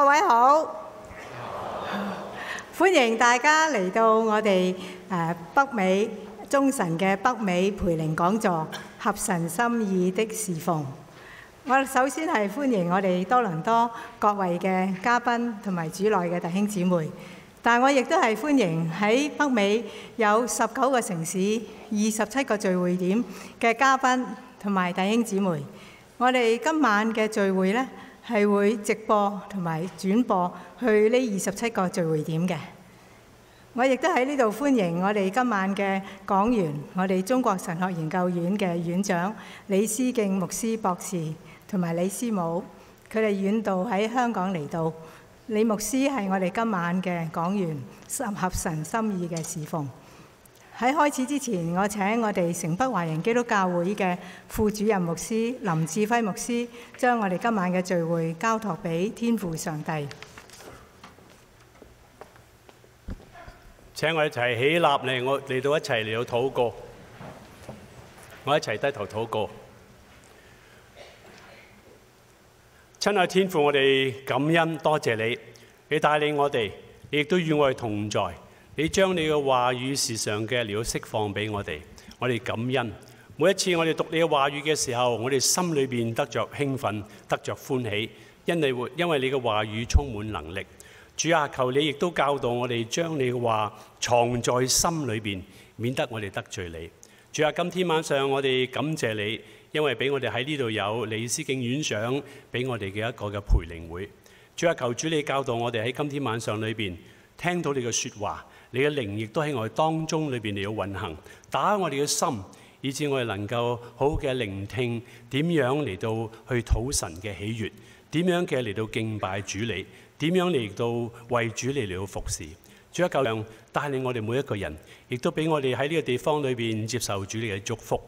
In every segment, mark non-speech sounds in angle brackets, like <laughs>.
各位好，歡迎大家嚟到我哋誒北美中神嘅北美培靈講座，合神心意的事奉。我首先係歡迎我哋多倫多各位嘅嘉賓同埋主內嘅弟兄姊妹，但係我亦都係歡迎喺北美有十九個城市、二十七個聚會點嘅嘉賓同埋弟兄姊妹。我哋今晚嘅聚會咧，係會直播同埋轉播去呢二十七個聚會點嘅。我亦都喺呢度歡迎我哋今晚嘅講員，我哋中國神學研究院嘅院長李思敬牧師博士同埋李師母，佢哋遠道喺香港嚟到。李牧師係我哋今晚嘅講員，甚合神心意嘅事奉。喺開始之前，我請我哋城北華人基督教會嘅副主任牧師林志輝牧師，將我哋今晚嘅聚會交託俾天父上帝。請我一齊起，起立嚟，我嚟到一齊嚟到禱告。我一齊低頭禱告。親愛天父，我哋感恩多謝你，你帶領我哋，你亦都與我哋同在。你將你嘅話語時常嘅料釋放俾我哋，我哋感恩。每一次我哋讀你嘅話語嘅時候，我哋心裏邊得着興奮，得着歡喜，因你會因為你嘅話語充滿能力。主阿，啊，求你亦都教導我哋將你嘅話藏在心裏邊，免得我哋得罪你。主阿，啊，今天晚上我哋感謝你，因為俾我哋喺呢度有李思敬院長俾我哋嘅一個嘅培靈會。主阿，啊，求主你教導我哋喺今天晚上裏邊聽到你嘅說話。你嘅靈亦都喺我哋當中裏邊嚟到運行，打開我哋嘅心，以致我哋能夠好嘅聆聽，點樣嚟到去討神嘅喜悅，點樣嘅嚟到敬拜主你，點樣嚟到為主你嚟到服侍。主啊，求主帶領我哋每一個人，亦都俾我哋喺呢個地方裏邊接受主你嘅祝福。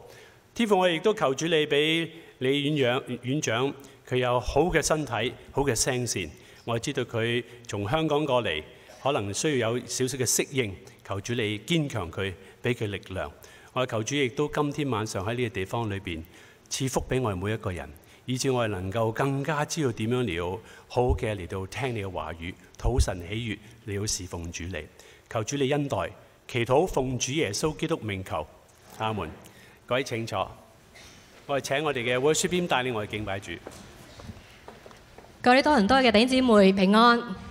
天父，我亦都求主你俾李院長，院長佢有好嘅身體，好嘅聲線。我知道佢從香港過嚟。可能需要有少少嘅適應，求主你堅強佢，俾佢力量。我哋求主亦都今天晚上喺呢個地方裏邊，賜福俾我哋每一個人，以至我哋能夠更加知道點樣要好嘅嚟到聽你嘅話語，討神喜悅，你好侍奉主。你求主你恩待，祈禱奉主耶穌基督名求，阿門。各位請坐，我哋請我哋嘅 worship team 帶領我哋敬拜主。各位多倫多嘅弟兄姊妹平安。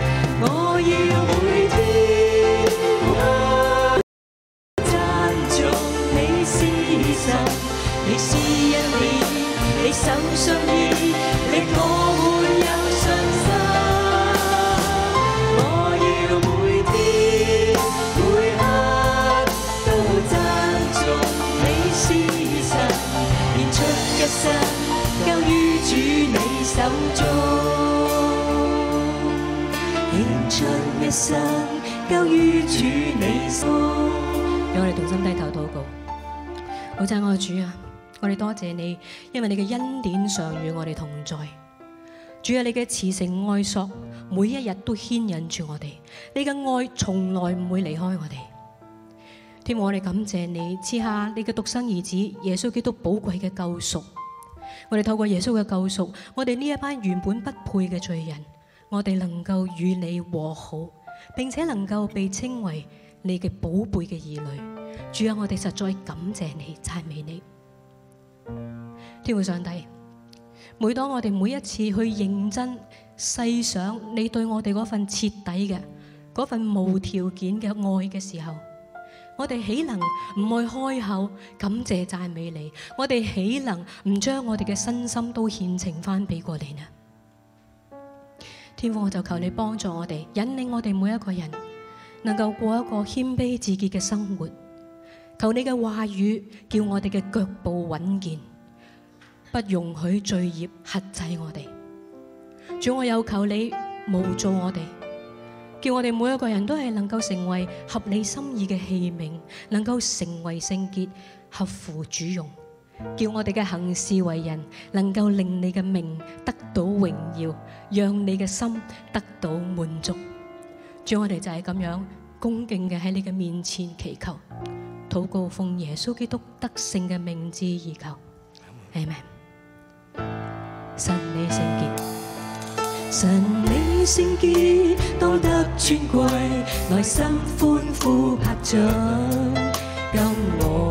交於主，你讓我哋同心低頭禱告。好讚我主啊！我哋多謝你，因為你嘅恩典常與我哋同在。主啊，你嘅慈繩愛索，每一日都牽引住我哋。你嘅愛從來唔會離開我哋。天，我哋感謝你賜下你嘅獨生兒子耶穌基督寶貴嘅救贖。我哋透過耶穌嘅救贖，我哋呢一班原本不配嘅罪人，我哋能夠與你和好。並且能夠被稱為你嘅寶貝嘅兒女，主啊，我哋實在感謝你、讚美你。天父上帝，每當我哋每一次去認真細想你對我哋嗰份徹底嘅、嗰份無條件嘅愛嘅時候，我哋豈能唔去開口感謝、讚美你？我哋豈能唔將我哋嘅身心都獻呈翻俾過你呢？天父，我就求你幫助我哋，引領我哋每一個人能夠過一個謙卑自潔嘅生活。求你嘅話語叫我哋嘅腳步穩健，不容許罪孽轄制我哋。主，我又求你輔助我哋，叫我哋每一個人都係能夠成為合你心意嘅器皿，能夠成為聖潔，合乎主用。叫我哋嘅行事為人，能夠令你嘅名得到榮耀，讓你嘅心得到滿足。主，我哋就係咁樣恭敬嘅喺你嘅面前祈求，禱告奉耶穌基督得勝嘅名字而求。阿門。神你聖潔，神你聖潔，當得尊貴，內心歡呼拍掌，今我。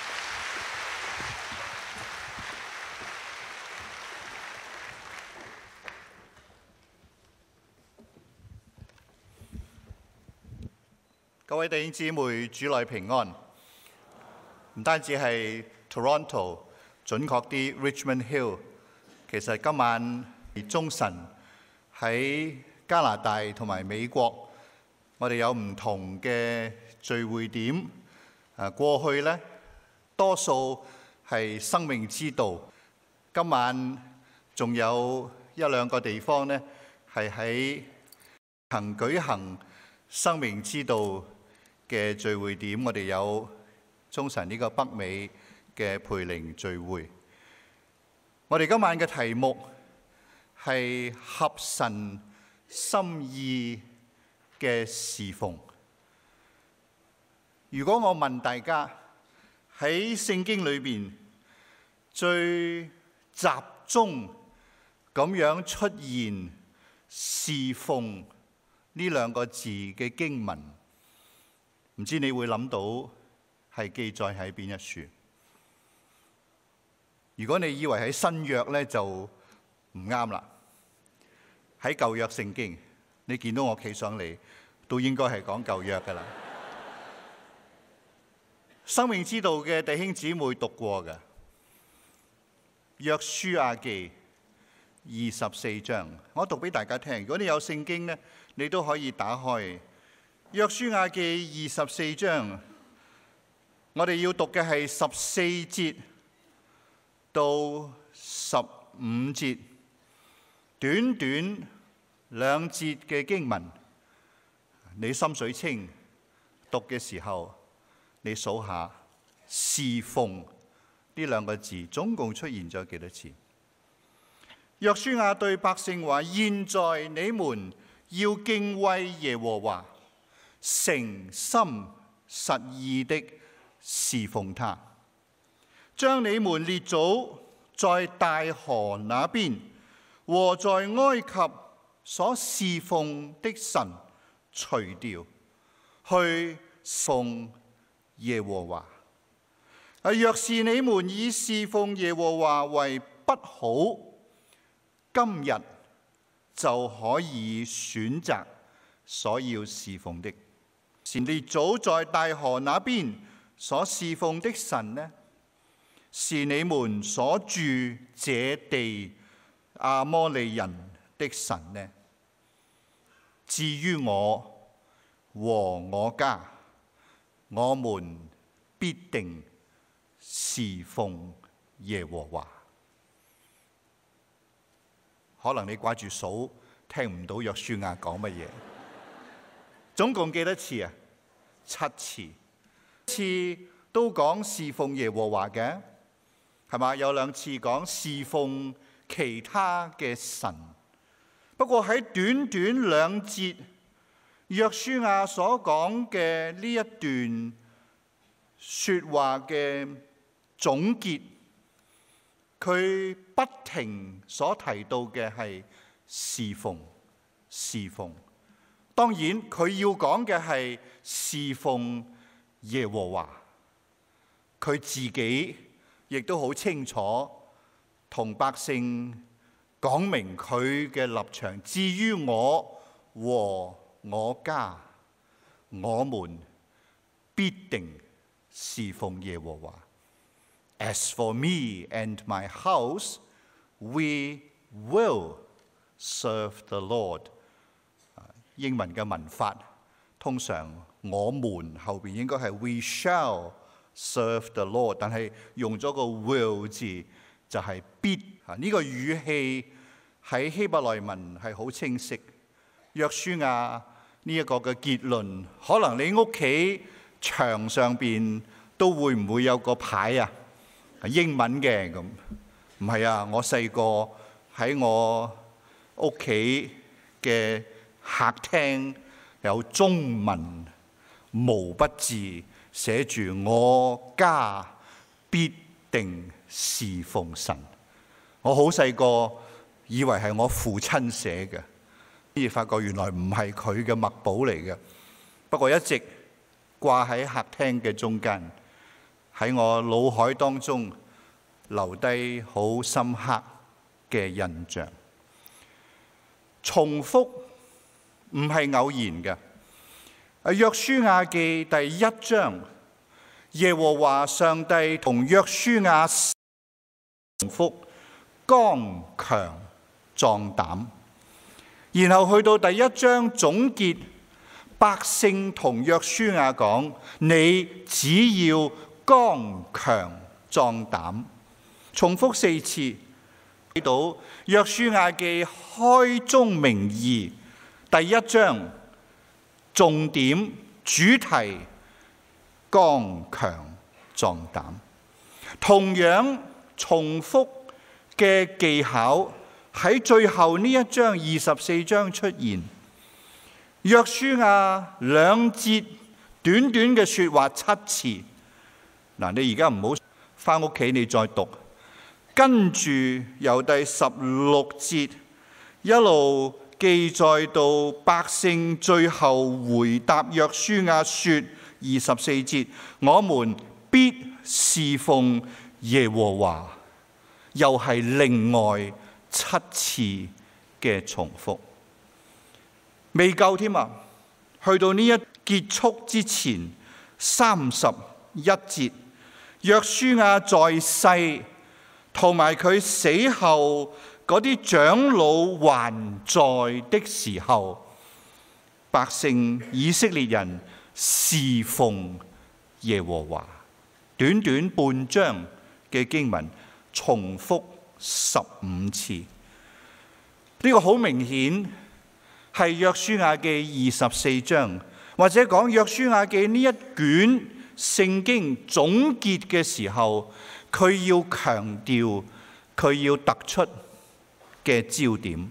各位弟兄姊妹，主內平安。唔單止係 Toronto，準確啲 Richmond Hill，其實今晚中神喺加拿大同埋美國，我哋有唔同嘅聚會點。啊，過去呢多數係生命之道，今晚仲有一兩個地方呢係喺曾舉行生命之道。嘅聚會點，我哋有中神呢個北美嘅培靈聚會。我哋今晚嘅題目係合神心意嘅事奉。如果我問大家喺聖經裏邊最集中咁樣出現事奉呢兩個字嘅經文？唔知你會諗到係記載喺邊一處？如果你以為喺新約呢，就唔啱啦。喺舊約聖經，你見到我企上嚟，都應該係講舊約噶啦。生命之道嘅弟兄姊妹讀過嘅《約書亞記》二十四章，我讀俾大家聽。如果你有聖經呢，你都可以打開。約書亞記二十四章，我哋要讀嘅係十四節到十五節，短短兩節嘅經文，你心水清，讀嘅時候你數下侍奉呢兩個字總共出現咗幾多次？約書亞對百姓話：「現在你們要敬畏耶和華。誠心實意的侍奉他，將你們列祖在大河那邊和在埃及所侍奉的神除掉，去奉耶和華。若是你們以侍奉耶和華為不好，今日就可以選擇所要侍奉的。前列祖在大河那邊所侍奉的神呢，是你們所住這地亞摩利人的神呢。至於我和我家，我們必定侍奉耶和華。可能你掛住數，聽唔到約書亞講乜嘢。 <laughs> 總共幾多次啊？七次，七次都講侍奉耶和華嘅，係嘛？有兩次講侍奉其他嘅神。不過喺短短兩節，約書亞所講嘅呢一段說話嘅總結，佢不停所提到嘅係侍奉，侍奉。當然佢要講嘅係。侍奉耶和華，佢自己亦都好清楚，同百姓講明佢嘅立場。至於我和我家，我們必定侍奉耶和華。As for me and my house, we will serve the Lord。英文嘅文法通常。我們後邊應該係 We shall serve the Lord，但係用咗個 will 字就係、是、必啊。呢、這個語氣喺希伯來文係好清晰。約書亞呢一個嘅結論，可能你屋企牆上邊都會唔會有個牌啊？係英文嘅咁唔係啊？我細個喺我屋企嘅客廳有中文。毛筆字寫住我家必定事奉神，我好細個以為係我父親寫嘅，先至發覺原來唔係佢嘅墨寶嚟嘅，不過一直掛喺客廳嘅中間，喺我腦海當中留低好深刻嘅印象。重複唔係偶然嘅。啊，約書亞記第一章，耶和華上帝同約書亞重複剛強壯膽，然後去到第一章總結，百姓同約書亞講，你只要剛強壯膽，重複四次，睇到約書亞記開宗明義第一章。重點主題，剛強壯膽，同樣重複嘅技巧喺最後呢一章二十四章出現。約書亞兩節短短嘅說話七次，嗱，你而家唔好返屋企你再讀，跟住由第十六節一路。記載到百姓最後回答約書亞說，二十四節，我們必侍奉耶和華，又係另外七次嘅重複，未夠添啊！去到呢一結束之前三十一節，約書亞在世同埋佢死後。嗰啲長老還在的時候，百姓以色列人侍奉耶和華。短短半章嘅經文重複十五次，呢個好明顯係約書亞記二十四章，或者講約書亞記呢一卷聖經總結嘅時候，佢要強調，佢要突出。嘅焦點，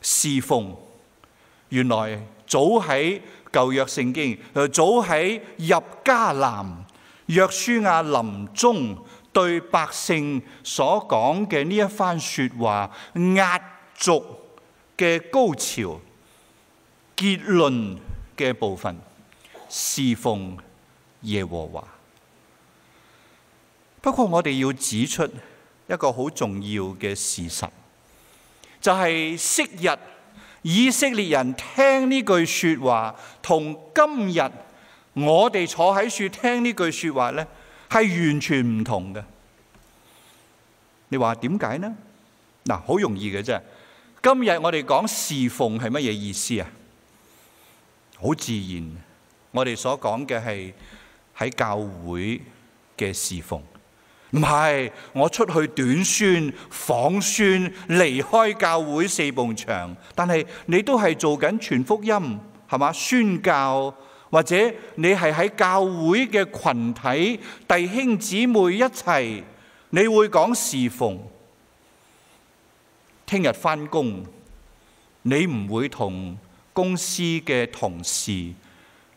侍奉，原來早喺舊約聖經，早喺入迦南，約書亞臨終對百姓所講嘅呢一番說話，壓軸嘅高潮結論嘅部分，侍奉耶和華。不過我哋要指出一個好重要嘅事實。就係昔日以色列人聽呢句説話，同今日我哋坐喺度聽呢句説話呢，係完全唔同嘅。你話點解呢？嗱，好容易嘅啫。今日我哋講事奉係乜嘢意思啊？好自然，我哋所講嘅係喺教會嘅事奉。唔係，我出去短宣、訪宣，離開教會四埲牆。但係你都係做緊全福音，係嘛？宣教，或者你係喺教會嘅群體弟兄姊妹一齊，你會講侍奉。聽日返工，你唔會同公司嘅同事，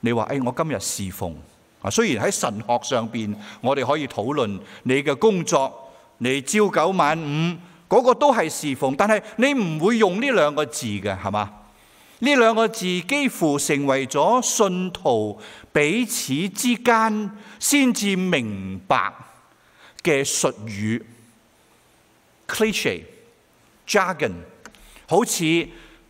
你話誒、哎，我今日侍奉。啊，雖然喺神學上邊，我哋可以討論你嘅工作，你朝九晚五，嗰個都係事奉，但係你唔會用呢兩個字嘅，係嘛？呢兩個字幾乎成為咗信徒彼此之間先至明白嘅術語，cliche jargon，好似。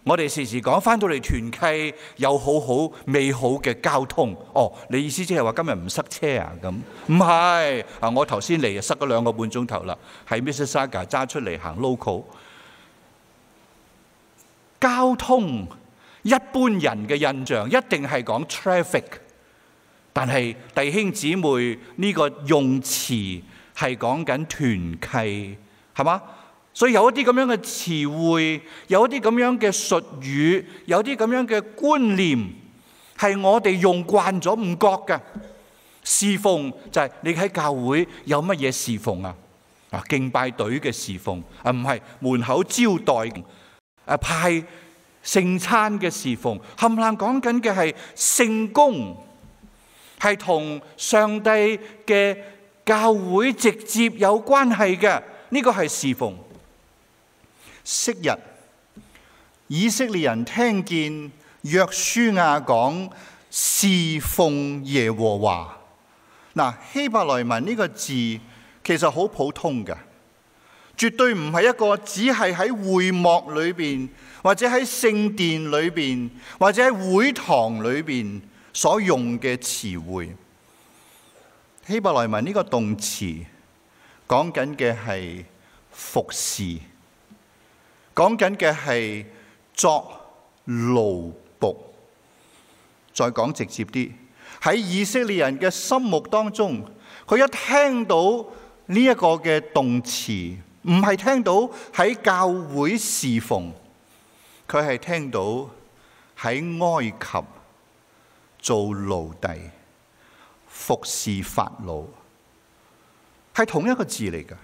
我哋時時講翻到嚟團契有好好美好嘅交通。哦，你意思即係話今日唔塞車啊？咁唔係，啊我頭先嚟啊塞咗兩個半鐘頭啦。係 Mississauga 揸出嚟行 local 交通，一般人嘅印象一定係講 traffic，但係弟兄姊妹呢個用詞係講緊團契，係嘛？所以有一啲咁樣嘅詞彙，有一啲咁樣嘅術語，有啲咁樣嘅觀念，係我哋用慣咗唔覺嘅。事奉就係、是、你喺教會有乜嘢事奉啊？啊，敬拜隊嘅事奉啊，唔係門口招待啊，派聖餐嘅事奉，冚唪唥講緊嘅係聖工，係同上帝嘅教會直接有關係嘅。呢、這個係事奉。昔日以色列人聽見約書亞講事奉耶和華，嗱希伯來文呢個字其實好普通㗎，絕對唔係一個只係喺會幕裏邊或者喺聖殿裏邊或者喺會堂裏邊所用嘅詞彙。希伯來文呢個動詞講緊嘅係服侍。講緊嘅係作奴僕。再講直接啲，喺以色列人嘅心目當中，佢一聽到呢一個嘅動詞，唔係聽到喺教會侍奉，佢係聽到喺埃及做奴隸服侍法老，係同一個字嚟㗎。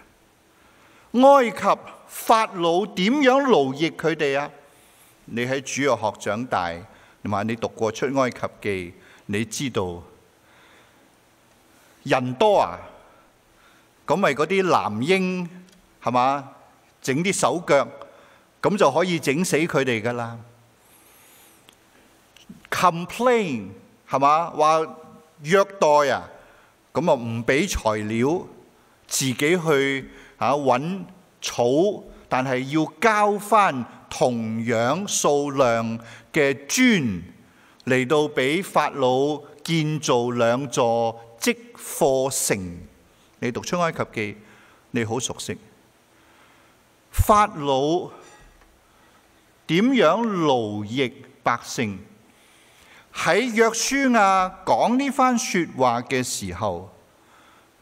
埃及法老點樣勞役佢哋啊？你喺主學長大同埋，你讀過出埃及記，你知道人多啊，咁咪嗰啲男嬰係嘛，整啲手腳咁就可以整死佢哋噶啦。Complain，係嘛，話虐待啊，咁啊唔俾材料，自己去啊！搵草，但係要交翻同樣數量嘅磚嚟到俾法老建造兩座積貨城。你讀出埃及記，你好熟悉法老點樣勞役百姓。喺約書亞講呢番説話嘅時候，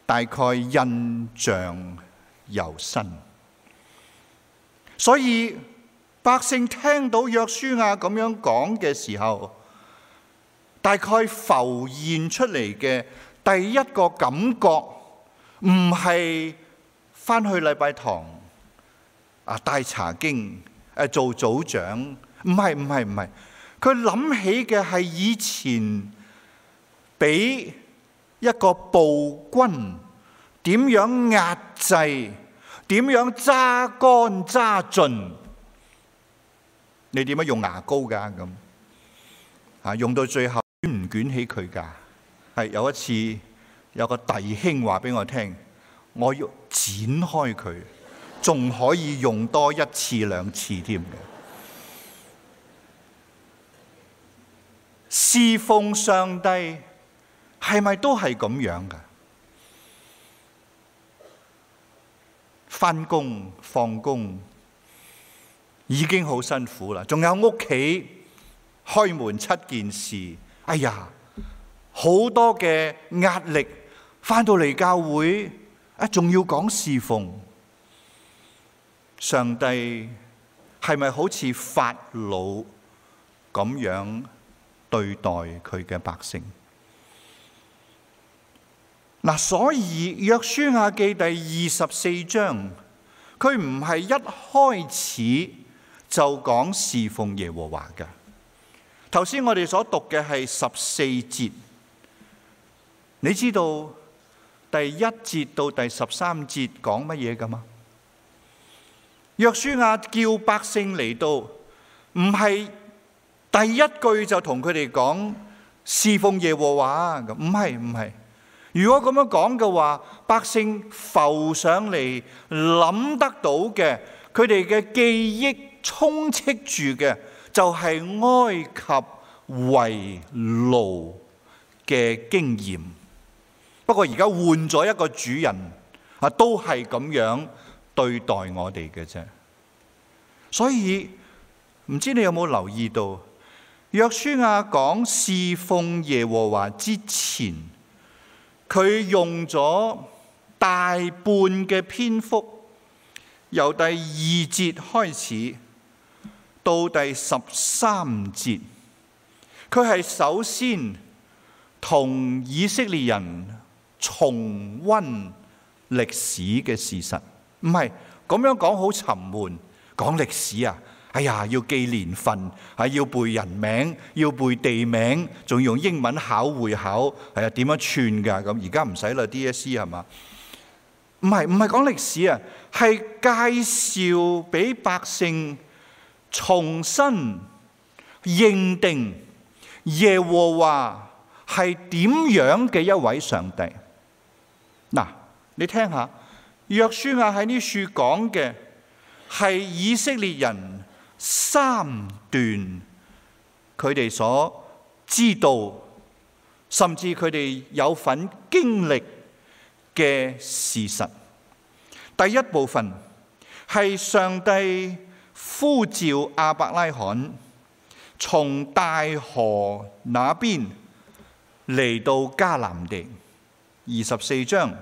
大概印象，由新，所以百姓聽到約書亞咁樣講嘅時候，大概浮現出嚟嘅第一個感覺，唔係翻去禮拜堂啊，帶查經誒、啊、做組長，唔係唔係唔係，佢諗起嘅係以前俾一個暴君。點樣壓制？點樣揸乾揸盡？你點樣用牙膏噶咁？啊，用到最後捲唔捲起佢噶？係有一次有個弟兄話俾我聽，我要剪開佢，仲可以用多一次兩次添嘅。侍奉上帝係咪都係咁樣噶？翻工放工，已經好辛苦啦。仲有屋企開門七件事，哎呀，好多嘅壓力。翻到嚟教會，啊，仲要講侍奉。上帝係咪好似法老咁樣對待佢嘅百姓？嗱，所以約書亞記第二十四章，佢唔係一開始就講侍奉耶和華㗎。頭先我哋所讀嘅係十四節，你知道第一節到第十三節講乜嘢噶嘛？約書亞叫百姓嚟到，唔係第一句就同佢哋講侍奉耶和華，唔係唔係。如果咁樣講嘅話，百姓浮上嚟諗得到嘅、佢哋嘅記憶充斥住嘅就係、是、埃及為奴嘅經驗。不過而家換咗一個主人啊，都係咁樣對待我哋嘅啫。所以唔知你有冇留意到，約書亞講侍奉耶和華之前，佢用咗大半嘅篇幅，由第二節開始到第十三節，佢係首先同以色列人重溫歷史嘅事實，唔係，咁樣講好沉悶，講歷史啊！哎呀，要記年份，係、啊、要背人名，要背地名，仲用英文考會考，係啊？點樣串噶？咁而家唔使啦，D.S.C. 係嘛？唔係唔係講歷史啊，係介紹俾百姓重新認定耶和華係點樣嘅一位上帝。嗱、啊，你聽下，約書亞喺呢書講嘅係以色列人。三段佢哋所知道，甚至佢哋有份經歷嘅事實。第一部分係上帝呼召亞伯拉罕從大河那邊嚟到迦南地，二十四章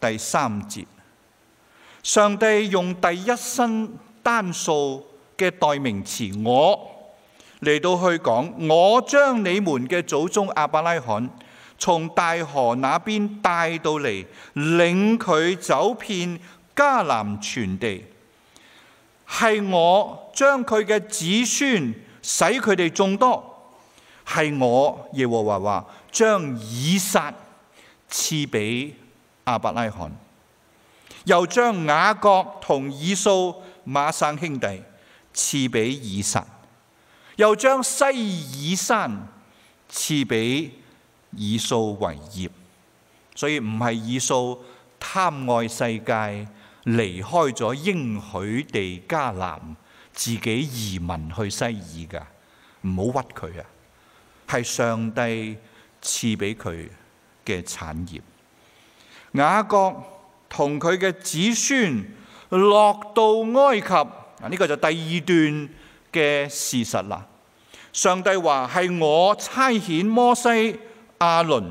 第三節。上帝用第一身單數嘅代名詞，我嚟到去講，我將你們嘅祖宗阿伯拉罕從大河那邊帶到嚟，領佢走遍迦南全地，係我將佢嘅子孫使佢哋眾多，係我耶和華話將以撒賜俾阿伯拉罕，又將雅各同以掃孖生兄弟。賜俾以實，又將西珥山賜俾以掃為業。所以唔係以掃貪愛世界，離開咗應許地迦南，自己移民去西珥㗎。唔好屈佢啊！係上帝賜俾佢嘅產業。雅各同佢嘅子孫落到埃及。呢個就第二段嘅事實啦。上帝話：係我差遣摩西、亞倫，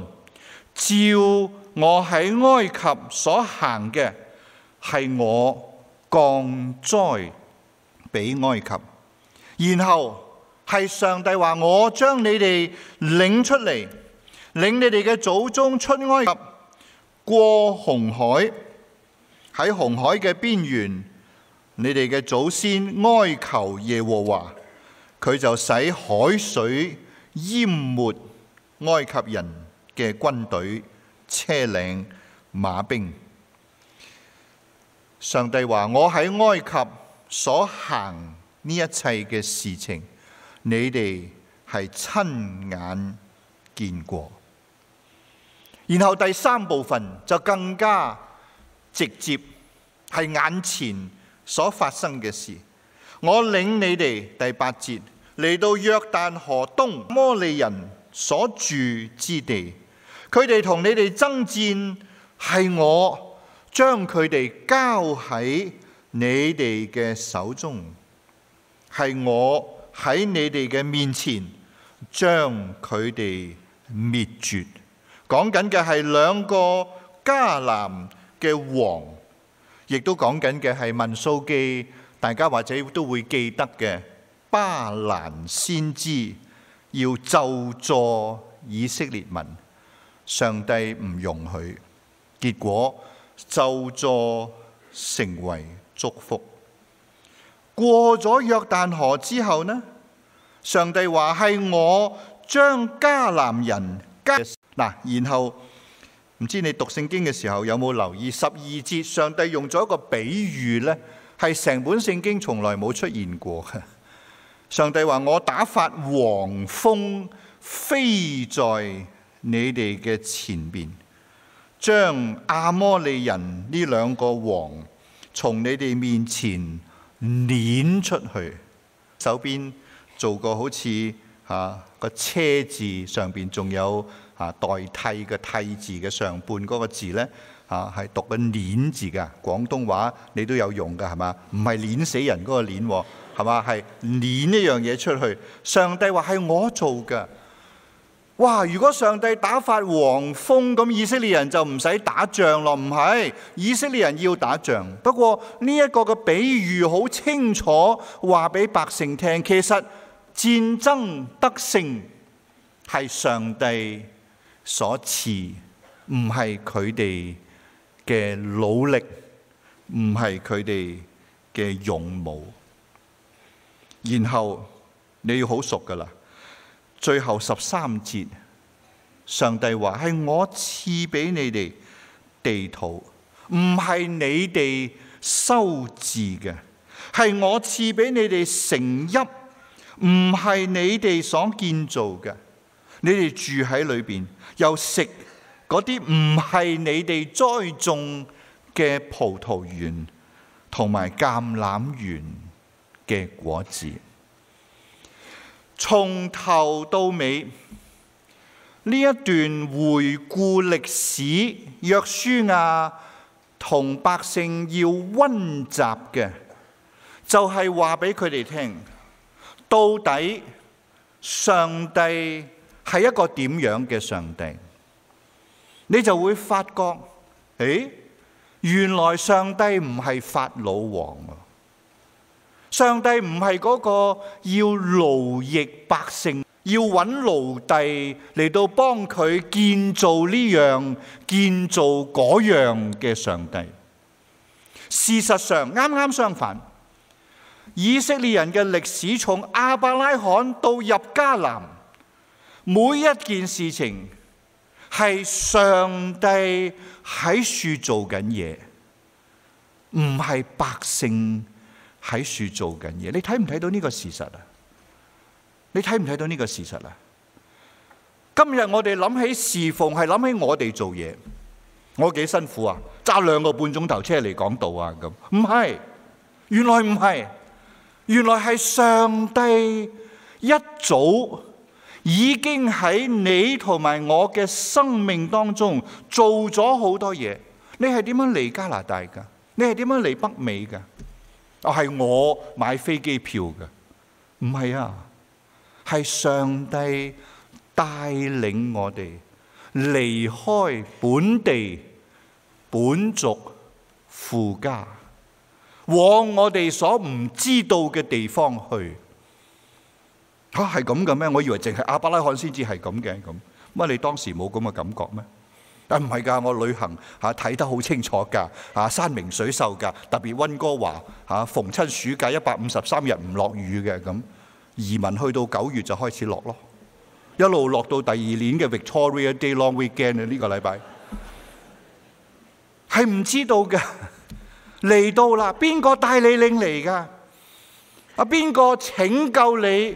照我喺埃及所行嘅，係我降災俾埃及。然後係上帝話：我將你哋領出嚟，領你哋嘅祖宗出埃及，過紅海，喺紅海嘅邊緣。你哋嘅祖先哀求耶和華，佢就使海水淹沒埃及人嘅軍隊、車輛、馬兵。上帝話：我喺埃及所行呢一切嘅事情，你哋係親眼見過。然後第三部分就更加直接，係眼前所發生嘅事，我領你哋第八節嚟到約旦河東摩利人所住之地，佢哋同你哋爭戰，係我將佢哋交喺你哋嘅手中，係我喺你哋嘅面前將佢哋滅絕。講緊嘅係兩個迦南嘅王。亦都講緊嘅係《民數記》，大家或者都會記得嘅。巴蘭先知要咒詛以色列民，上帝唔容許，結果咒詛成為祝福。過咗約旦河之後呢，上帝話係我將迦南人加嗱，然後。唔知你讀聖經嘅時候有冇留意十二節，上帝用咗一個比喻呢，係成本聖經從來冇出現過。上帝話：我打發黃蜂飛在你哋嘅前邊，將阿摩利人呢兩個王從你哋面前攆出去。手邊做過好似吓、啊、個車字上邊仲有。代替嘅替字嘅上半嗰個字呢，啊，係讀嘅捻字嘅，廣東話你都有用嘅係嘛？唔係捻死人嗰個捻，係嘛？係捻一樣嘢出去。上帝話係我做嘅。哇！如果上帝打發黃蜂，咁以色列人就唔使打仗咯。唔係，以色列人要打仗。不過呢一個嘅比喻好清楚，話俾百姓聽，其實戰爭得勝係上帝。所賜唔係佢哋嘅努力，唔係佢哋嘅勇武。然後你要好熟噶啦，最後十三節，上帝話係我賜俾你哋地土，唔係你哋修治嘅，係我賜俾你哋城邑，唔係你哋所建造嘅，你哋住喺裏邊。又食嗰啲唔係你哋栽種嘅葡萄園同埋橄欖園嘅果子，從頭到尾呢一段回顧歷史，約書亞同百姓要溫習嘅，就係話俾佢哋聽，到底上帝。係一個點樣嘅上帝，你就會發覺，誒、哎，原來上帝唔係法老王啊！上帝唔係嗰個要奴役百姓、要搵奴隸嚟到幫佢建造呢樣、建造嗰樣嘅上帝。事實上，啱啱相反，以色列人嘅歷史從亞伯拉罕到入迦南。每一件事情係上帝喺度做緊嘢，唔係百姓喺度做緊嘢。你睇唔睇到呢個事實啊？你睇唔睇到呢個事實啊？今日我哋諗起事奉，係諗起我哋做嘢，我幾辛苦啊！揸兩個半鐘頭車嚟講道啊，咁唔係，原來唔係，原來係上帝一早。已經喺你同埋我嘅生命當中做咗好多嘢。你係點樣嚟加拿大噶？你係點樣嚟北美噶？哦，係我買飛機票嘅。唔係啊，係上帝帶領我哋離開本地、本族、父家，往我哋所唔知道嘅地方去。嚇係咁嘅咩？我以為淨係亞伯拉罕先至係咁嘅咁。乜、啊、你當時冇咁嘅感覺咩？啊，唔係㗎，我旅行嚇睇、啊、得好清楚㗎，嚇、啊、山明水秀㗎。特別溫哥華嚇、啊、逢親暑假一百五十三日唔落雨嘅咁、啊，移民去到九月就開始落咯，一路落到第二年嘅 Victoria Day Long Weekend 呢個禮拜，係唔 <laughs> 知道㗎。嚟到啦，邊個帶你領嚟㗎？啊，邊個拯救你？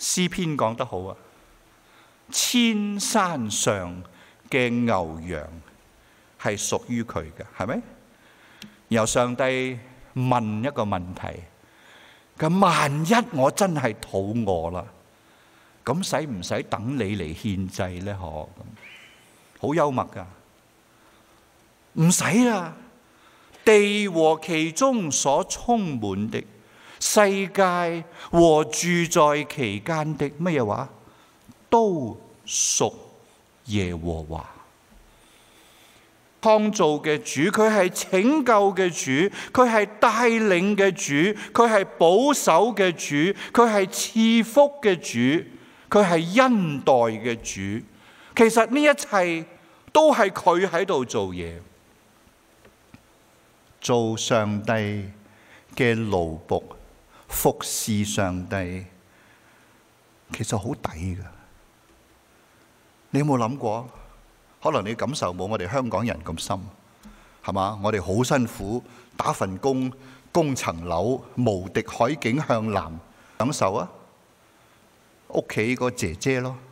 詩篇講得好啊，千山上嘅牛羊係屬於佢嘅，係咪？然後上帝問一個問題：咁萬一我真係肚餓啦，咁使唔使等你嚟獻祭咧？可，好幽默噶，啊，唔使啦！地和其中所充滿的。世界和住在其間的乜嘢，話，都屬耶和華。創造嘅主，佢係拯救嘅主，佢係帶領嘅主，佢係保守嘅主，佢係賜福嘅主，佢係恩待嘅主。其實呢一切都係佢喺度做嘢，做上帝嘅奴僕。服侍上帝其實好抵㗎，你有冇諗過？可能你感受冇我哋香港人咁深，係嘛？我哋好辛苦打份工，供層樓，無敵海景向南，享受啊！屋企個姐姐咯～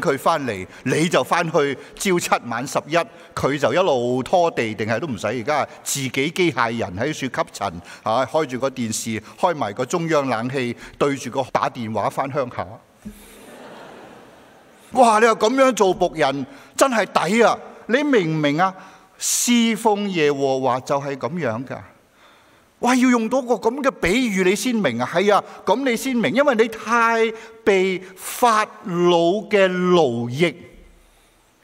佢返嚟你就返去朝七晚十一，佢就一路拖地，定係都唔使。而家自己機械人喺度吸塵，嚇開住個電視，開埋個中央冷氣，對住個打電話返鄉下。 <laughs> 哇！你又咁樣做僕人，真係抵啊！你明唔明啊？事奉耶和華就係咁樣噶。哇！要用到個咁嘅比喻，你先明啊？係啊，咁你先明，因為你太被法老嘅奴役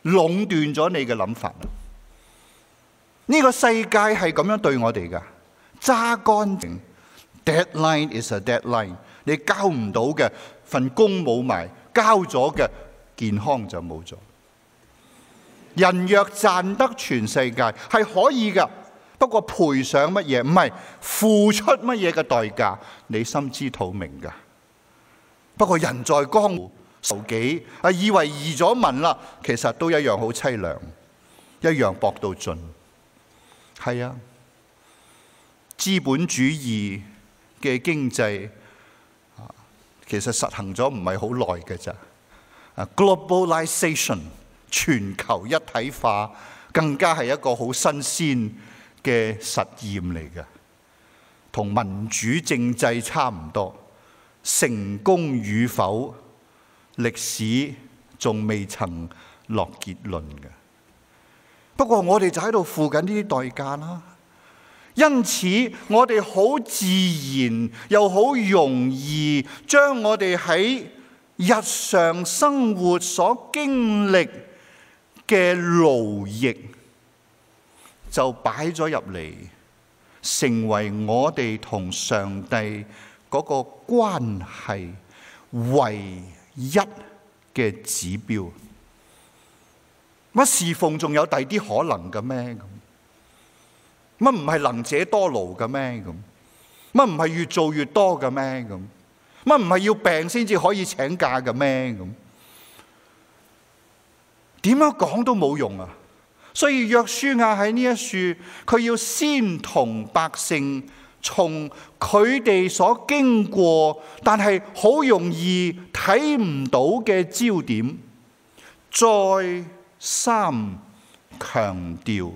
壟斷咗你嘅諗法啦。呢個世界係咁樣對我哋噶，揸乾淨。Deadline is a deadline。你交唔到嘅份工冇埋，交咗嘅健康就冇咗。人若賺得全世界，係可以噶。不過賠上乜嘢，唔係付出乜嘢嘅代價，你心知肚明噶。不過人在江湖受己，啊以為移咗民啦，其實都一樣好凄涼，一樣搏到盡。係啊，資本主義嘅經濟，啊，其實實行咗唔係好耐嘅咋。啊，globalization 全球一體化更加係一個好新鮮。嘅實驗嚟㗎，同民主政制差唔多，成功與否，歷史仲未曾落結論㗎。不過我哋就喺度付緊呢啲代價啦。因此我哋好自然又好容易，將我哋喺日常生活所經歷嘅勞役，就擺咗入嚟，成為我哋同上帝嗰個關係唯一嘅指標。乜事奉仲有第啲可能嘅咩？乜唔係能者多勞嘅咩？咁乜唔係越做越多嘅咩？咁乜唔係要病先至可以請假嘅咩？咁點樣講都冇用啊！所以，約書亞喺呢一書，佢要先同百姓從佢哋所經過，但係好容易睇唔到嘅焦點，再三強調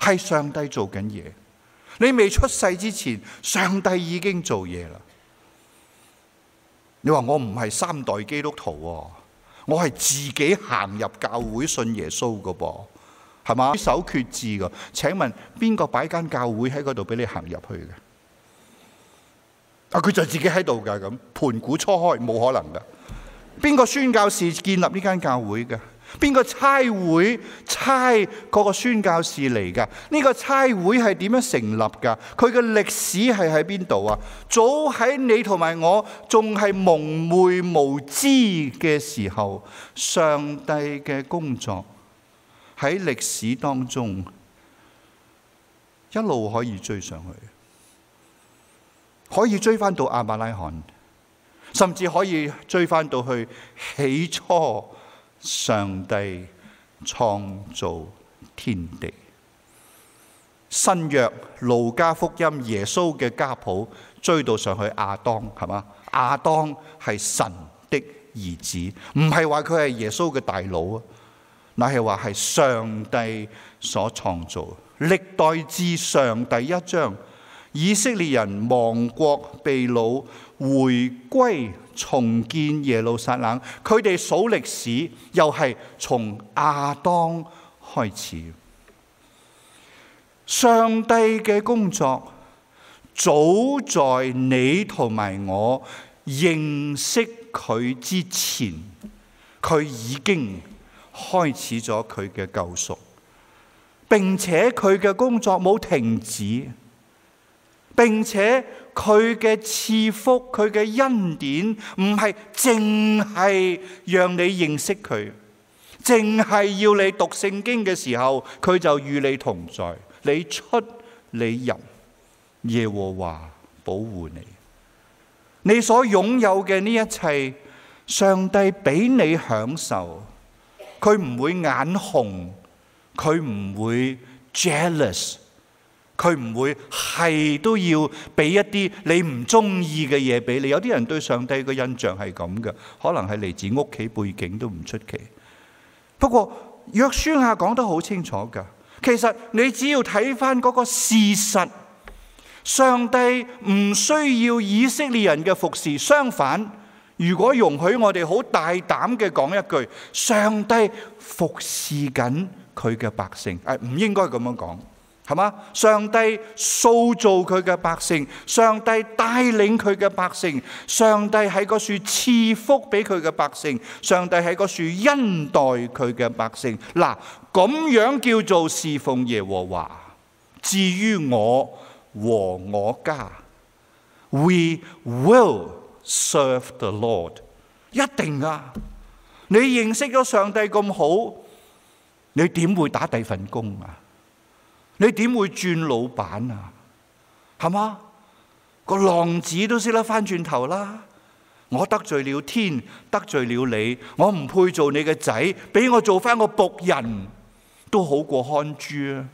係上帝做緊嘢。你未出世之前，上帝已經做嘢啦。你話我唔係三代基督徒喎，我係自己行入教會信耶穌噶噃。係嘛？手缺字噶？請問邊個擺間教會喺嗰度俾你行入去嘅？啊，佢就自己喺度噶咁，盤古初開冇可能噶。邊個宣教士建立呢間教會嘅？邊個差會差嗰個宣教士嚟噶？呢個差會係點樣成立噶？佢嘅歷史係喺邊度啊？早喺你同埋我仲係蒙昧無知嘅時候，上帝嘅工作。喺歷史當中，一路可以追上去，可以追翻到亞伯拉罕，甚至可以追翻到去起初上帝創造天地。新約路加福音耶穌嘅家譜追到上去亞當，係嘛？亞當係神的兒子，唔係話佢係耶穌嘅大佬啊。乃係話係上帝所創造，歷代志上第一章，以色列人亡國被擄，回歸重建耶路撒冷，佢哋數歷史又係從亞當開始。上帝嘅工作，早在你同埋我認識佢之前，佢已經。開始咗佢嘅救贖，並且佢嘅工作冇停止，並且佢嘅賜福、佢嘅恩典，唔係淨係讓你認識佢，淨係要你讀聖經嘅時候，佢就與你同在。你出你入，耶和華保護你。你所擁有嘅呢一切，上帝俾你享受。佢唔會眼紅，佢唔會 jealous，佢唔會係都要俾一啲你唔中意嘅嘢俾你。有啲人對上帝嘅印象係咁嘅，可能係嚟自屋企背景都唔出奇。不過約書亞講得好清楚噶，其實你只要睇翻嗰個事實，上帝唔需要以色列人嘅服侍，相反。如果容許我哋好大膽嘅講一句，上帝服侍緊佢嘅百姓，誒、哎、唔應該咁樣講，係嘛？上帝塑造佢嘅百姓，上帝帶領佢嘅百姓，上帝喺個樹賜福俾佢嘅百姓，上帝喺個樹恩待佢嘅百姓。嗱，咁樣叫做侍奉耶和華。至於我和我家，We will。Serve the Lord，一定啊！你認識咗上帝咁好，你點會打第份工啊？你點會轉老闆啊？係嘛？個浪子都識得翻轉頭啦！我得罪了天，得罪了你，我唔配做你嘅仔，俾我做翻個僕人都好過看豬啊！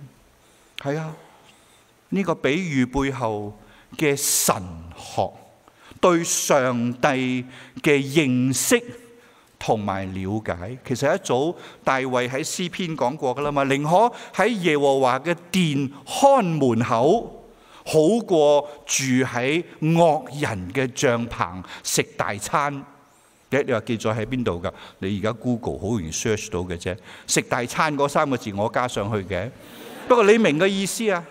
係啊！呢個比喻背後嘅神學。對上帝嘅認識同埋了解，其實一早大衛喺詩篇講過噶啦嘛。寧可喺耶和華嘅殿看門口，好過住喺惡人嘅帳篷食大餐。你你話記載喺邊度噶？你而家 Google 好容易 search 到嘅啫。食大餐嗰三個字我加上去嘅，不過你明嘅意思啊。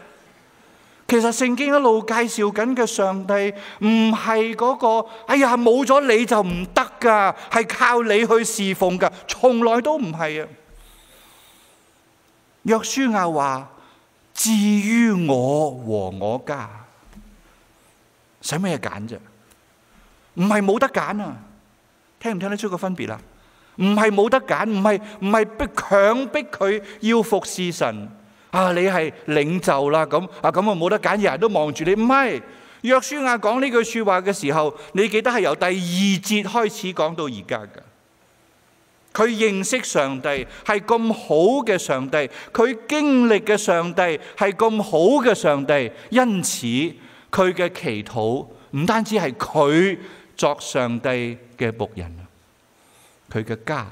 其實聖經一路介紹緊嘅上帝，唔係嗰個，哎呀，冇咗你就唔得㗎，係靠你去侍奉㗎，從來都唔係啊。約書亞話：至於我和我家，使咩揀啫？唔係冇得揀啊！聽唔聽得出個分別啦？唔係冇得揀，唔係唔係強迫佢要服侍神。啊！你係領袖啦，咁啊咁啊冇得揀，人人都望住你。唔係，約書亞講呢句說話嘅時候，你記得係由第二節開始講到而家噶。佢認識上帝係咁好嘅上帝，佢經歷嘅上帝係咁好嘅上帝，因此佢嘅祈禱唔單止係佢作上帝嘅僕人啊，佢嘅家、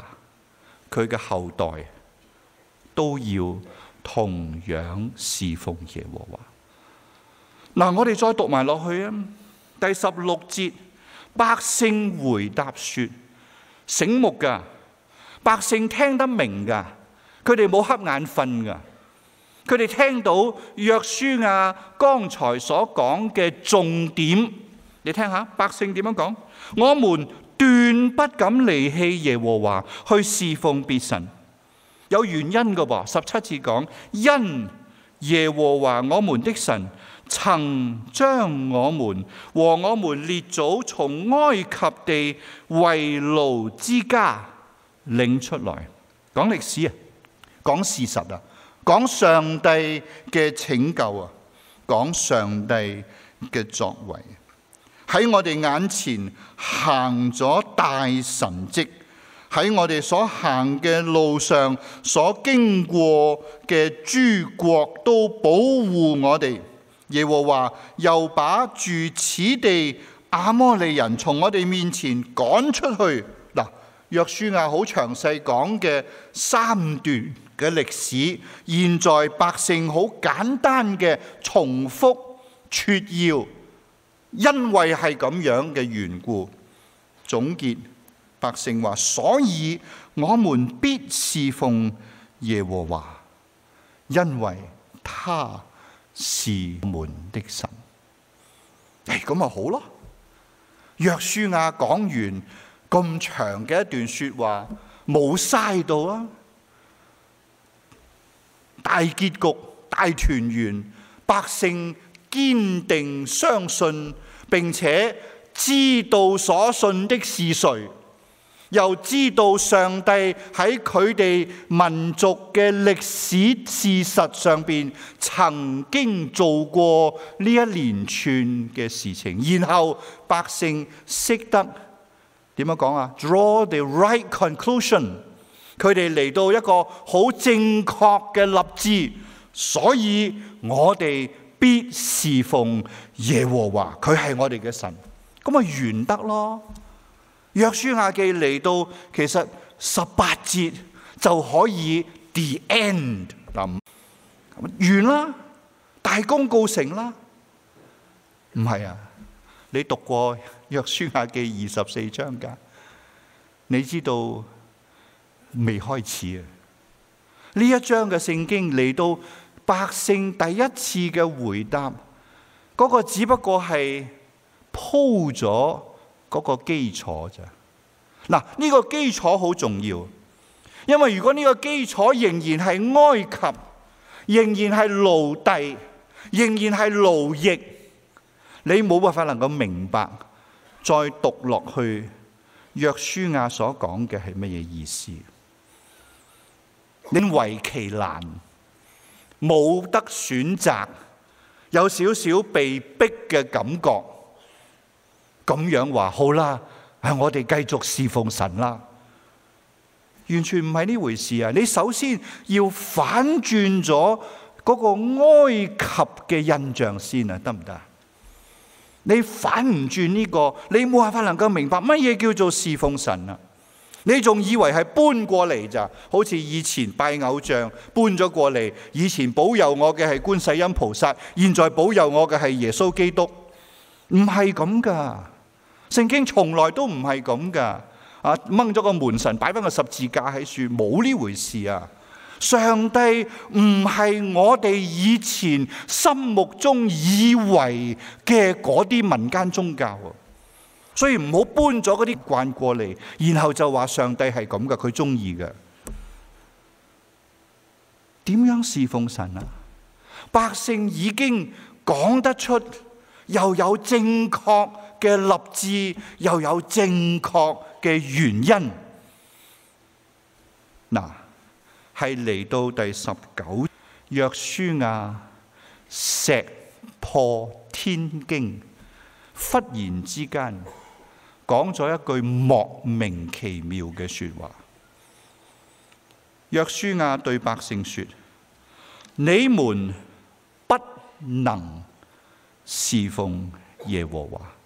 佢嘅後代都要同樣侍奉耶和華。嗱，我哋再讀埋落去啊，第十六節，百姓回答說：醒目噶，百姓聽得明噶，佢哋冇瞌眼瞓噶，佢哋聽到約書亞剛才所講嘅重點。你聽下，百姓點樣講？我們斷不敢離棄耶和華去侍奉別神。有原因嘅噃，十七次講，因耶和華我，我們的神曾將我們和我們列祖從埃及地為奴之家領出來，講歷史啊，講事實啊，講上帝嘅拯救啊，講上帝嘅作為，喺我哋眼前行咗大神蹟。喺我哋所行嘅路上，所經過嘅諸國都保護我哋。耶和華又把住此地阿摩利人從我哋面前趕出去。嗱，約書亞好詳細講嘅三段嘅歷史，現在百姓好簡單嘅重複撮要，因為係咁樣嘅緣故，總結。百姓話，所以我們必侍奉耶和華，因為他是我們的神。欸，咁咪好咯？約書亞講完咁長嘅一段說話，冇嘥到啊！大結局，大團圓，百姓堅定相信，並且知道所信的是誰。又知道上帝喺佢哋民族嘅歷史事實上邊曾經做過呢一連串嘅事情，然後百姓識得點樣講啊？Draw the right conclusion，佢哋嚟到一個好正確嘅立志，所以我哋必侍奉耶和華，佢係我哋嘅神，咁咪完得咯。約書亞記嚟到，其實十八節就可以 the end 嗱，完啦，大功告成啦。唔係啊，你讀過約書亞記二十四章噶，你知道未開始啊？呢一章嘅聖經嚟到百姓第一次嘅回答，嗰個只不過係鋪咗嗰個基礎啫，嗱，呢個基礎好重要，因為如果呢個基礎仍然係埃及，仍然係奴隸，仍然係奴，奴役，你冇辦法能夠明白再讀落去約書亞所講嘅係乜嘢意思。你為其難，冇得選擇，有少少被逼嘅感覺。咁樣話好啦，我哋繼續侍奉神啦。完全唔係呢回事啊！你首先要反轉咗嗰個埃及嘅印象先啊，得唔得？你反唔轉呢個，你冇辦法能夠明白乜嘢叫做侍奉神啊！你仲以為係搬過嚟咋？好似以前拜偶像搬咗過嚟，以前保佑我嘅係觀世音菩薩，現在保佑我嘅係耶穌基督，唔係咁噶。聖經從來都唔係咁噶，啊掹咗個門神，擺翻個十字架喺樹，冇呢回事啊！上帝唔係我哋以前心目中以為嘅嗰啲民間宗教啊，所以唔好搬咗嗰啲慣過嚟，然後就話上帝係咁噶，佢中意嘅。點樣侍奉神啊？百姓已經講得出，又有正確。嘅立志又有正確嘅原因。嗱，係嚟到第十九，約書亞石破天驚，忽然之間講咗一句莫名其妙嘅説話。約書亞對百姓説：你們不能侍奉耶和華。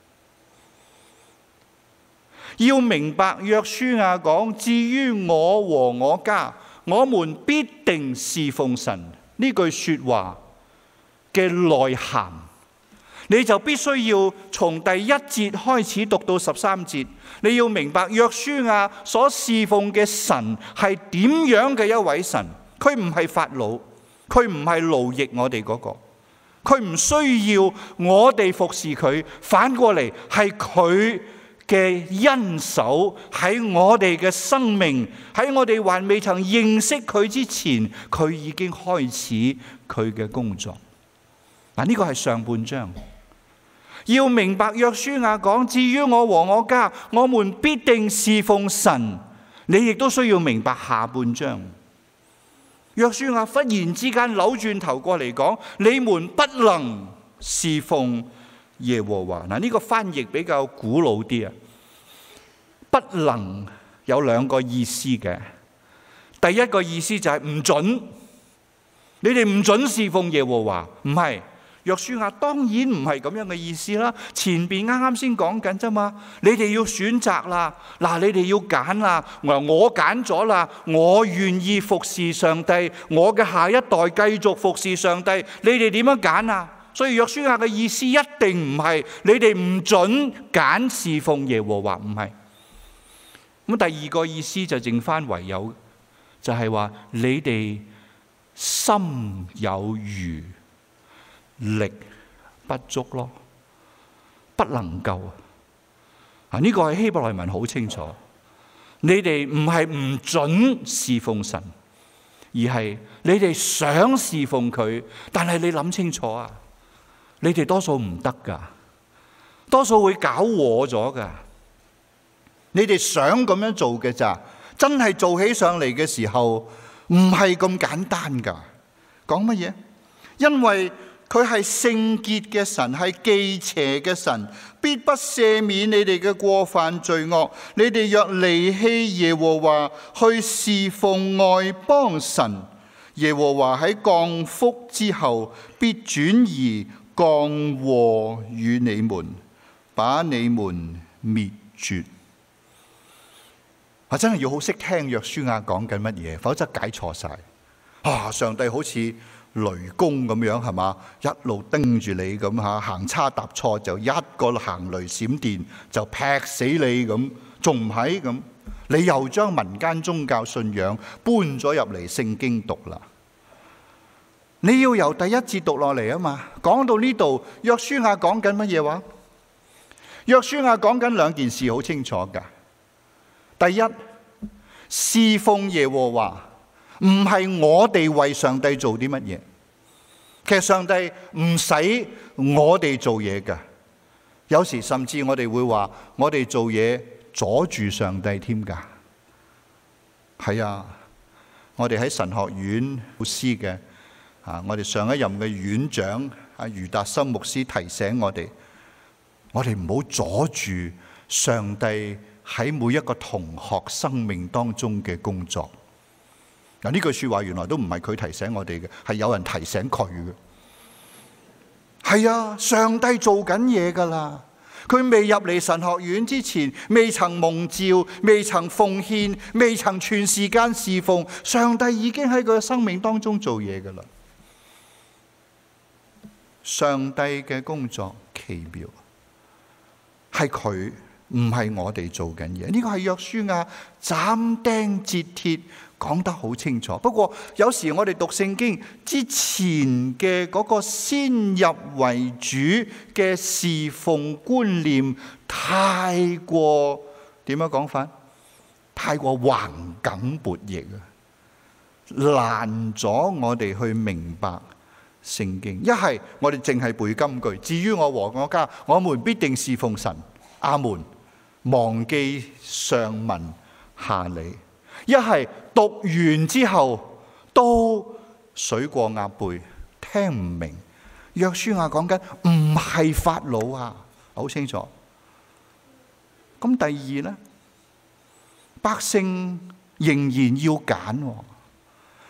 要明白約書亞講，至於我和我家，我們必定侍奉神呢句說話嘅內涵，你就必須要從第一節開始讀到十三節。你要明白約書亞所侍奉嘅神係點樣嘅一位神，佢唔係法老，佢唔係奴役我哋嗰個，佢唔需要我哋服侍佢，反過嚟係佢嘅恩手喺我哋嘅生命，喺我哋還未曾認識佢之前，佢已經開始佢嘅工作。嗱，呢個係上半章，要明白。約書亞講：至於我和我家，我們必定事奉神。你亦都需要明白下半章。約書亞忽然之間扭轉頭過嚟講：你們不能事奉耶和華。嗱，呢個翻譯比較古老啲啊。不能有兩個意思嘅。第一個意思就係唔準你哋，唔準侍奉耶和華，唔係。約書亞當然唔係咁樣嘅意思啦。前邊啱啱先講緊啫嘛，你哋要選擇啦，嗱，你哋要揀啦，嗱，我揀咗啦，我願意服侍上帝，我嘅下一代繼續服侍上帝，你哋點樣揀啊？所以約書亞嘅意思一定唔係你哋唔準揀侍奉耶和華，唔係。咁第二個意思就剩翻唯有，就係話你哋心有餘力不足咯，不能夠啊。呢個係希伯來文好清楚，你哋唔係唔准侍奉神，而係你哋想侍奉佢，但係你諗清楚啊，你哋多數唔得噶，多數會搞瘀咗噶。你哋想咁樣做嘅咋？真係做起上嚟嘅時候，唔係咁簡單噶。講乜嘢？因為佢係聖潔嘅神，係忌邪嘅神，必不赦免你哋嘅過犯罪惡。你哋若離棄耶和華去侍奉外邦神，耶和華喺降福之後必轉而降禍與你們，把你們滅絕。啊！真係要好識聽約書亞講緊乜嘢，否則解錯晒。啊！上帝好似雷公咁樣，係嘛？一路盯住你咁吓，行差踏錯就一個行雷閃電就劈死你咁，仲唔係咁？你又將民間宗教信仰搬咗入嚟聖經讀啦？你要由第一節讀落嚟啊嘛！講到呢度，約書亞講緊乜嘢話？約書亞講緊兩件事，好清楚噶。第一，事奉耶和華唔係我哋為上帝做啲乜嘢。其實上帝唔使我哋做嘢嘅，有時甚至我哋會話我哋做嘢阻住上帝添噶。係啊，我哋喺神學院老師嘅啊，我哋上一任嘅院長阿余達心牧師提醒我哋，我哋唔好阻住上帝。喺每一個同學生命當中嘅工作，嗱，呢句說話原來都唔係佢提醒我哋嘅，係有人提醒佢嘅。係啊，上帝做緊嘢噶啦，佢未入嚟神學院之前，未曾蒙召，未曾奉獻，未曾全時間侍奉，上帝已經喺佢嘅生命當中做嘢噶啦。上帝嘅工作奇妙，係佢。唔係我哋做緊嘢，呢個係約書亞，斬釘截鐵講得好清楚。不過有時我哋讀聖經之前嘅嗰個先入為主嘅事奉觀念，太過點樣講法？太過橫梗勃逆啊！難咗我哋去明白聖經。一係我哋淨係背金句，至於我和我家，我們必定事奉神。阿門。忘記上文下理，一係讀完之後都水過鴨背，聽唔明。約書亞講緊唔係法老啊，好清楚。咁第二咧，百姓仍然要揀。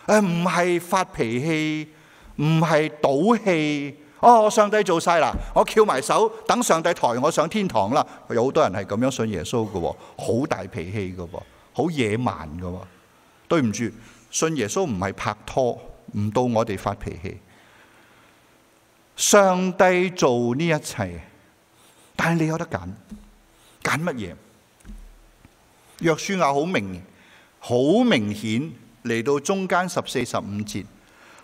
誒，唔係發脾氣，唔係賭氣。哦，上帝做晒啦，我翹埋手等上帝抬我上天堂啦。有好多人係咁樣信耶穌噶喎，好大脾氣噶喎，好野蠻噶喎。對唔住，信耶穌唔係拍拖，唔到我哋發脾氣。上帝做呢一切，但係你有得揀，揀乜嘢？約書亞好明，好明顯嚟到中間十四十五節。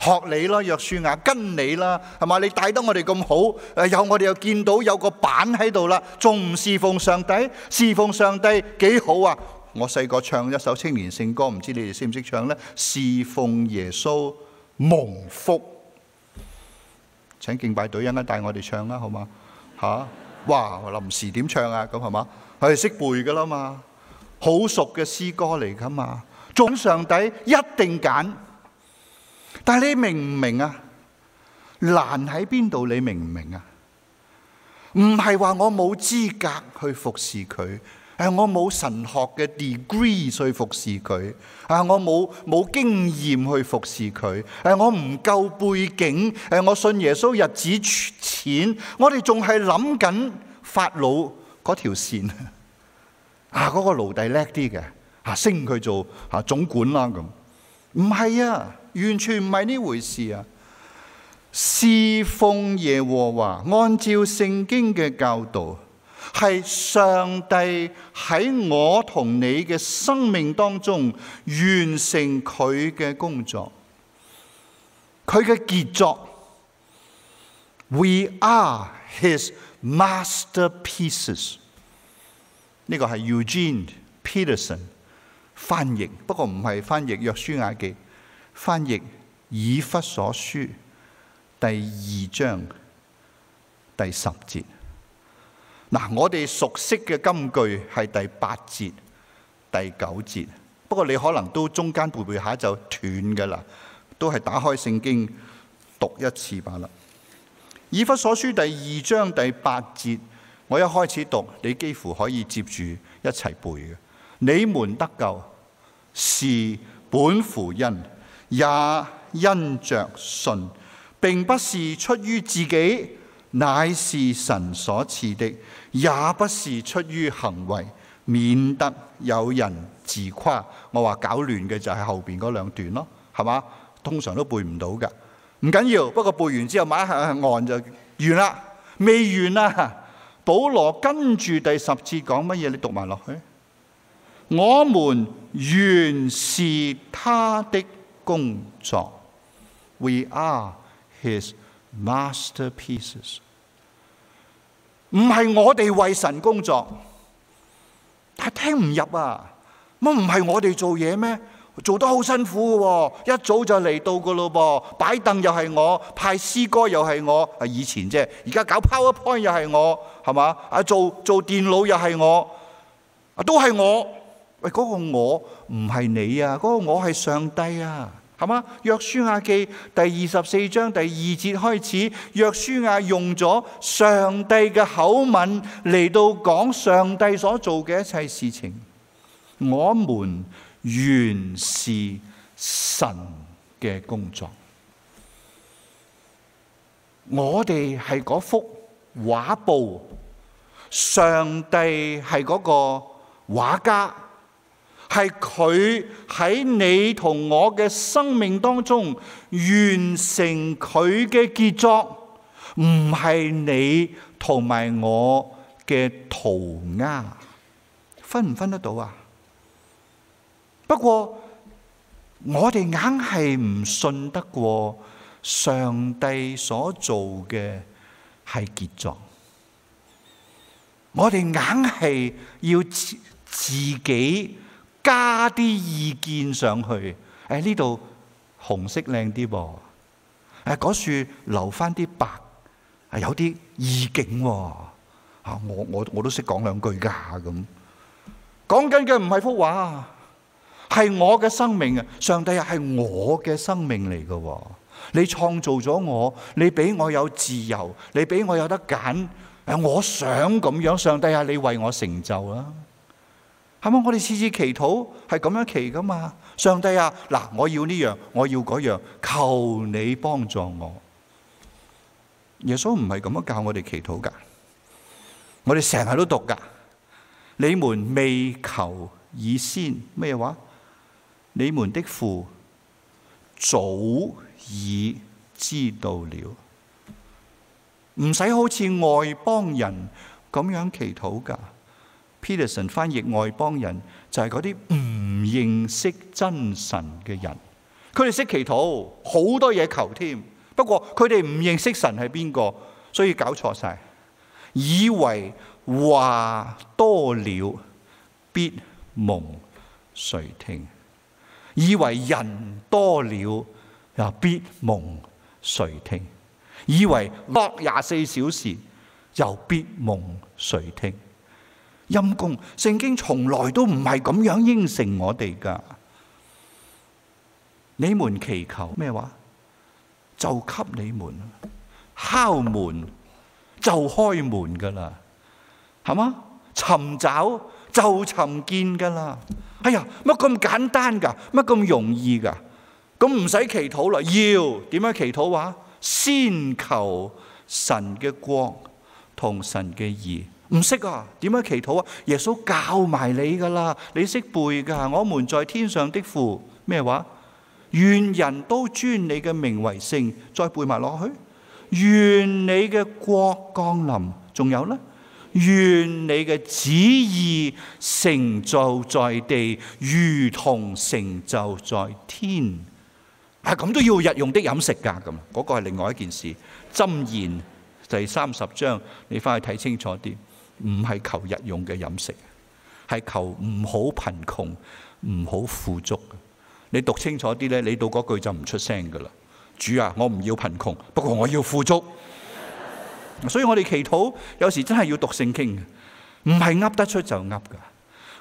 學你啦，約書亞，跟你啦，係嘛？你帶得我哋咁好，誒，有我哋又見到有個板喺度啦，仲唔侍奉上帝？侍奉上帝幾好啊！我細個唱一首青年聖歌，唔知你哋識唔識唱咧？侍奉耶穌蒙福，請敬拜隊一陣帶我哋唱啦，好嘛？吓，哇！臨時點唱啊？咁係嘛？係識背噶啦嘛？好熟嘅詩歌嚟噶嘛？眾上帝一定揀。但係你明唔明啊？難喺邊度？你明唔明啊？唔係話我冇資格去服侍佢，誒，我冇神學嘅 degree 去服侍佢，啊，我冇冇經驗去服侍佢，誒，我唔夠背景，誒，我信耶穌日子淺，我哋仲係諗緊法老嗰條線 <laughs> 啊，嗰、嗰個奴隸叻啲嘅，啊，升佢做啊總管啦咁，唔係啊。完全唔係呢回事啊！侍奉耶和華，按照聖經嘅教導，係上帝喺我同你嘅生命當中完成佢嘅工作，佢嘅傑作。We are His masterpieces。呢個係 Eugene Peterson 翻譯，不過唔係翻譯約書亞記。翻譯以弗所書第二章第十節。嗱，我哋熟悉嘅金句係第八節、第九節，不過你可能都中間背背下就斷嘅啦，都係打開聖經讀一次罷啦。以弗所書第二章第八節，我一開始讀，你幾乎可以接住一齊背嘅。你們得救是本乎恩，也因着信，並不是出於自己，乃是神所賜的；也不是出於行為，免得有人自誇。我話搞亂嘅就係後邊嗰兩段咯，係嘛？通常都背唔到噶，唔緊要。不過背完之後，馬上岸就完啦，未完啊！保羅跟住第十節講乜嘢？你讀埋落去，我們原是他的。工作，We are His masterpieces。唔係我哋為神工作，但聽唔入啊！乜，唔係我哋做嘢咩？做得好辛苦嘅，哦，一早就嚟到嘅咯噃，擺凳又係我，派詩歌又係我，啊，以前啫。而家搞 PowerPoint 又係我，係嘛？啊，做做電腦又係我，啊，都係我。喂，嗰個我唔係你啊，嗰個我係上帝啊，係嘛？約書亞記第二十四章第二節開始，約書亞用咗上帝嘅口吻嚟到講上帝所做嘅一切事情。我們原是神嘅工作，我哋係嗰幅畫布，上帝係嗰個畫家。係佢喺你同我嘅生命當中完成佢嘅傑作，唔係你同埋我嘅塗鴉。分唔分得到啊？不過我哋硬係唔信得過上帝所做嘅係傑作，我哋硬係要自自己。加啲意見上去，誒，呢度紅色靚啲噃，誒，嗰樹留翻啲白，係有啲意境喎。吓、啊、我我我都識講兩句噶咁，講緊嘅唔係幅畫，係我嘅生命啊！上帝啊，係我嘅生命嚟噶，你創造咗我，你俾我有自由，你俾我有得揀，誒，我想咁樣，上帝啊，你為我成就啊！係我哋次次祈禱係咁樣祈噶嘛？上帝啊，嗱，我要呢樣，我要嗰樣，求你幫助我。耶穌唔係咁樣教我哋祈禱噶，我哋成日都讀噶。你們未求以先，咩話？你們的父早已知道了，唔使好似外邦人咁樣祈禱噶。Peterson 翻譯，外邦人就係嗰啲唔認識真神嘅人，佢哋識祈禱，好多嘢求添。不過佢哋唔認識神係邊個，所以搞錯晒，以為話多了必蒙垂聽，以為人多了又必蒙垂聽，以為碌廿四小時又必蒙垂聽。陰公，聖經從來都唔係咁樣應承我哋噶。你們祈求咩話？就給你們敲門就開門噶啦，係嗎？尋找就尋見噶啦。哎呀，乜咁簡單噶？乜咁容易噶？咁唔使祈禱啦。要點樣祈禱話？先求神嘅國，同神嘅義。唔識啊？點樣祈禱啊？耶穌教埋你噶啦，你識背噶。我們在天上的父，咩話？願人都尊你嘅名為聖，再背埋落去。願你嘅國降臨。仲有呢？願你嘅旨意成就在地，如同成就在天。啊，咁都要日用的飲食噶咁，嗰、嗰個係另外一件事。箴言第三十章，你翻去睇清楚啲。唔係求日用嘅飲食，係求唔好貧窮，唔好富足。你讀清楚啲咧，你到嗰句就唔出聲噶啦。主啊，我唔要貧窮，不過我要富足。 <laughs> 所以我哋祈禱有時真係要讀聖經，唔係噏得出就噏噶。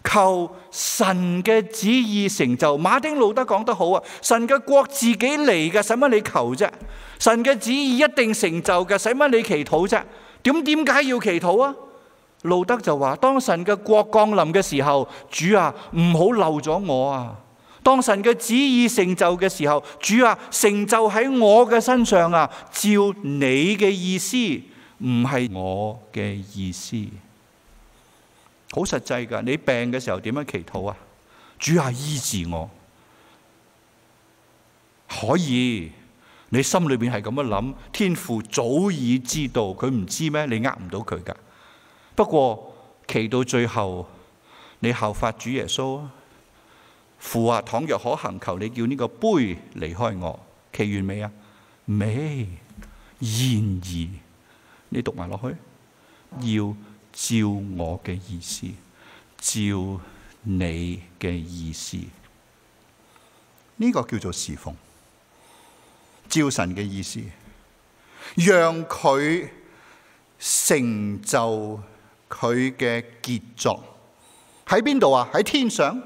求神嘅旨意成就。馬丁路德講得好啊，神嘅國自己嚟嘅，使乜你求啫？神嘅旨意一定成就嘅，使乜你祈禱啫？點點解要祈禱啊？路德就話：當神嘅國降臨嘅時候，主啊，唔好漏咗我啊！當神嘅旨意成就嘅時候，主啊，成就喺我嘅身上啊！照你嘅意思，唔係我嘅意思。好實際噶你病嘅時候點樣祈禱啊？主啊，醫治我，可以。你心裏邊係咁樣諗，天父早已知道，佢唔知咩？你呃唔到佢噶。不過祈到最後，你效法主耶穌啊。父啊，倘若可行，求你叫呢個杯離開我。祈完未啊？未。然而，你讀埋落去，要照我嘅意思，照你嘅意思。呢個叫做侍奉，照神嘅意思，讓佢成就。佢嘅傑作喺邊度啊？喺天上，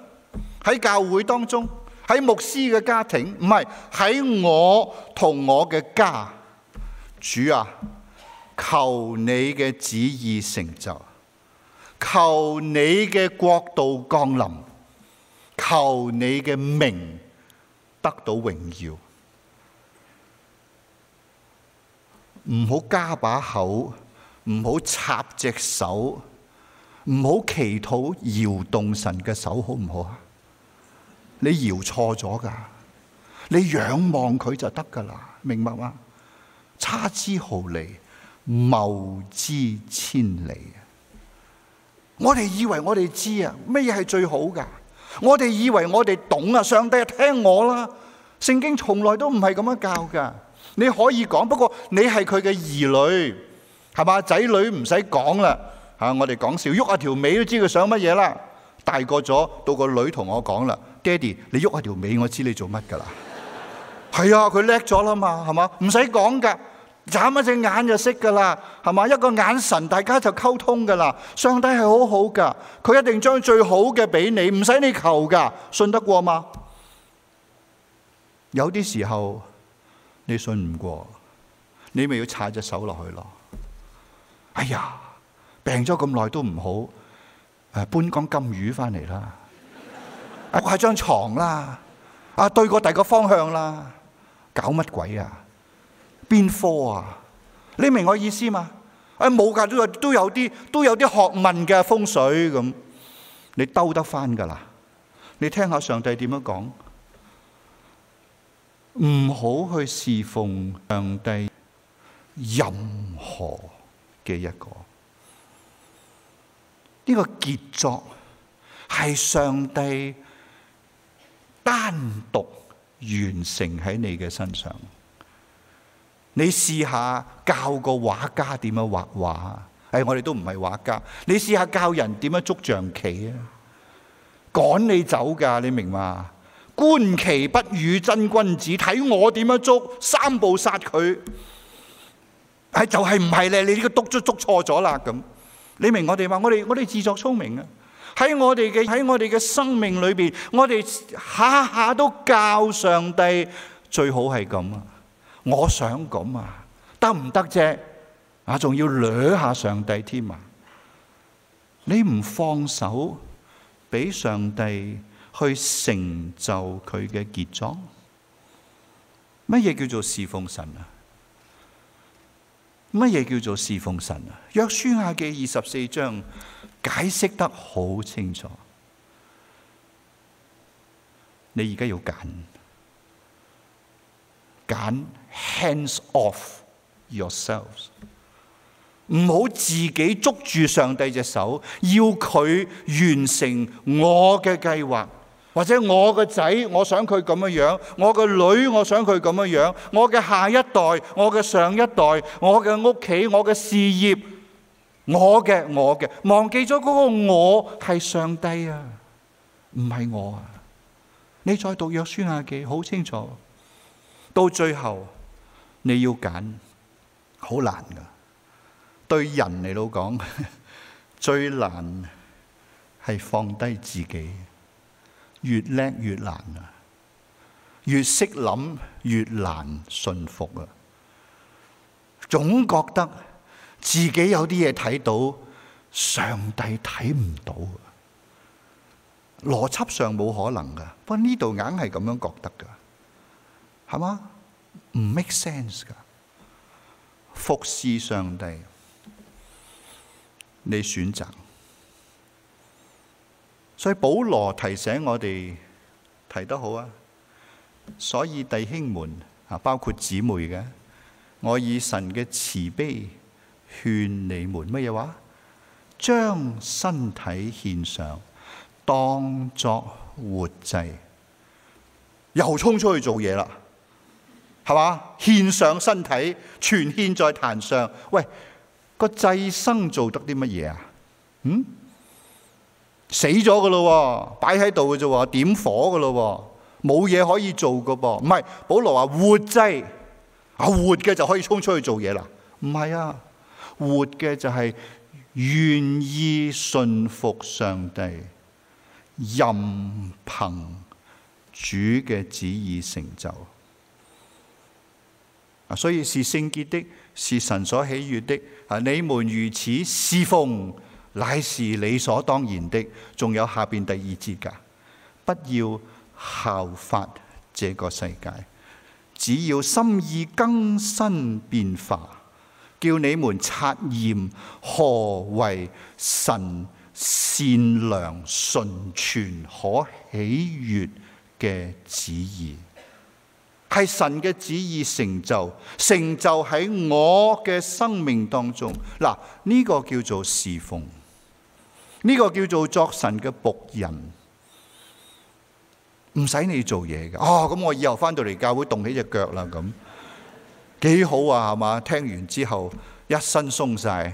喺教會當中，喺牧師嘅家庭，唔係喺我同我嘅家。主啊，求你嘅旨意成就，求你嘅國度降臨，求你嘅名得到榮耀。唔好加把口。唔好插隻手，唔好祈禱搖動神嘅手，好唔好啊？你搖錯咗噶，你仰望佢就得噶啦，明白嗎？差之毫釐，謀之千里啊！我哋以為我哋知啊，咩嘢係最好噶？我哋以為我哋懂啊，上帝啊聽我啦。聖經從來都唔係咁樣教噶。你可以講，不過你係佢嘅兒女。係嘛，仔女唔使講啦，嚇、啊、我哋講笑，喐下條尾都知佢想乜嘢啦。大個咗到個女同我講啦，爹哋你喐下條尾，我知你做乜噶啦。係 <laughs> 啊，佢叻咗啦嘛，係嘛，唔使講噶，眨一隻眼就識噶啦，係嘛，一個眼神大家就溝通噶啦。上帝係好好噶，佢一定將最好嘅俾你，唔使你求噶，信得過嗎？ <laughs> 有啲時候你信唔過，你咪要插隻手落去咯。哎呀，病咗咁耐都唔好，誒，搬缸金魚翻嚟啦，鋪下張床啦，啊對過第二個方向啦，搞乜鬼啊？邊科啊？你明我意思嘛？誒冇噶，都都有啲都有啲學問嘅風水咁，你兜得翻噶啦。你聽下上帝點樣講，唔好去侍奉上帝任何嘅一個呢個傑作係上帝單獨完成喺你嘅身上。你試下教個畫家點樣畫畫，誒、哎，我哋都唔係畫家。你試下教人點樣捉象棋啊？趕你走噶，你明嘛？觀棋不語真君子，睇我點樣捉，三步殺佢。係、哎、就係唔係咧？你呢個督卒捉錯咗啦，咁你明我哋嘛？我哋我哋自作聰明啊！喺我哋嘅喺我哋嘅生命裏邊，我哋下下都教上帝最好係咁啊！我想咁啊，得唔得啫？啊，仲要掠下上帝添啊！你唔放手俾上帝去成就佢嘅傑作，乜嘢叫做侍奉神啊？乜嘢叫做事奉神啊？約書亞嘅二十四章解釋得好清楚，你而家要揀，揀 hands off yourselves，唔好自己捉住上帝隻手，要佢完成我嘅計劃。或者我個仔，我想佢咁樣；我個女，我想佢咁樣；我嘅下一代，我嘅上一代，我嘅屋企，我嘅事業，我嘅我嘅，忘記咗嗰個我係上帝啊，唔係我啊！你再讀約書亞記，好清楚，到最後你要揀，好難㗎。對人嚟到講，最難係放低自己。越叻越難啊，越識諗越難信服啊，總覺得自己有啲嘢睇到，上帝睇唔到啊，邏輯上冇可能噶，不過呢度硬係咁樣覺得噶，係嘛？唔 make sense 噶，服侍上帝，你選擇。所以保羅提醒我哋提得好啊！所以弟兄們啊，包括姊妹嘅，我以神嘅慈悲勸你們乜嘢話？將身體獻上，當作活祭，又衝出去做嘢啦，係嘛？獻上身體，全獻在壇上。喂，個祭牲做得啲乜嘢啊？嗯？死咗嘅咯，擺喺度嘅啫，點火嘅咯，冇嘢可以做嘅噃。唔係保羅話活祭、就是，啊活嘅就可以衝出去做嘢啦。唔係啊，活嘅就係願意信服上帝，任憑主嘅旨意成就。啊，所以是聖潔的，是神所喜悦的。啊，你們如此事奉。乃是理所當然的。仲有下邊第二節嘅，不要效法這個世界，只要心意更新變化，叫你們察驗何為神善良、純全、可喜悅嘅旨意，係神嘅旨意成就，成就喺我嘅生命當中。嗱，呢個叫做事奉。呢個叫做作神嘅僕人，唔使你做嘢噶。哦，咁我以後翻到嚟教會動起隻腳啦，咁幾好啊，係嘛？聽完之後一身鬆晒，誒、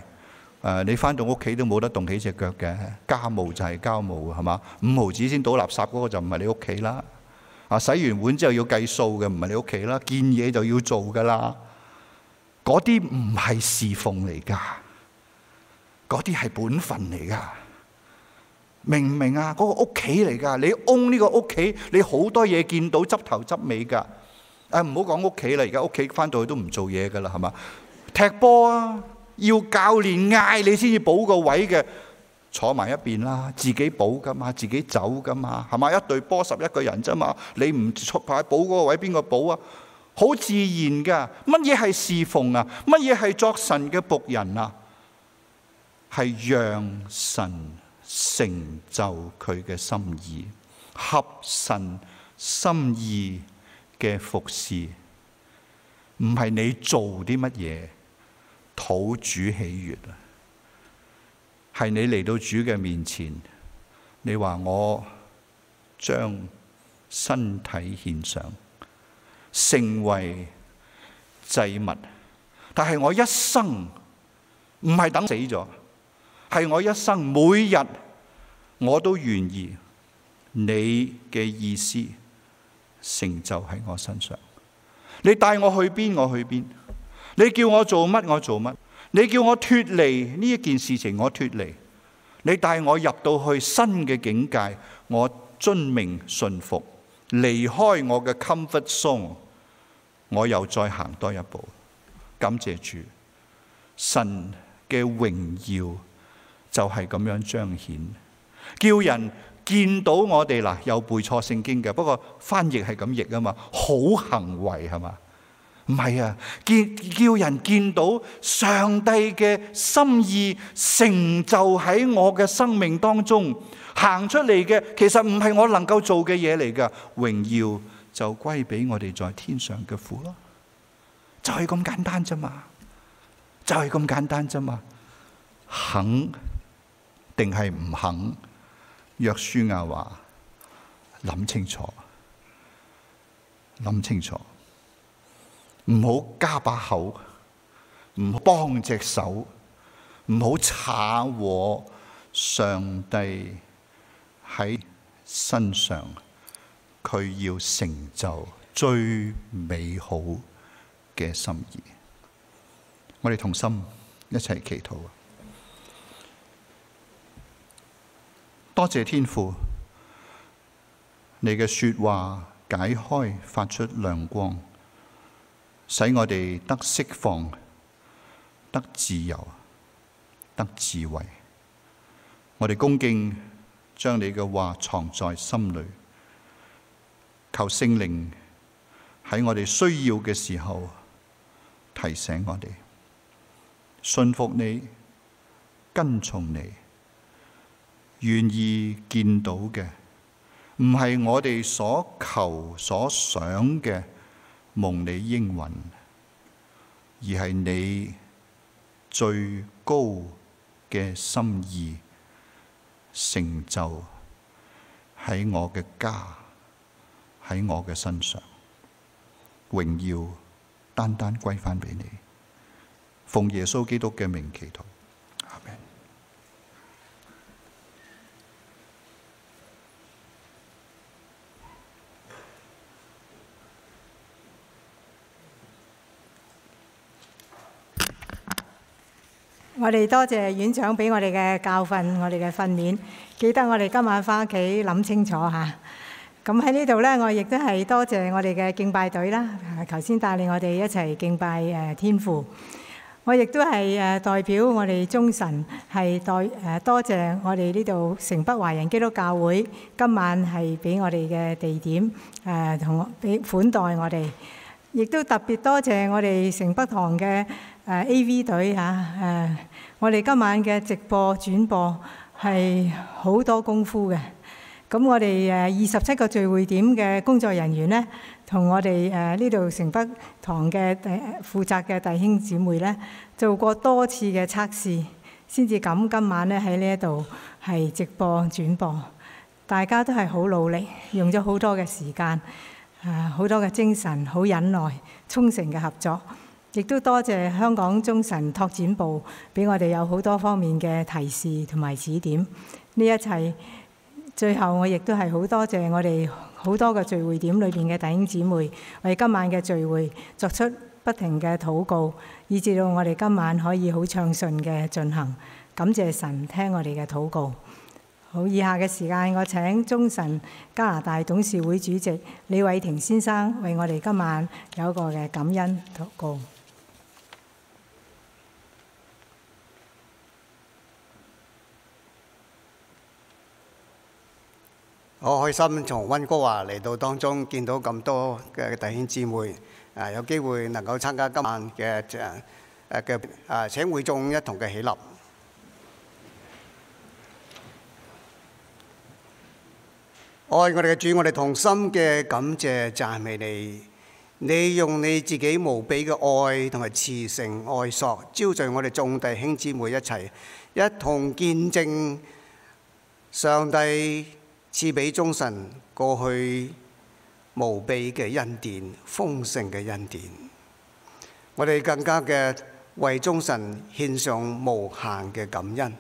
呃，你翻到屋企都冇得動起隻腳嘅。家務就係家務，係嘛？五毫子先倒垃圾嗰個就唔係你屋企啦。啊，洗完碗之後要計數嘅，唔係你屋企啦。見嘢就要做噶啦，嗰啲唔係侍奉嚟噶，嗰啲係本分嚟噶。明唔明啊？嗰、那個屋企嚟噶，你嗡呢個屋企，你好多嘢見到，執頭執尾噶。誒、啊，唔好講屋企啦，而家屋企翻到去都唔做嘢噶啦，係嘛？踢波啊，要教練嗌你先至補個位嘅，坐埋一邊啦，自己補噶嘛，自己走噶嘛，係嘛？一隊波十一個人咋嘛？你唔出牌補嗰個位，邊個補啊？好自然噶，乜嘢係侍奉啊？乜嘢係作神嘅僕人啊？係讓神，成就佢嘅心意，合神心意嘅服侍，唔係你做啲乜嘢，討主喜悅。係你嚟到主嘅面前，你話我將身體獻上，成為祭物，但係我一生唔係等死咗，係我一生每日。我都願意你嘅意思成就喺我身上。你帶我去邊，我去邊；你叫我做乜，我做乜。你叫我脫離呢一件事情，我脫離。你帶我入到去新嘅境界，我遵命順服，離開我嘅 comfort zone，我又再行多一步。感謝主，神嘅榮耀就係咁樣彰顯。叫人見到我哋，嗱，有背錯聖經嘅，不過翻譯係咁譯啊嘛，好行為係嘛？唔係啊，叫叫人見到上帝嘅心意成就喺我嘅生命當中行出嚟嘅，其實唔係我能夠做嘅嘢嚟噶，榮耀就歸俾我哋在天上嘅父咯，就係咁簡單啫嘛，就係咁簡單啫嘛，肯定係唔肯？約書亞話：諗清楚，諗清楚，唔好加把口，唔好幫隻手，唔好查我上帝喺身上，佢要成就最美好嘅心意。我哋同心一齊祈禱。多謝天父，你嘅說話解開，發出亮光，使我哋得釋放、得自由、得智慧。我哋恭敬將你嘅話藏在心裏，求聖靈喺我哋需要嘅時候提醒我哋，信服你，跟從你，願意見到嘅，唔係我哋所求所想嘅蒙你應允，而係你最高嘅心意成就喺我嘅家，喺我嘅身上，榮耀單單歸返畀你，奉耶穌基督嘅名祈禱。我哋多謝院長俾我哋嘅教訓，我哋嘅訓練，記得我哋今晚返屋企諗清楚嚇。咁喺呢度咧，我亦都係多謝我哋嘅敬拜隊啦，頭先帶領我哋一齊敬拜誒天父。我亦都係誒代表我哋中神，係代誒多謝我哋呢度城北華人基督教會今晚係俾我哋嘅地點誒，同俾款待我哋，亦都特別多謝我哋城北堂嘅。誒 A.V 隊嚇誒，uh, 我哋今晚嘅直播轉播係好多功夫嘅。咁我哋誒二十七個聚會點嘅工作人員呢，同我哋誒呢度城北堂嘅第負責嘅弟兄姊妹呢，做過多次嘅測試，先至咁今晚呢喺呢一度係直播轉播。大家都係好努力，用咗好多嘅時間，啊、uh, 好多嘅精神，好忍耐，忠誠嘅合作。亦都多謝香港中神拓展部，俾我哋有好多方面嘅提示同埋指點。呢一切最後，我亦都係好多謝我哋好多個聚會點裏面嘅弟兄姊妹，為今晚嘅聚會作出不停嘅禱告，以至到我哋今晚可以好暢順嘅進行。感謝神聽我哋嘅禱告。好，以下嘅時間，我請中神加拿大董事會主席李偉霆先生為我哋今晚有一個嘅感恩禱告。好開心，從温哥華嚟到當中，見到咁多嘅弟兄姊妹啊，有機會能夠參加今晚嘅誒嘅啊，請會眾一同嘅起立。愛我哋嘅主，我哋同心嘅感謝讚美你。你用你自己無比嘅愛同埋慈繩愛索，招聚我哋眾弟兄姊妹一齊一同見證上帝。賜俾中神過去無比嘅恩典，豐盛嘅恩典。我哋更加嘅為中神獻上無限嘅感恩。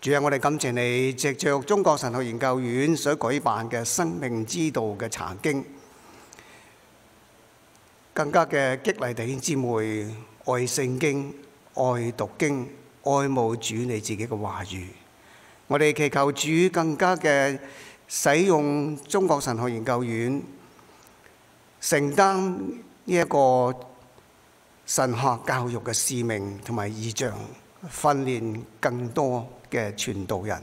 主啊，我哋感謝你，藉着中國神學研究院所舉辦嘅生命之道嘅查經，更加嘅激勵弟兄姊妹愛聖經、愛讀經、愛慕主你自己嘅話語。我哋祈求主更加嘅使用中國神學研究院，承擔呢一個神學教育嘅使命同埋異象，訓練更多嘅傳道人，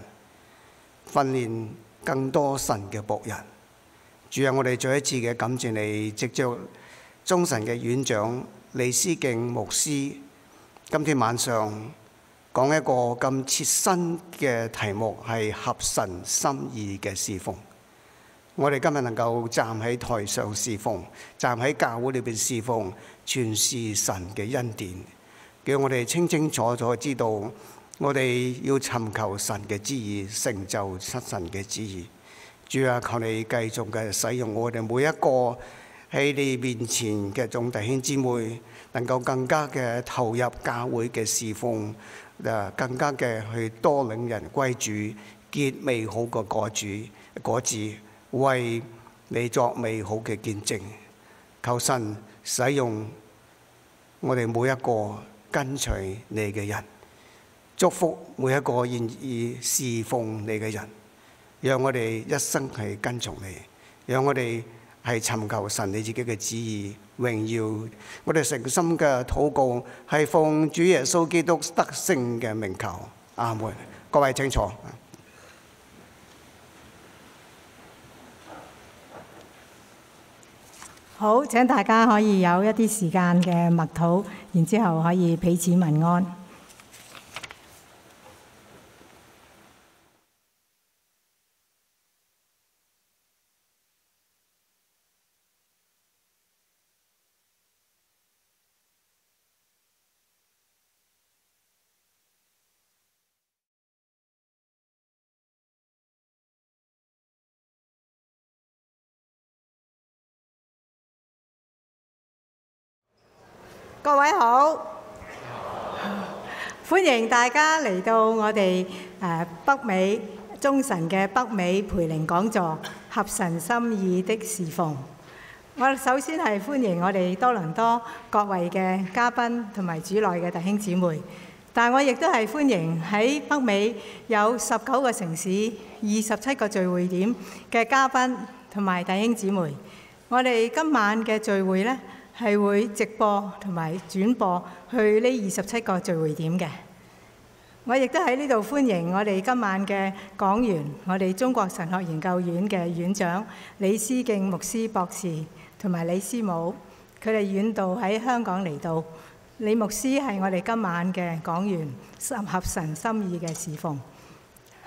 訓練更多神嘅僕人。主啊，我哋再一次嘅感謝你，藉着中神嘅院長李思敬牧師，今天晚上。講一個咁切身嘅題目，係合神心意嘅事奉。我哋今日能夠站喺台上事奉，站喺教會裏邊事奉，全是神嘅恩典。叫我哋清清楚楚知道，我哋要尋求神嘅旨意，成就失神嘅旨意。主啊，求你繼續嘅使用我哋每一個喺你面前嘅眾弟兄姊妹，能夠更加嘅投入教會嘅事奉。更加嘅去多領人歸主，結美好嘅果主果子，為你作美好嘅見證。求神使用我哋每一個跟隨你嘅人，祝福每一個願意侍奉你嘅人，讓我哋一生係跟從你，讓我哋係尋求神你自己嘅旨意。榮耀，我哋誠心嘅禱告係奉主耶穌基督得勝嘅名求，阿門。各位請坐。好，請大家可以有一啲時間嘅默禱，然之後可以彼此問安。各位好，歡迎大家嚟到我哋誒北美中神嘅北美培靈講座，合神心意的事奉。我首先係歡迎我哋多倫多各位嘅嘉賓同埋主內嘅弟兄姊妹，但我亦都係歡迎喺北美有十九個城市、二十七個聚會點嘅嘉賓同埋弟兄姊妹。我哋今晚嘅聚會呢，係會直播同埋轉播去呢二十七個聚會點嘅。我亦都喺呢度歡迎我哋今晚嘅講員，我哋中國神學研究院嘅院長李思敬牧師博士同埋李師母，佢哋遠道喺香港嚟到。李牧師係我哋今晚嘅講員，甚合神心意嘅事奉。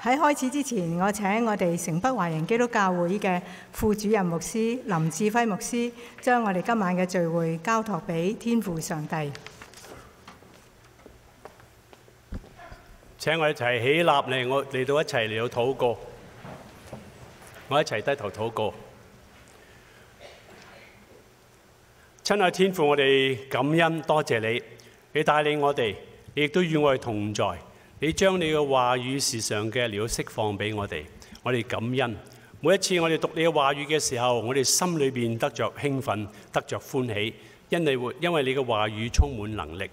喺開始之前，我請我哋城北華人基督教會嘅副主任牧師林志輝牧師，將我哋今晚嘅聚會交託俾天父上帝。請我哋一齊起，起立嚟，我嚟到一齊嚟到禱告。我一齊低頭禱告。親愛天父，我哋感恩多謝你，你帶領我哋，你亦都與我哋同在。你將你嘅話語時常嘅料釋放俾我哋，我哋感恩。每一次我哋讀你嘅話語嘅時候，我哋心裏邊得着興奮，得着歡喜，因你會因為你嘅話語充滿能力。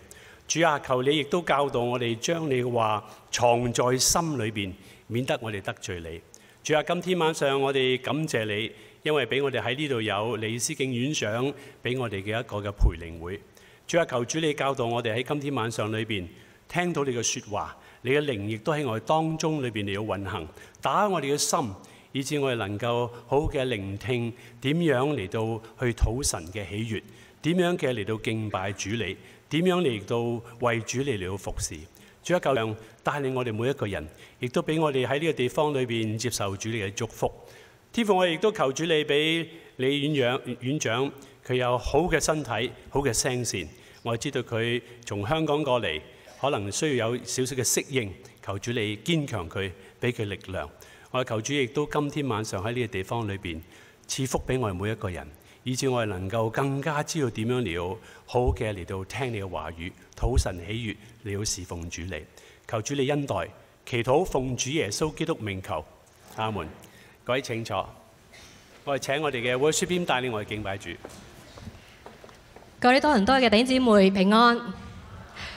主阿，啊，求你亦都教導我哋將你嘅話藏在心裏邊，免得我哋得罪你。主阿，啊，今天晚上我哋感謝你，因為俾我哋喺呢度有李思敬院長俾我哋嘅一個嘅培靈會。主阿，啊，求主你教導我哋喺今天晚上裏邊聽到你嘅說話。你嘅靈亦都喺我哋當中裏邊嚟到運行，打開我哋嘅心，以致我哋能夠好嘅聆聽，點樣嚟到去討神嘅喜悅，點樣嘅嚟到敬拜主你，點樣嚟到為主你嚟到服侍。主啊，救主帶領我哋每一個人，亦都俾我哋喺呢個地方裏邊接受主你嘅祝福。天父，我亦都求主你俾李院長，院長佢有好嘅身體，好嘅聲線。我知道佢從香港過嚟。可能需要有少少嘅適應，求主你堅強佢，俾佢力量。我哋求主亦都今天晚上喺呢個地方裏邊，賜福俾我哋每一個人，以致我哋能夠更加知道點樣了。好嘅嚟到聽你嘅話語，討神喜悅，你好侍奉主你，求主你恩待，祈禱奉主耶穌基督名求，阿門。各位請坐，我哋請我哋嘅 worship team 帶領我哋敬拜主。各位多倫多嘅弟兄姊妹平安。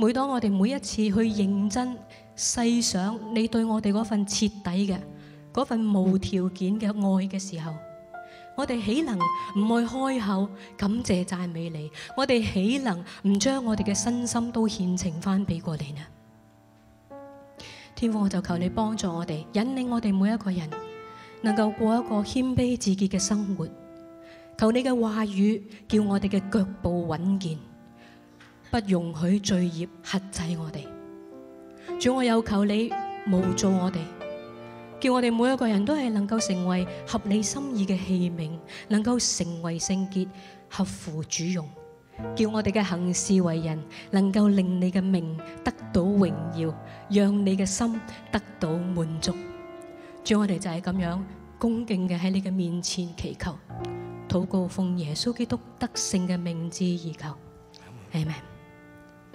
每當我哋每一次去認真細想你對我哋嗰份徹底嘅，嗰份無條件嘅愛嘅時候，我哋豈能唔去開口感謝讚美你？我哋豈能唔將我哋嘅身心都獻呈翻俾過你呢？天父，我就求你幫助我哋，引領我哋每一個人能夠過一個謙卑自潔嘅生活。求你嘅話語叫我哋嘅腳步穩健。不容許罪孽轄制我哋，主我有求你模造我哋，叫我哋每一個人都係能夠成為合你心意嘅器皿，能夠成為聖潔、合乎主用，叫我哋嘅行事為人能夠令你嘅名得到榮耀，讓你嘅心得到滿足。主我哋就係咁樣恭敬嘅喺你嘅面前祈求，禱告奉耶穌基督得勝嘅名字而求，阿門。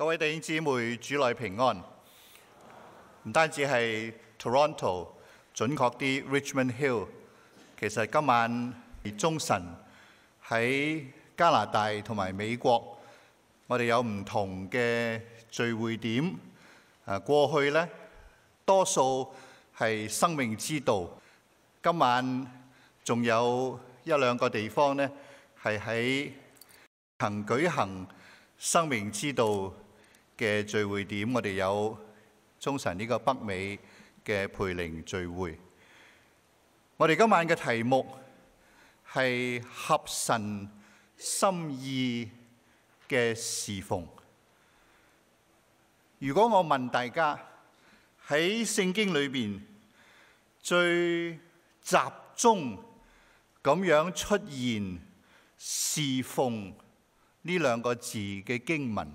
各位弟兄姊妹，主內平安。唔單止係 Toronto，準確啲 Richmond Hill，其實今晚中神喺加拿大同埋美國，我哋有唔同嘅聚會點。啊，過去呢多數係生命之道，今晚仲有一兩個地方呢係喺曾舉行生命之道。嘅聚會點，我哋有中神呢個北美嘅培靈聚會。我哋今晚嘅題目係合神心意嘅事奉。如果我問大家喺聖經裏邊最集中咁樣出現事奉呢兩個字嘅經文？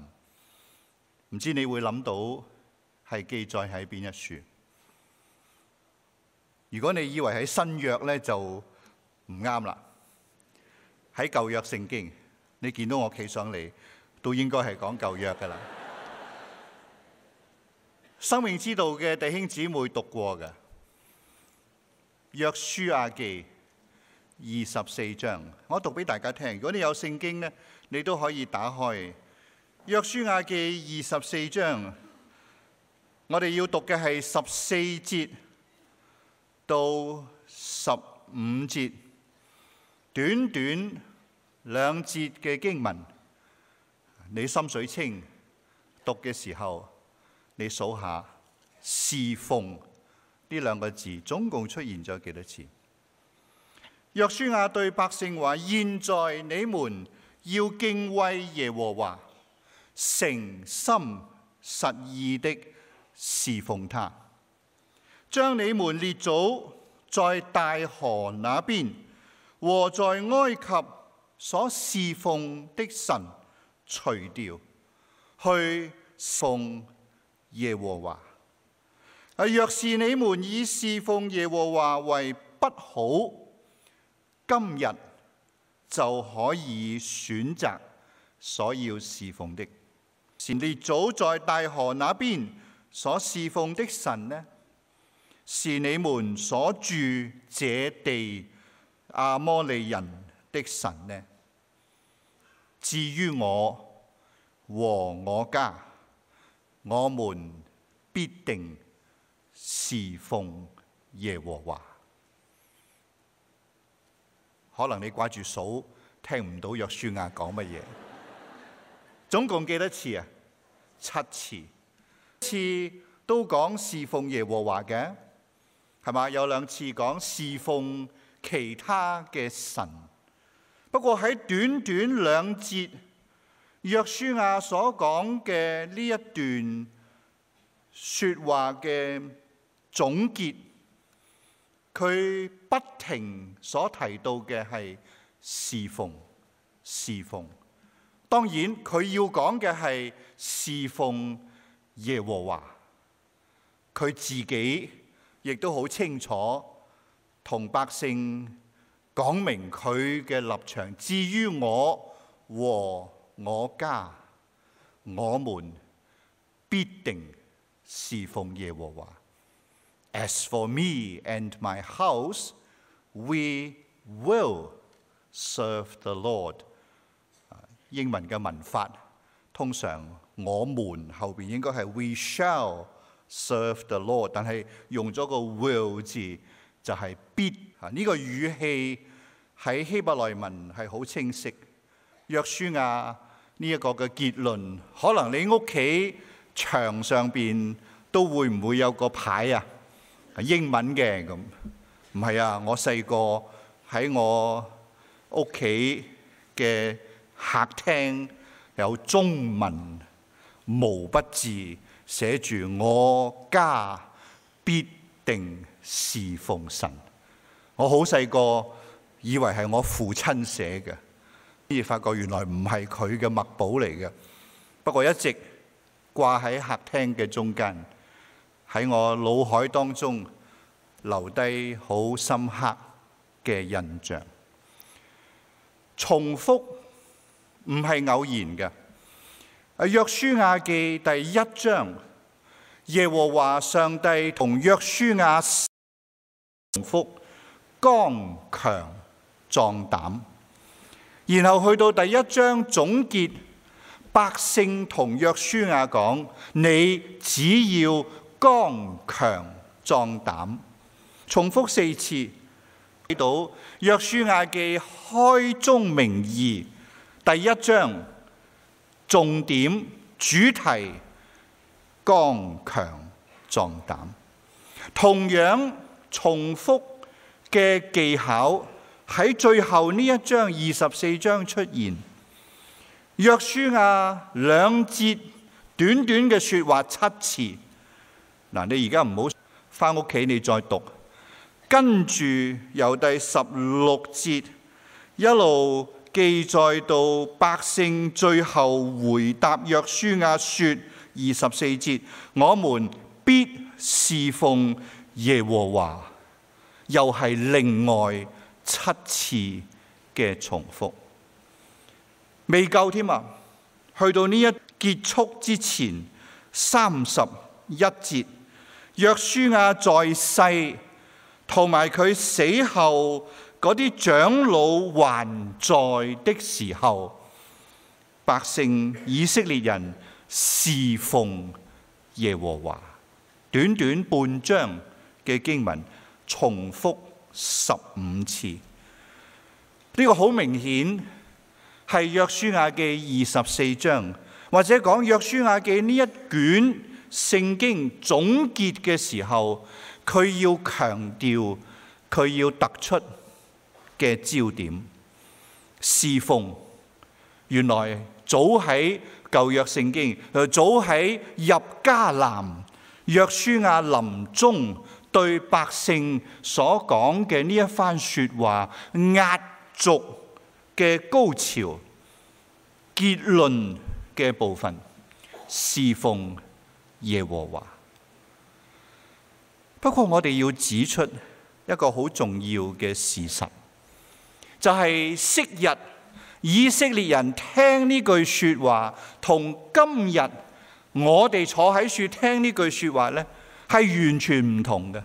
唔知你會諗到係記載喺邊一處？如果你以為喺新約呢，就唔啱啦。喺舊約聖經，你見到我企上嚟，都應該係講舊約噶啦。生命之道嘅弟兄姊妹讀過嘅《約書亞記》二十四章，我讀俾大家聽。如果你有聖經呢，你都可以打開。約書亞記二十四章，我哋要讀嘅係十四節到十五節，短短兩節嘅經文，你心水清，讀嘅時候你數下侍奉呢兩個字總共出現咗幾多次？約書亞對百姓話：現在你們要敬畏耶和華。誠心實意的侍奉他，將你們列祖在大河那邊和在埃及所侍奉的神除掉，去奉耶和華。若是你們以侍奉耶和華為不好，今日就可以選擇所要侍奉的。前列祖在大河那邊所侍奉的神呢，是你們所住這地亞摩利人的神呢。至於我和我家，我們必定侍奉耶和華。可能你掛住數，聽唔到約書亞講乜嘢。 <laughs> 總共幾多次啊？七次，七次都講侍奉耶和華嘅，係嘛？有兩次講侍奉其他嘅神。不過喺短短兩節，約書亞所講嘅呢一段說話嘅總結，佢不停所提到嘅係侍奉，侍奉。當然佢要講嘅係侍奉耶和華，佢自己亦都好清楚，同百姓講明佢嘅立場。至於我和我家，我們必定侍奉耶和華。As for me and my house, we will serve the Lord。英文嘅文法通常。我們後邊應該係 we shall serve the Lord，但係用咗個 will 字就係必啊呢個語氣喺希伯來文係好清晰。約書亞呢一個嘅結論，可能你屋企牆上邊都會唔會有個牌啊？英文嘅咁唔係啊？我細個喺我屋企嘅客廳有中文。毛筆字寫住我家必定事奉神，我好細個以為係我父親寫嘅，而發覺原來唔係佢嘅墨寶嚟嘅，不過一直掛喺客廳嘅中間，喺我腦海當中留低好深刻嘅印象。重複唔係偶然嘅。啊，約書亞記第一章，耶和華上帝同約書亞重複剛強壯膽，然後去到第一章總結，百姓同約書亞講，你只要剛強壯膽，重複四次，睇到約書亞記開宗明義第一章。重點主題，剛強壯膽，同樣重複嘅技巧喺最後呢一章二十四章出現。約書亞兩節短短嘅說話七次，嗱，你而家唔好返屋企你再讀，跟住由第十六節一路。記載到百姓最後回答約書亞說：，二十四節，我們必侍奉耶和華。又係另外七次嘅重複，未夠添啊！去到呢一結束之前，三十一節，約書亞在世，同埋佢死後。嗰啲長老還在的時候，百姓以色列人侍奉耶和華。短短半章嘅經文重複十五次，呢個好明顯係約書亞記二十四章，或者講約書亞記呢一卷聖經總結嘅時候，佢要強調，佢要突出。嘅焦點，侍奉，原來早喺舊約聖經，早喺入迦南，約書亞臨終對百姓所講嘅呢一番說話，壓軸嘅高潮結論嘅部分，侍奉耶和華。不過我哋要指出一個好重要嘅事實。就係昔日以色列人聽呢句説話，同今日我哋坐喺度聽呢句説話呢，係完全唔同嘅。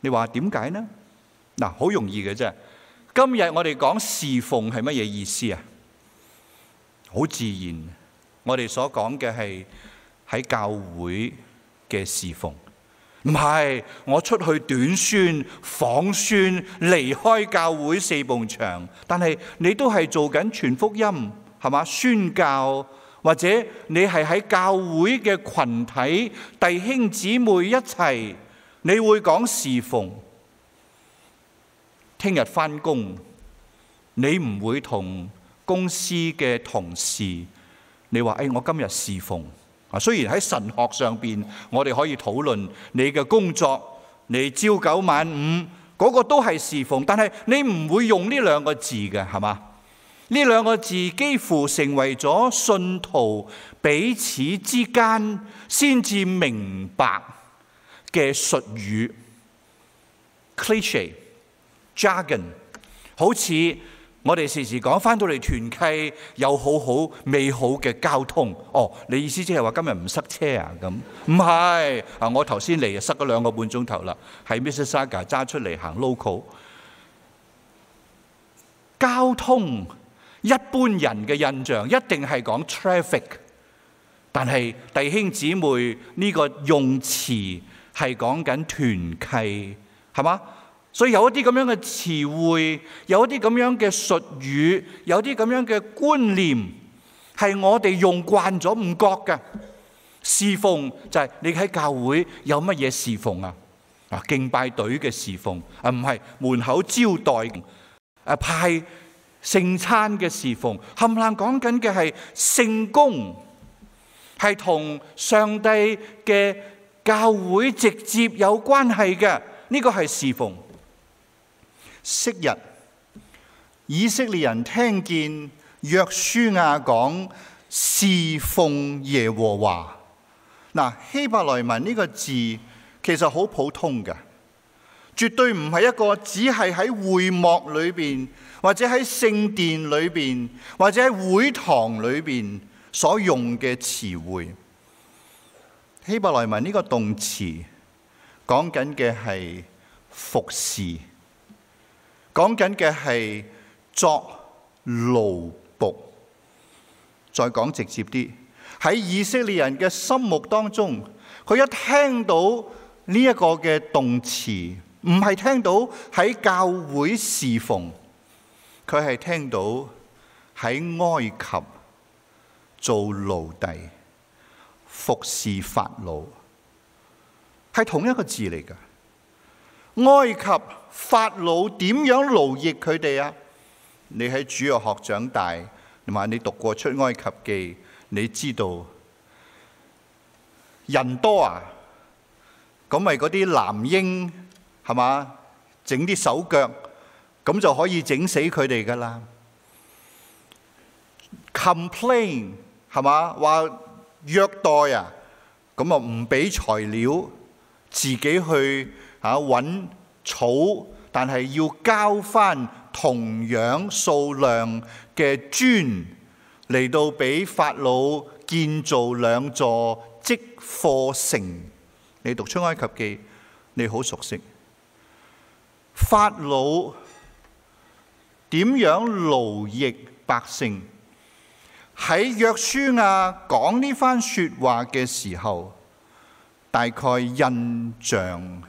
你話點解呢？嗱，好容易嘅啫。今日我哋講事奉係乜嘢意思啊？好自然，我哋所講嘅係喺教會嘅事奉。唔係，我出去短宣、訪宣，離開教會四埲牆，但係你都係做緊傳福音，係嘛？宣教或者你係喺教會嘅群體，弟兄姊妹一齊，你會講侍奉。聽日翻工，你唔會同公司嘅同事，你話，誒、哎，我今日侍奉。啊，雖然喺神學上邊，我哋可以討論你嘅工作，你朝九晚五，嗰、那個都係事奉，但係你唔會用呢兩個字嘅，係嘛？呢兩個字幾乎成為咗信徒彼此之間先至明白嘅術語，cliche jargon，好似。我哋時時講翻到嚟團契有好好美好嘅交通。哦，你意思即係話今日唔塞車啊？咁唔係，我頭先嚟啊塞咗兩個半鐘頭啦。喺 Mississauga 揸出嚟行 local。交通一般人嘅印象一定係講 traffic，但係弟兄姊妹呢個用詞係講緊團契，係嘛？所以有一啲咁樣嘅詞彙，有一啲咁樣嘅術語，有啲咁樣嘅觀念，係我哋用慣咗唔覺嘅。侍奉就係、是、你喺教會有乜嘢侍奉啊？啊，敬拜隊嘅侍奉啊，唔係門口招待啊，派聖餐嘅侍奉，冚唪唥講緊嘅係聖工，係同上帝嘅教會直接有關係嘅，呢、這個係侍奉。昔日以色列人聽見約書亞講侍奉耶和華，嗱，希伯來文呢個字其實好普通㗎，絕對唔係一個只係喺會幕裏邊或者喺聖殿裏邊或者喺會堂裏邊所用嘅詞彙。希伯來文呢個動詞講緊嘅係服侍。講緊嘅係作奴僕。再講直接啲，喺以色列人嘅心目當中，佢一聽到呢一個嘅動詞，唔係聽到喺教會侍奉，佢係聽到喺埃及做奴隸服侍法老，係同一個字嚟㗎。埃及。法老點樣勞役佢哋啊？你喺主日學長大同埋，你讀過出埃及記，你知道人多啊，咁咪嗰啲男嬰係嘛，整啲手腳咁就可以整死佢哋噶啦。complain 係嘛，話虐待啊，咁啊唔俾材料，自己去啊揾草，但係要交返同樣數量嘅磚嚟到俾法老建造兩座積貨城。你讀出埃及記，你好熟悉法老點樣勞役百姓。喺約書亞講呢番説話嘅時候，大概印象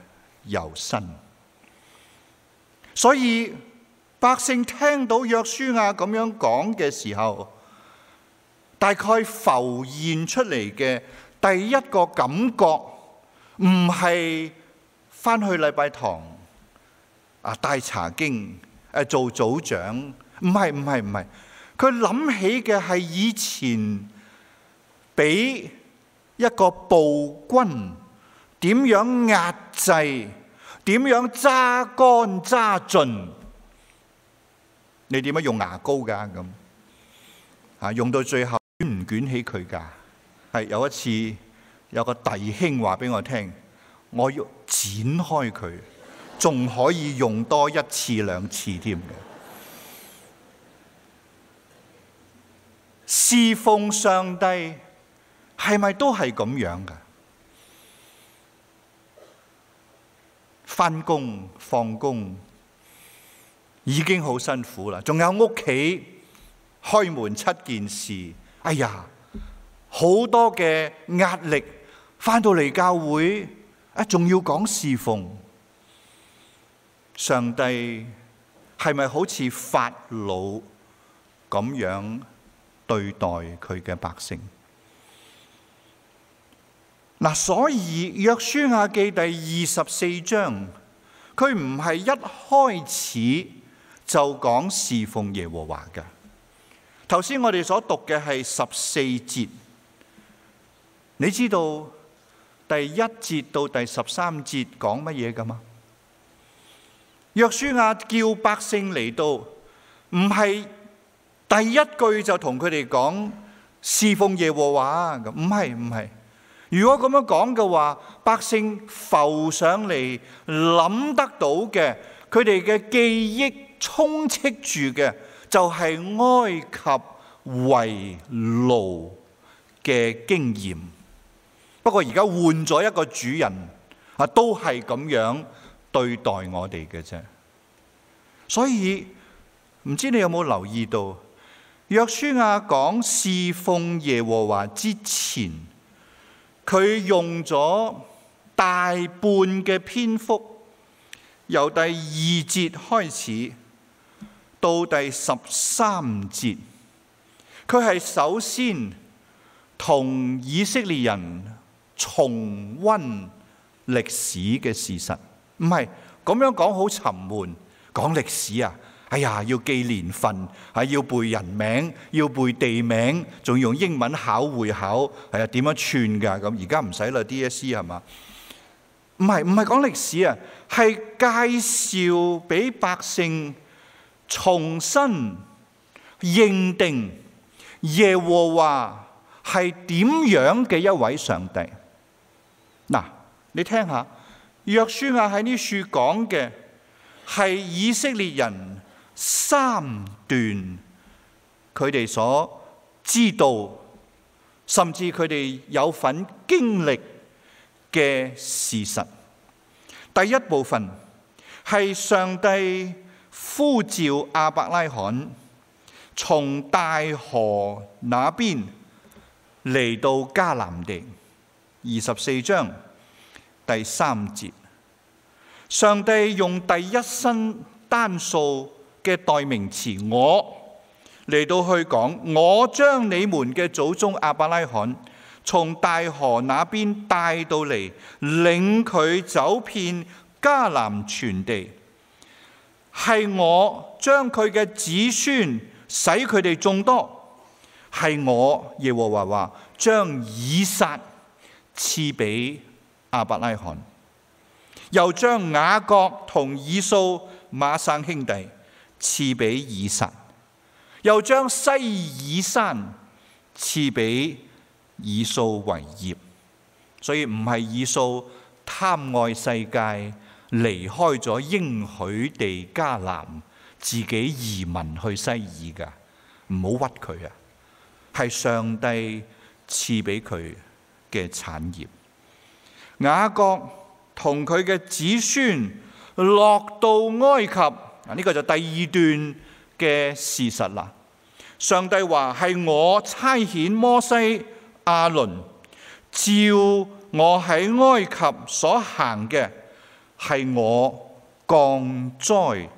猶新。所以百姓聽到約書亞，啊、咁樣講嘅時候，大概浮現出嚟嘅第一個感覺，唔係返去禮拜堂啊，帶查經、啊、做組長，唔係唔係唔係，佢諗起嘅係以前俾一個暴君點樣壓制。點樣揸乾揸盡？你點樣用牙膏噶咁？啊，用到最後捲唔捲起佢噶？係有一次有個弟兄話俾我聽，我要剪開佢，仲可以用多一次兩次添嘅。侍奉上帝係咪都係咁樣噶？返工放工已經好辛苦啦，仲有屋企開門七件事，哎呀，好多嘅壓力，返到嚟教會啊，仲要講侍奉，上帝係咪好似法老咁樣對待佢嘅百姓？嗱，所以約書亞記第二十四章，佢唔係一開始就講侍奉耶和華㗎。頭先我哋所讀嘅係十四節，你知道第一節到第十三節講乜嘢噶嘛？約書亞叫百姓嚟到，唔係第一句就同佢哋講侍奉耶和華，唔係唔係。如果咁樣講嘅話，百姓浮上嚟諗得到嘅，佢哋嘅記憶充斥住嘅就係、是、埃及為奴嘅經驗。不過而家換咗一個主人啊，都係咁樣對待我哋嘅啫。所以唔知你有冇留意到，約書亞講侍奉耶和華之前，佢用咗大半嘅篇幅，由第二節開始到第十三節，佢係首先同以色列人重温歷史嘅事實。唔係咁樣講好沉悶，講歷史啊！哎呀，要記年份，係、啊、要背人名，要背地名，仲用英文考會考，係啊？點樣串噶？咁而家唔使啦，DSE 係嘛？唔係唔係講歷史啊，係介紹俾百姓重新認定耶和華係點樣嘅一位上帝。嗱、啊，你聽下，約書亞喺呢書講嘅係以色列人。三段佢哋所知道，甚至佢哋有份經歷嘅事實。第一部分係上帝呼召亞伯拉罕從大河那邊嚟到迦南地，二十四章第三節。上帝用第一身單數。嘅代名詞，我嚟到去講，我將你們嘅祖宗亞伯拉罕從大河那邊帶到嚟，領佢走遍迦南全地，係我將佢嘅子孫使佢哋眾多，係我耶和華話將以撒賜俾亞伯拉罕，又將雅各同以掃孖生兄弟。賜俾以實，又將西珥山賜俾以掃為業。所以唔係以掃貪愛世界，離開咗應許地迦南，自己移民去西珥㗎。唔好屈佢啊！係上帝賜俾佢嘅產業。雅各同佢嘅子孫落到埃及。呢個就第二段嘅事實啦。上帝話，係我差遣摩西、亞倫，照我喺埃及所行嘅，係我降災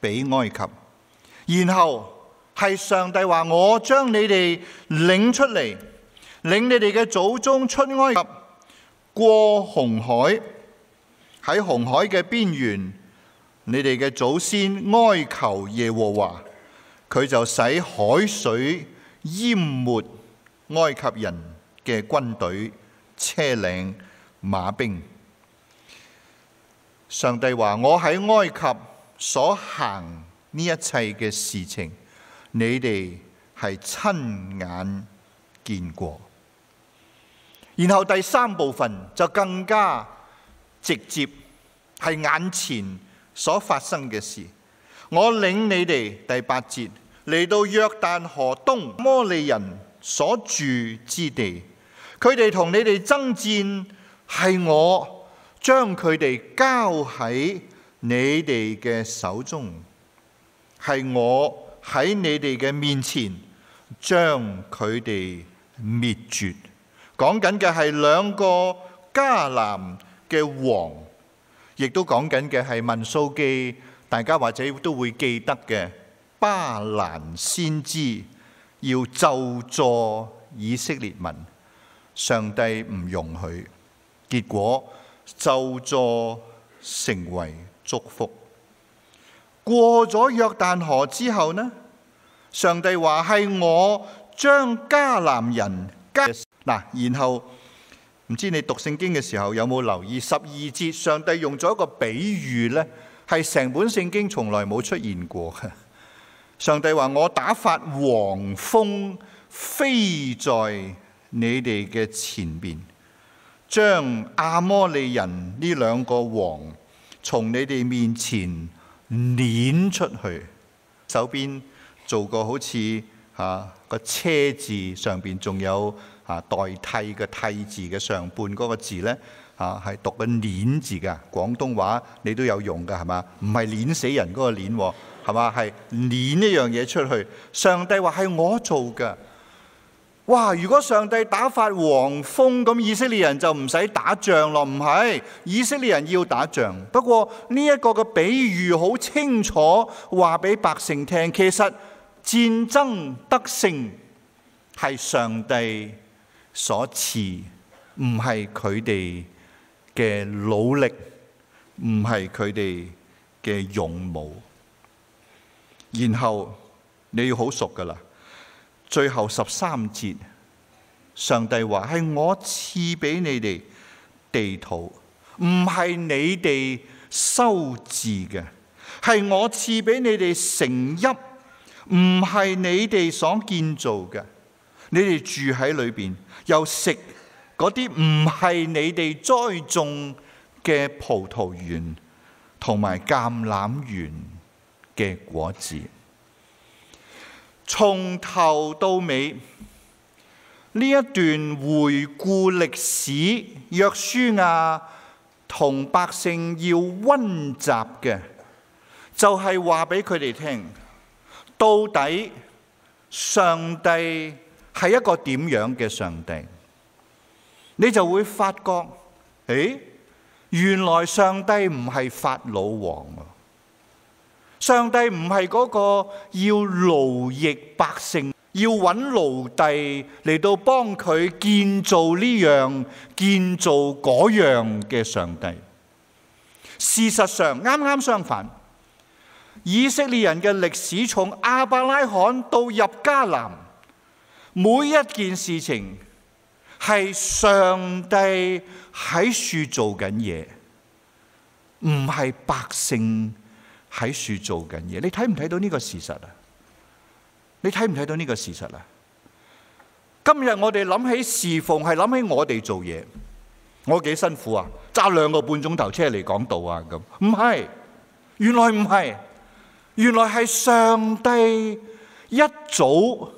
俾埃及。然後，係上帝話我將你哋領出嚟，領你哋嘅祖宗出埃及，過紅海，喺紅海嘅邊緣。你哋嘅祖先哀求耶和華，佢就使海水淹沒埃及人嘅軍隊、車輛、馬兵。上帝話：我喺埃及所行呢一切嘅事情，你哋係親眼見過。然後第三部分就更加直接，係眼前所發生嘅事，我領你哋第八節嚟到約旦河東摩利人所住之地，佢哋同你哋爭戰，係我將佢哋交喺你哋嘅手中，係我喺你哋嘅面前將佢哋滅絕。講緊嘅係兩個迦南嘅王。亦都講緊嘅係民數記，大家或者都會記得嘅。巴蘭先知要咒詛以色列民，上帝唔容許，結果咒詛成為祝福。過咗約旦河之後呢，上帝話係我將迦南人加嗱，然後。唔知你讀聖經嘅時候有冇留意十二節？上帝用咗一個比喻咧，係成本聖經從來冇出現過。上帝話：我打發黃蜂飛在你哋嘅前面，將亞摩利人呢兩個王從你哋面前攆出去。手邊做過好似吓個車字上面仲有。代替嘅替字嘅上半嗰個字咧，吓、啊，係讀嘅捻字噶，廣東話你都有用噶係嘛？唔係捻死人嗰個捻，係嘛？係捻一樣嘢出去。上帝話係我做噶。哇！如果上帝打發黃蜂，咁以色列人就唔使打仗咯。唔係，以色列人要打仗。不過呢一個嘅比喻好清楚，話俾百姓聽。其實戰爭得勝係上帝所賜唔係佢哋嘅努力，唔係佢哋嘅勇武。然後你要好熟噶啦，最後十三節，上帝話係我賜俾你哋地土，唔係你哋修治嘅，係我賜俾你哋城邑，唔係你哋所建造嘅，你哋住喺裏邊。就食嗰啲唔係你哋栽種嘅葡萄園同埋橄欖園嘅果子，從頭到尾，呢一段回顧歷史，約書亞同百姓要溫習嘅，就係話俾佢哋聽，到底上帝，係一個點樣嘅上帝，你就會發覺，誒、哎，原來上帝唔係法老王啊！上帝唔係嗰個要奴役百姓、要揾奴隸嚟到幫佢建造呢樣、建造嗰樣嘅上帝。事實上，啱啱相反，以色列人嘅歷史從亞伯拉罕到入迦南。每一件事情係上帝喺樹做緊嘢，唔係百姓喺樹做緊嘢。你睇唔睇到呢個事實啊？你睇唔睇到呢個事實啊？今日我哋諗起事奉，係諗起我哋做嘢，我幾辛苦啊！揸兩個半鐘頭車嚟講道啊，咁唔係，原來唔係，原來係上帝一早。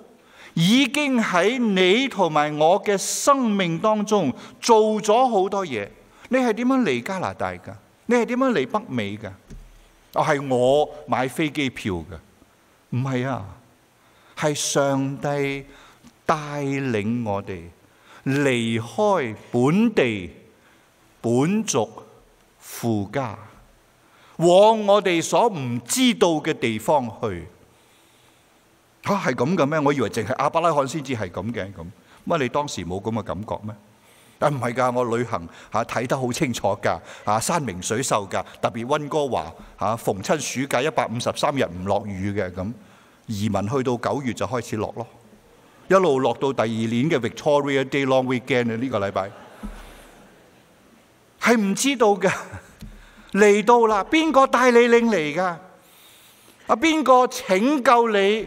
已經喺你同埋我嘅生命當中做咗好多嘢。你係點樣嚟加拿大㗎？你係點樣嚟北美㗎？哦，係我買飛機票嘅，唔係啊，係上帝帶領我哋離開本地本族父家，往我哋所唔知道嘅地方去。嚇係咁嘅咩？我以為淨係亞伯拉罕先至係咁嘅咁。乜、啊、你當時冇咁嘅感覺咩？啊，唔係㗎，我旅行嚇睇、啊、得好清楚㗎，嚇、啊、山明水秀㗎。特別溫哥華嚇、啊、逢親暑假一百五十三日唔落雨嘅咁、啊，移民去到九月就開始落咯，一路落到第二年嘅 Victoria Day Long Weekend 呢個禮拜，係唔 <laughs> 知道嘅。嚟到啦，邊個帶你嚟㗎？啊，邊個拯救你？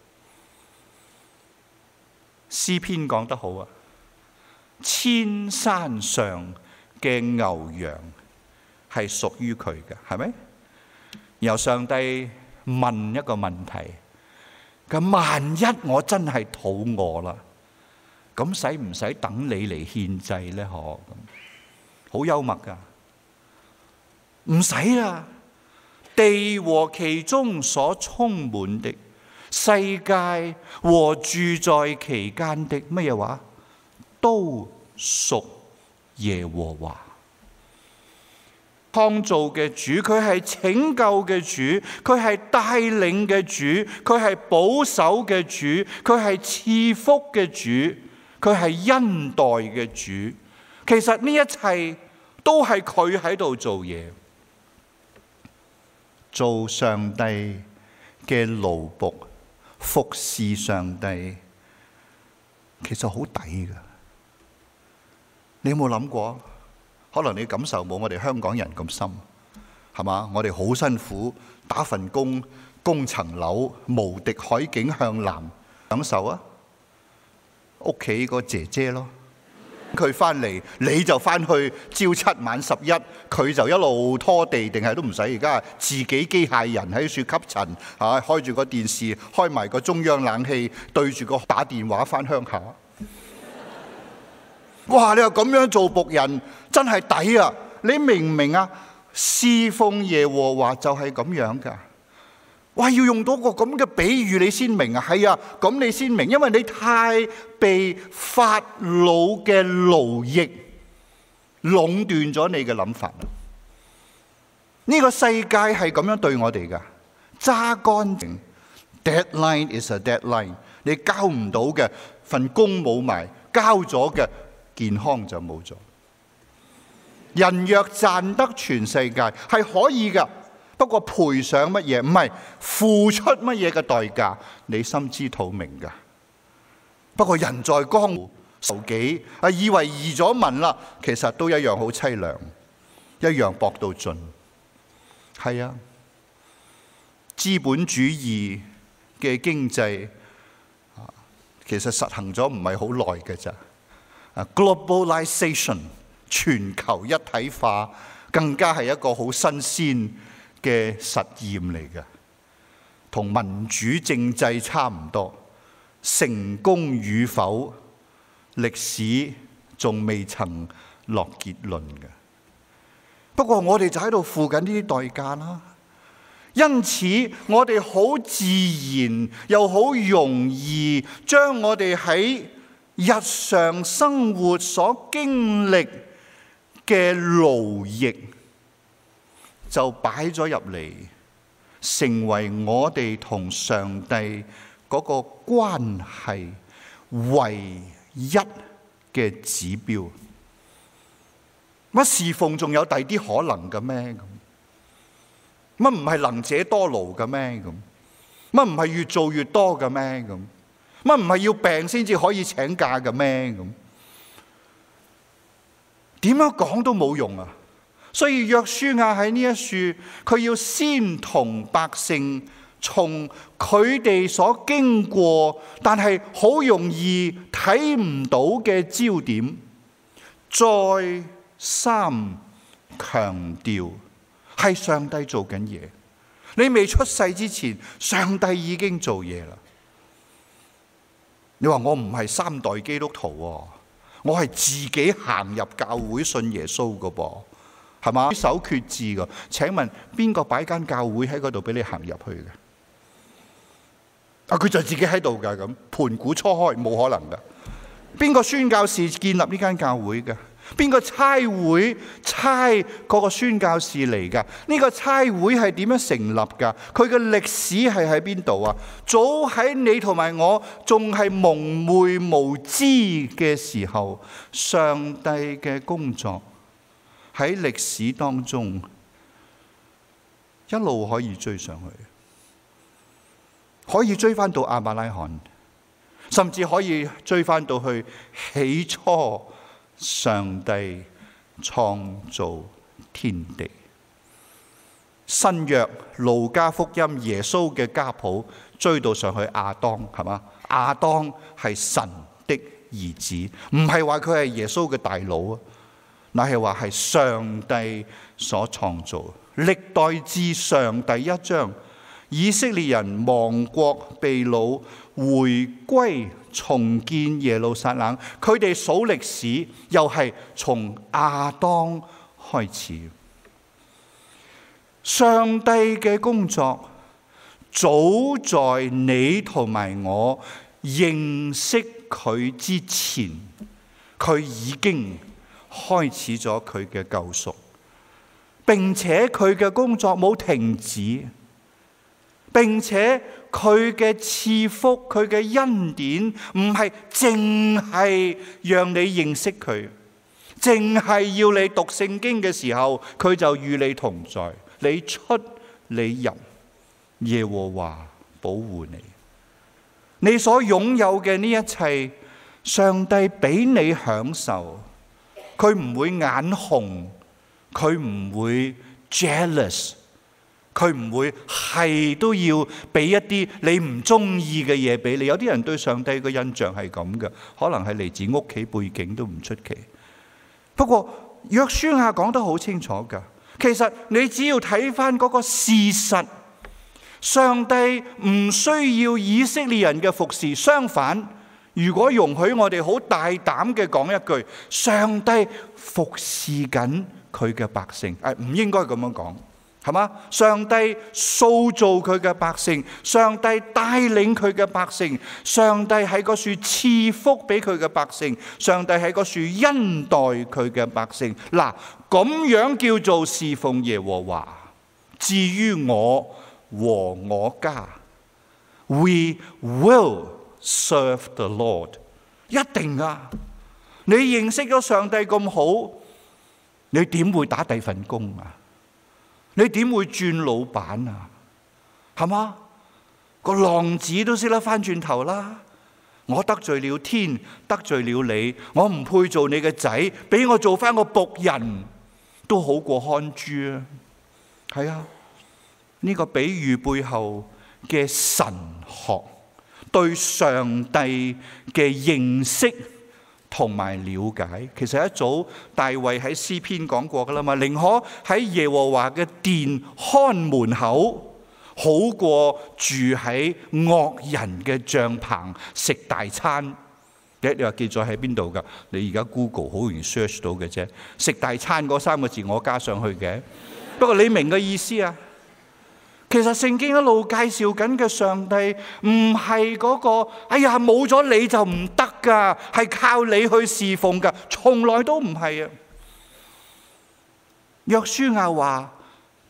詩篇講得好啊，千山上嘅牛羊係屬於佢嘅，係咪？由上帝問一個問題：咁萬一我真係肚餓啦，咁使唔使等你嚟獻祭咧？可，好幽默噶，啊，唔使喇！地和其中所充滿的。世界和住在其間的乜嘢話，都屬耶和華。創造嘅主，佢係拯救嘅主，佢係帶領嘅主，佢係保守嘅主，佢係賜福嘅主，佢係恩待嘅主。其實呢一切都係佢喺度做嘢，做上帝嘅奴僕。服侍上帝其實好抵㗎，你有冇諗過？可能你感受冇我哋香港人咁深，係咪？我哋好辛苦打份工，供層樓，無敵海景向南，享受啊！屋企個姐姐咯～佢返嚟你就返去朝七晚十一，佢就一路拖地，定係都唔使。而家自己機械人喺處吸塵，嚇開住個電視，開埋個中央冷氣，對住個打電話返鄉下。 <laughs> 哇！你又咁樣做僕人，真係抵啊！你明唔明啊？侍奉耶和華就係咁樣噶。哇！要用到個咁嘅比喻，你先明啊？係啊，咁你先明，因為你太被法老嘅奴役壟斷咗你嘅諗法啦。呢個世界係咁樣對我哋噶，揸乾淨。Deadline is a deadline。你交唔到嘅份工冇埋，交咗嘅健康就冇咗。人若賺得全世界，係可以噶。不過賠上乜嘢，唔係付出乜嘢嘅代價，你心知肚明噶。不過人在江湖受己，啊，以為移咗民啦，其實都一樣好淒涼，一樣搏到盡。係啊，資本主義嘅經濟，啊，其實實行咗唔係好耐嘅咋。啊，globalization 全球一體化更加係一個好新鮮嘅實驗嚟嘅，同民主政制差唔多，成功與否，歷史仲未曾落結論嘅。不過我哋就喺度付緊呢啲代價啦。因此我哋好自然又好容易，將我哋喺日常生活所經歷嘅勞役，就擺咗入嚟，成為我哋同上帝嗰個關係唯一嘅指標。乜事奉仲有第啲可能嘅咩？乜唔係能者多勞嘅咩？咁乜唔係越做越多嘅咩？咁乜唔係要病先至可以請假嘅咩？咁點樣講都冇用啊！所以，約書亞喺呢一書，佢要先同百姓從佢哋所經過，但係好容易睇唔到嘅焦點，再三強調係上帝做緊嘢。你未出世之前，上帝已經做嘢啦。你話我唔係三代基督徒啊，我係自己行入教會信耶穌噶噃。係嘛？手缺字噶？請問邊個擺間教會喺嗰度俾你行入去嘅？啊，佢就自己喺度噶咁，盤古初開冇可能噶。邊個宣教士建立呢間教會嘅？邊個差會差嗰個宣教士嚟噶？呢個差會係點樣成立噶？佢嘅歷史係喺邊度啊？早喺你同埋我仲係蒙昧無知嘅時候，上帝嘅工作。喺歷史當中，一路可以追上去，可以追翻到亞伯拉罕，甚至可以追翻到去起初上帝創造天地。新約路加福音耶穌嘅家譜追到上去亞當，係嘛？亞當係神的兒子，唔係話佢係耶穌嘅大佬乃係話係上帝所創造，歷代志上第一章，以色列人亡國被擄，回歸重建耶路撒冷，佢哋數歷史又係從亞當開始。上帝嘅工作，早在你同埋我認識佢之前，佢已經開始咗佢嘅救贖，並且佢嘅工作冇停止，並且佢嘅賜福、佢嘅恩典，唔係淨係讓你認識佢，淨係要你讀聖經嘅時候，佢就與你同在。你出你入，耶和華保護你。你所擁有嘅呢一切，上帝俾你享受。佢唔會眼紅，佢唔會 jealous，佢唔會係都要俾一啲你唔中意嘅嘢俾你。有啲人對上帝嘅印象係咁嘅，可能係嚟自屋企背景都唔出奇。不過約書亞講得好清楚噶，其實你只要睇翻嗰個事實，上帝唔需要以色列人嘅服侍，相反。如果容許我哋好大膽嘅講一句，上帝服侍緊佢嘅百姓，誒、哎、唔應該咁樣講，係嘛？上帝塑造佢嘅百姓，上帝帶領佢嘅百姓，上帝喺個樹賜福俾佢嘅百姓，上帝喺個樹恩待佢嘅百姓。嗱，咁樣叫做事奉耶和華。至於我和我家，We will。serve the Lord，一定啊！你認識咗上帝咁好，你點會打第份工啊？你點會轉老闆啊？係嘛？個浪子都識得翻轉頭啦！我得罪了天，得罪了你，我唔配做你嘅仔，俾我做翻個僕人都好過看豬啊！係啊！呢個比喻背後嘅神學。對上帝嘅認識同埋了解，其實一早大衛喺詩篇講過噶啦嘛。寧可喺耶和華嘅殿看門口，好過住喺惡人嘅帳篷食大餐。你你話記載喺邊度噶？你而家 Google 好容易 search 到嘅啫。食大餐嗰三個字我加上去嘅，不過你明嘅意思啊。其實聖經一路介紹緊嘅上帝，唔係嗰個，哎呀，冇咗你就唔得噶，係靠你去侍奉噶，從來都唔係啊。約書亞話：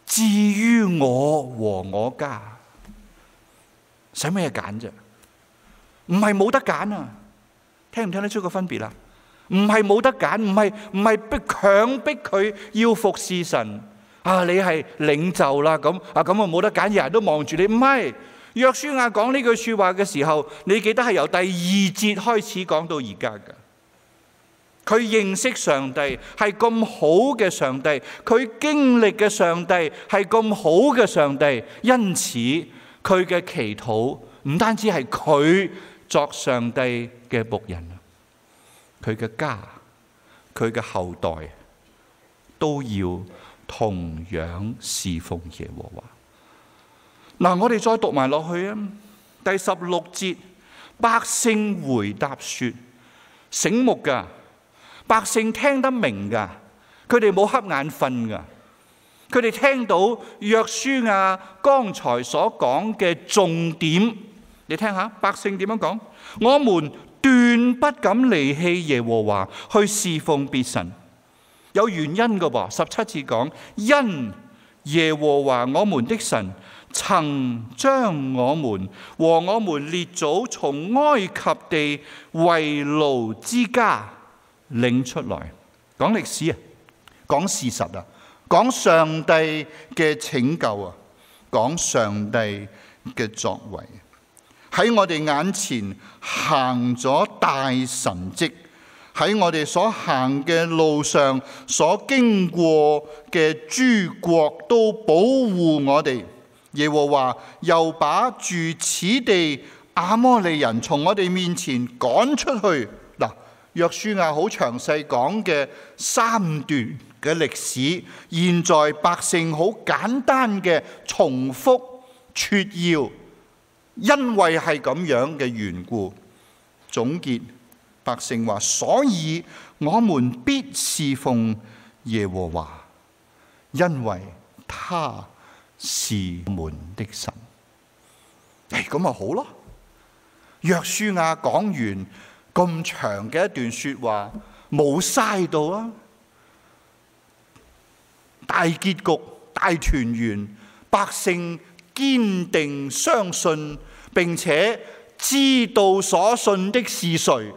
至於我和我家，使咩揀啫？唔係冇得揀啊！聽唔聽得出個分別啦？唔係冇得揀，唔係唔係強迫佢要服侍神。啊！你係領袖啦，咁啊咁啊冇得揀，人人都望住你。唔係，約書亞講呢句說話嘅時候，你記得係由第二節開始講到而家噶。佢認識上帝係咁好嘅上帝，佢經歷嘅上帝係咁好嘅上帝，因此佢嘅祈禱唔單止係佢作上帝嘅僕人啊，佢嘅家、佢嘅後代都要。同樣侍奉耶和華。嗱，我哋再讀埋落去啊，第十六節，百姓回答說：醒目噶，百姓聽得明噶，佢哋冇瞌眼瞓噶，佢哋聽到約書亞剛才所講嘅重點。你聽下，百姓點樣講？我們斷不敢離棄耶和華去侍奉別神。有原因嘅噃，十七節講，因耶和華我，我們的神曾將我們和我們列祖從埃及地為奴之家領出來，講歷史啊，講事實啊，講上帝嘅拯救啊，講上帝嘅作為，喺我哋眼前行咗大神蹟。喺我哋所行嘅路上，所經過嘅諸國都保護我哋。耶和華又把住此地亞摩利人從我哋面前趕出去。嗱，約書亞好詳細講嘅三段嘅歷史，現在百姓好簡單嘅重複撮要，因為係咁樣嘅緣故，總結。百姓話，所以我們必侍奉耶和華，因為他是我們的神。哎，咁咪好咯。約書亞講完咁長嘅一段說話，冇嘥到啊！大結局，大團圓，百姓堅定相信，並且知道所信的是誰。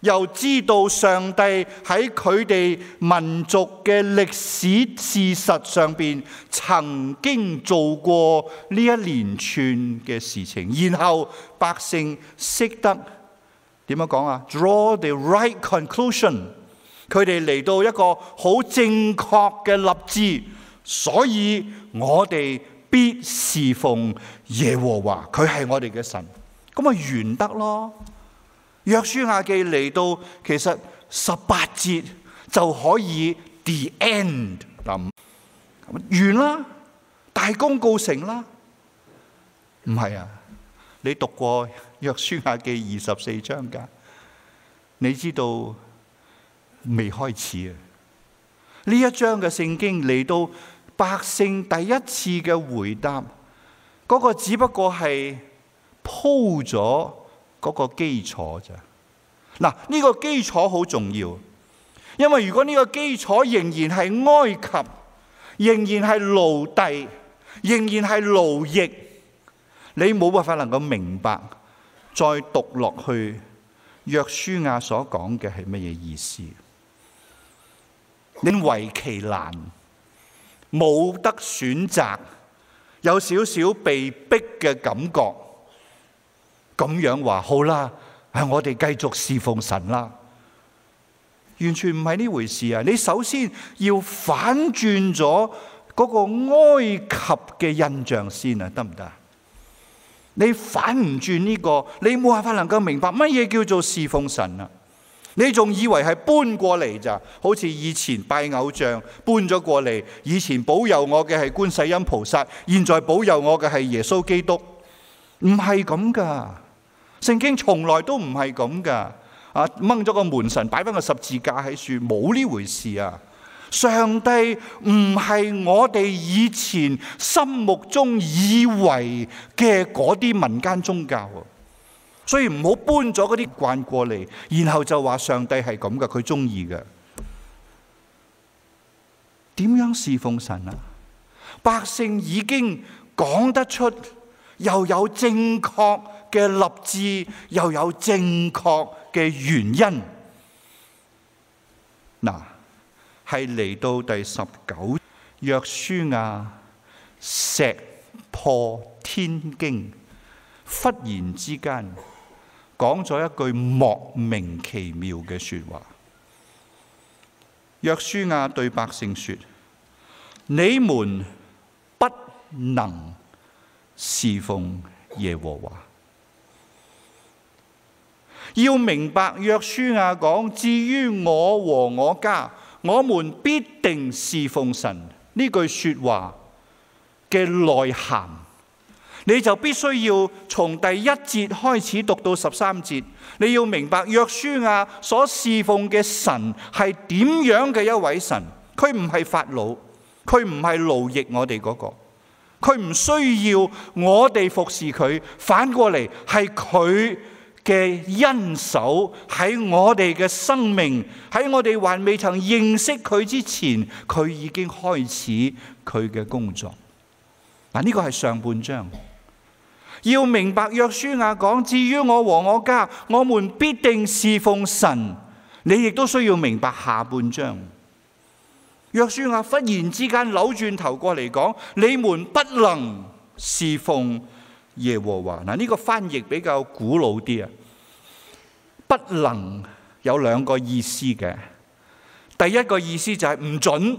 又知道上帝喺佢哋民族嘅歷史事實上邊曾經做過呢一連串嘅事情，然後百姓識得點樣講啊？Draw the right conclusion，佢哋嚟到一個好正確嘅立志，所以我哋必侍奉耶和華，佢係我哋嘅神，咁咪完得咯。約書亞記嚟到其實十八節就可以 the end 嗱，完啦，大功告成啦。唔係啊，你讀過約書亞記二十四章噶，你知道未開始啊？呢一章嘅聖經嚟到百姓第一次嘅回答，嗰個只不過係鋪咗嗰個基礎啫，嗱，呢個基礎好重要，因為如果呢個基礎仍然係埃及，仍然係奴隸，仍然係奴，奴役，你冇辦法能夠明白再讀落去約書亞所講嘅係乜嘢意思。你為其難，冇得選擇，有少少被逼嘅感覺。咁樣話好啦，我哋繼續侍奉神啦。完全唔係呢回事啊！你首先要反轉咗嗰個埃及嘅印象先啊，得唔得？你反唔轉呢個，你冇辦法能夠明白乜嘢叫做侍奉神啊。你仲以為係搬過嚟咋。好似以前拜偶像搬咗過嚟，以前保佑我嘅係觀世音菩薩，現在保佑我嘅係耶穌基督，唔係咁噶。聖經從來都唔係咁噶，啊，掹咗個門神，擺翻個十字架喺樹，冇呢回事啊！上帝唔係我哋以前心目中以為嘅嗰啲民間宗教啊，所以唔好搬咗嗰啲慣過嚟，然後就話上帝係咁噶，佢中意嘅。點樣侍奉神啊？百姓已經講得出，又有正確嘅立志又有正確嘅原因。嗱，係嚟到第十九，約書亞石破天驚，忽然之間講咗一句莫名其妙嘅説話。約書亞對百姓説：你們不能侍奉耶和華。要明白約書亞講，至於我和我家，我們必定侍奉神呢句說話嘅內涵，你就必須要從第一節開始讀到十三節。你要明白約書亞所侍奉嘅神係點樣嘅一位神，佢唔係法老，佢唔係奴役我哋嗰個，佢唔需要我哋服侍佢，反過嚟係佢嘅恩手喺我哋嘅生命，喺我哋還未曾認識佢之前，佢已經開始佢嘅工作。嗱，呢個係上半章，要明白。約書亞講，至於我和我家，我們必定侍奉神。你亦都需要明白下半章。約書亞忽然之間扭轉頭過嚟講：你們不能侍奉耶和華嗱呢個翻譯比較古老啲啊，不能有兩個意思嘅。第一個意思就係唔准，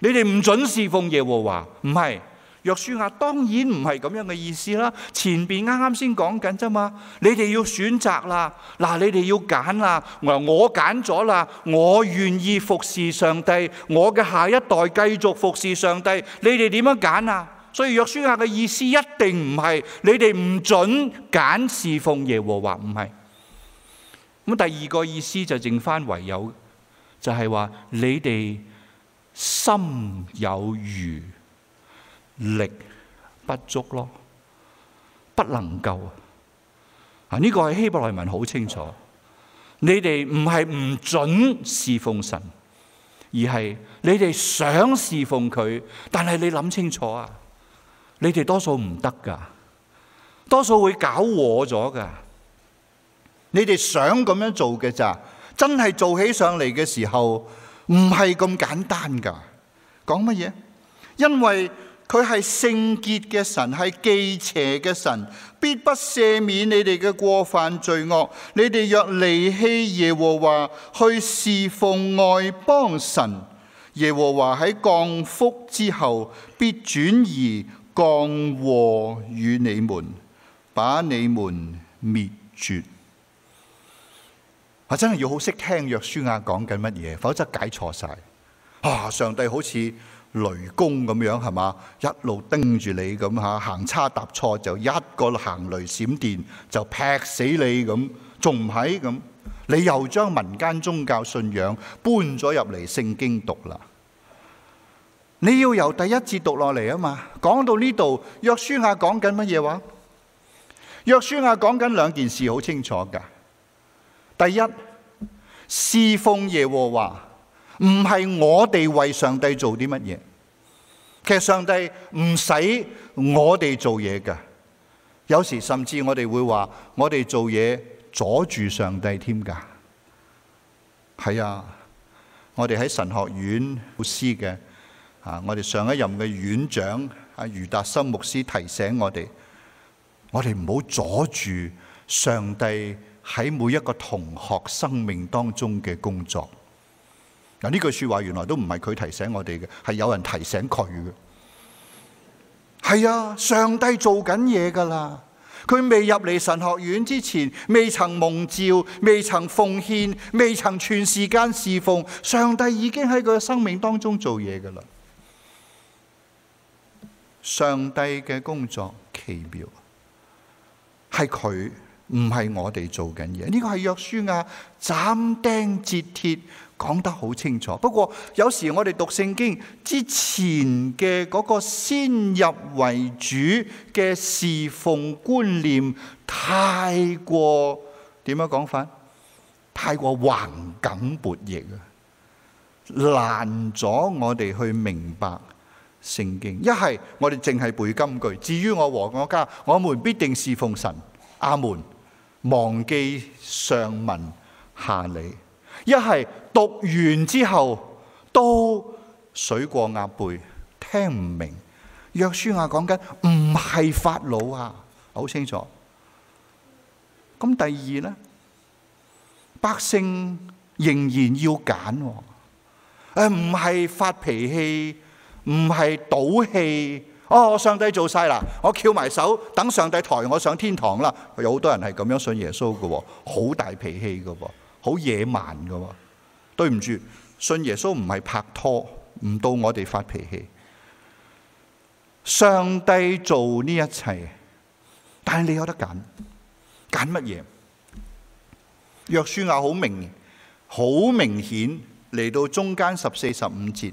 你哋唔准侍奉耶和華。唔係，約書亞當然唔係咁樣嘅意思啦。前邊啱啱先講緊啫嘛，你哋要選擇啦，嗱你哋要揀啦，我揀咗啦，我願意服侍上帝，我嘅下一代繼續服侍上帝。你哋點樣揀啊？所以約書亞嘅意思一定唔係你哋唔准揀侍奉耶和華，唔係。咁第二個意思就剩返唯有，就係、是、話你哋心有餘力不足咯，不能夠。啊、這、呢個係希伯來文好清楚，你哋唔係唔准侍奉神，而係你哋想侍奉佢，但係你諗清楚啊。你哋多數唔得噶，多數會搞禍咗噶。你哋想咁樣做嘅咋？真係做起上嚟嘅時候唔係咁簡單噶。講乜嘢？因為佢係聖潔嘅神，係忌邪嘅神，必不赦免你哋嘅過犯罪惡。你哋若離棄耶和華去侍奉外邦神，耶和華喺降福之後必轉移降禍與你們，把你們滅絕。我、啊、真係要好識聽約書亞、啊、講緊乜嘢，否則解錯晒。啊！上帝好似雷公咁樣，係嘛？一路盯住你咁吓、啊，行差踏錯就一個行雷閃電就劈死你咁，仲唔係咁？你又將民間宗教信仰搬咗入嚟聖經讀啦。你要由第一節讀落嚟，啊嘛，講到呢度，約書亞講緊乜嘢話？約書亞講緊兩件事，好清楚噶。第一，侍奉耶和華，唔係我哋為上帝做啲乜嘢。其實上帝唔使我哋做嘢噶，有時甚至我哋會話我哋做嘢阻住上帝添噶。係啊，我哋喺神學院老師嘅。啊！我哋上一任嘅院長阿余達心牧師提醒我哋，我哋唔好阻住上帝喺每一個同學生命當中嘅工作。嗱，呢句說話原來都唔係佢提醒我哋嘅，係有人提醒佢嘅。係啊，上帝做緊嘢噶啦！佢未入嚟神學院之前，未曾蒙召，未曾奉獻，未曾全時間侍奉，上帝已經喺佢嘅生命當中做嘢噶啦。上帝嘅工作奇妙，係佢唔係我哋做緊嘢。呢個係約書亞斬釘截鐵講得好清楚。不過有時我哋讀聖經之前嘅嗰個先入為主嘅侍奉觀念太過點樣講法？太過橫梗勃逆啊！難咗我哋去明白。聖經一係我哋淨係背金句，至於我和我家，我們必定侍奉神。阿門。忘記上文下理。一係讀完之後都水過鴨背，聽唔明。約書亞講緊唔係法老啊，好清楚。咁第二呢，百姓仍然要揀啊。誒、呃，唔係發脾氣。唔係賭氣哦！上帝做晒啦，我翹埋手等上帝抬我上天堂啦。有好多人係咁樣信耶穌噶喎，好大脾氣噶喎，好野蠻噶喎。對唔住，信耶穌唔係拍拖，唔到我哋發脾氣。上帝做呢一切，但係你有得揀，揀乜嘢？約書亞好明，好明顯嚟到中間十四、十五節。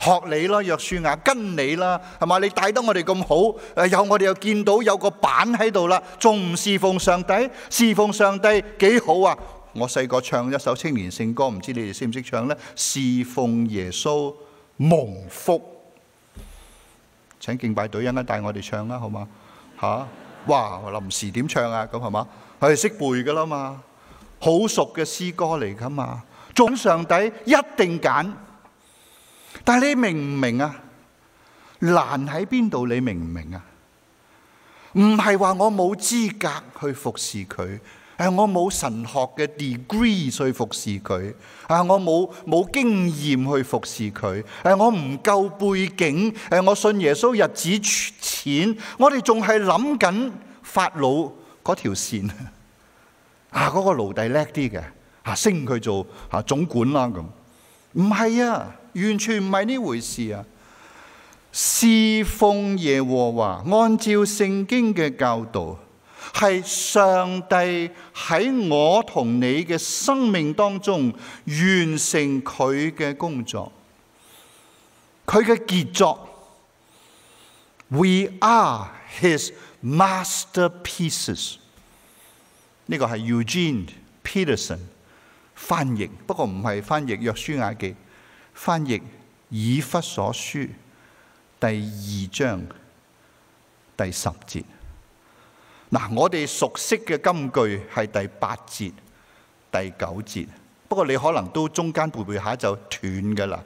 學你啦，約書亞，跟你啦，係嘛？你帶得我哋咁好，誒，有我哋又見到有個板喺度啦，仲唔侍奉上帝？侍奉上帝幾好啊！我細個唱一首青年聖歌，唔知你哋識唔識唱咧？侍奉耶穌蒙福，請敬拜隊一陣帶我哋唱啦，好嘛？吓，哇！臨時點唱啊？咁係嘛？係識背噶啦嘛？好熟嘅詩歌嚟噶嘛？眾上帝一定揀。但係你明唔明啊？難喺邊度？你明唔明啊？唔係話我冇資格去服侍佢，誒，我冇神學嘅 degree 去服侍佢，啊，我冇冇經驗去服侍佢，誒，我唔夠背景，誒，我信耶穌日子淺，我哋仲係諗緊法老嗰條線 <laughs> 啊，嗰、嗰個奴隸叻啲嘅，吓升佢做吓總管啦咁，唔係啊。完全唔係呢回事啊！侍奉耶和華，按照聖經嘅教導，係上帝喺我同你嘅生命當中完成佢嘅工作，佢嘅傑作。We are His masterpieces。呢個係 Eugene Peterson 翻譯，不過唔係翻譯約書亞記。翻譯以弗所書第二章第十節。嗱，我哋熟悉嘅金句係第八節、第九節。不過你可能都中間背背下就斷嘅啦，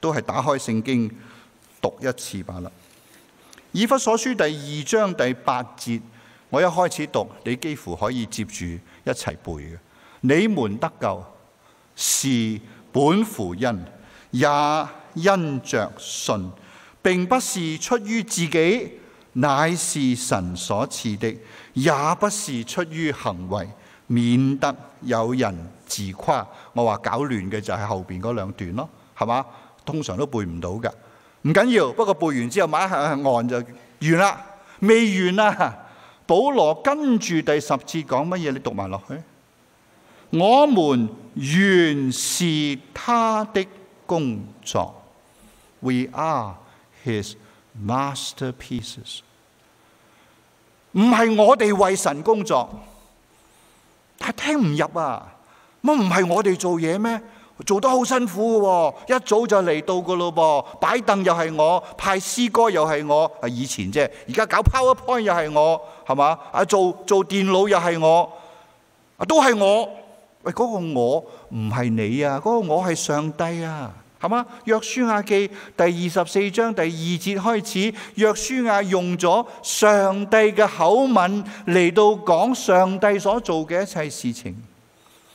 都係打開聖經讀一次罷啦。以弗所書第二章第八節，我一開始讀，你幾乎可以接住一齊背嘅。你們得救，是本乎恩。也因着信，並不是出於自己，乃是神所賜的；也不是出於行為，免得有人自誇。我話搞亂嘅就係後邊嗰兩段咯，係嘛？通常都背唔到噶，唔緊要。不過背完之後，馬上按就完啦，未完啊！保羅跟住第十節講乜嘢？你讀埋落去，我們原是他的，工作，We are His masterpieces。唔係我哋為神工作，但係聽唔入啊！乜唔係我哋做嘢咩？做得好辛苦嘅、哦，一早就嚟到嘅咯噃，擺凳又係我，派詩歌又係我，係以前啫。而家搞 PowerPoint 又係我，係嘛？啊，做做電腦又係我，啊都係我。喂，嗰個我唔係你啊，嗰個我係上帝啊！係嘛？約書亞記第二十四章第二節開始，約書亞用咗上帝嘅口吻嚟到講上帝所做嘅一切事情。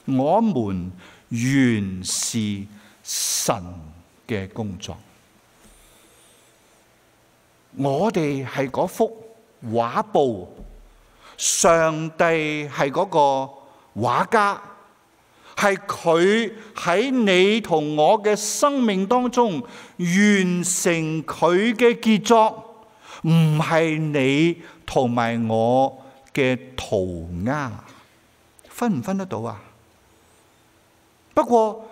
我們原是神嘅工作，我哋係嗰幅畫布，上帝係嗰個畫家。係佢喺你同我嘅生命當中完成佢嘅傑作，唔係你同埋我嘅塗鴉，分唔分得到啊？不過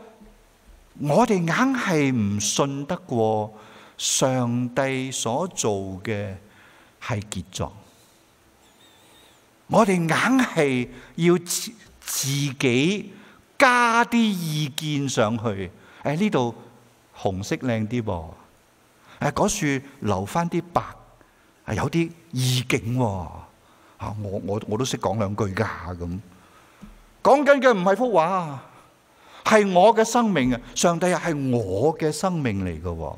我哋硬係唔信得過上帝所做嘅係傑作，我哋硬係要自己。加啲意見上去，誒，呢度紅色靚啲噃，誒嗰樹留翻啲白，係有啲意境喎。吓、啊、我我我都識講兩句噶咁，講緊嘅唔係幅畫，係我嘅生命啊！上帝啊，係我嘅生命嚟噶，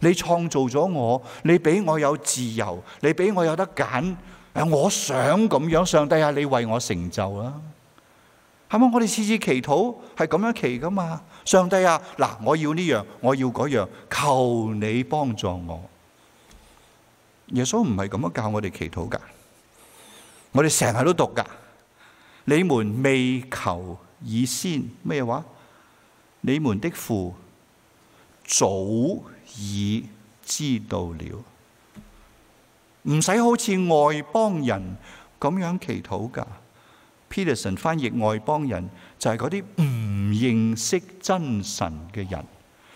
你創造咗我，你俾我有自由，你俾我有得揀，誒我想咁樣，上帝啊，你為我成就啊！係咪我哋次次祈禱係咁樣祈噶嘛？上帝啊，嗱，我要呢樣，我要嗰樣，求你幫助我。耶穌唔係咁樣教我哋祈禱噶，我哋成日都讀噶。你們未求以先，咩話？你們的父早已知道了，唔使好似外邦人咁樣祈禱噶。Peterson 翻譯，外邦人就係嗰啲唔認識真神嘅人，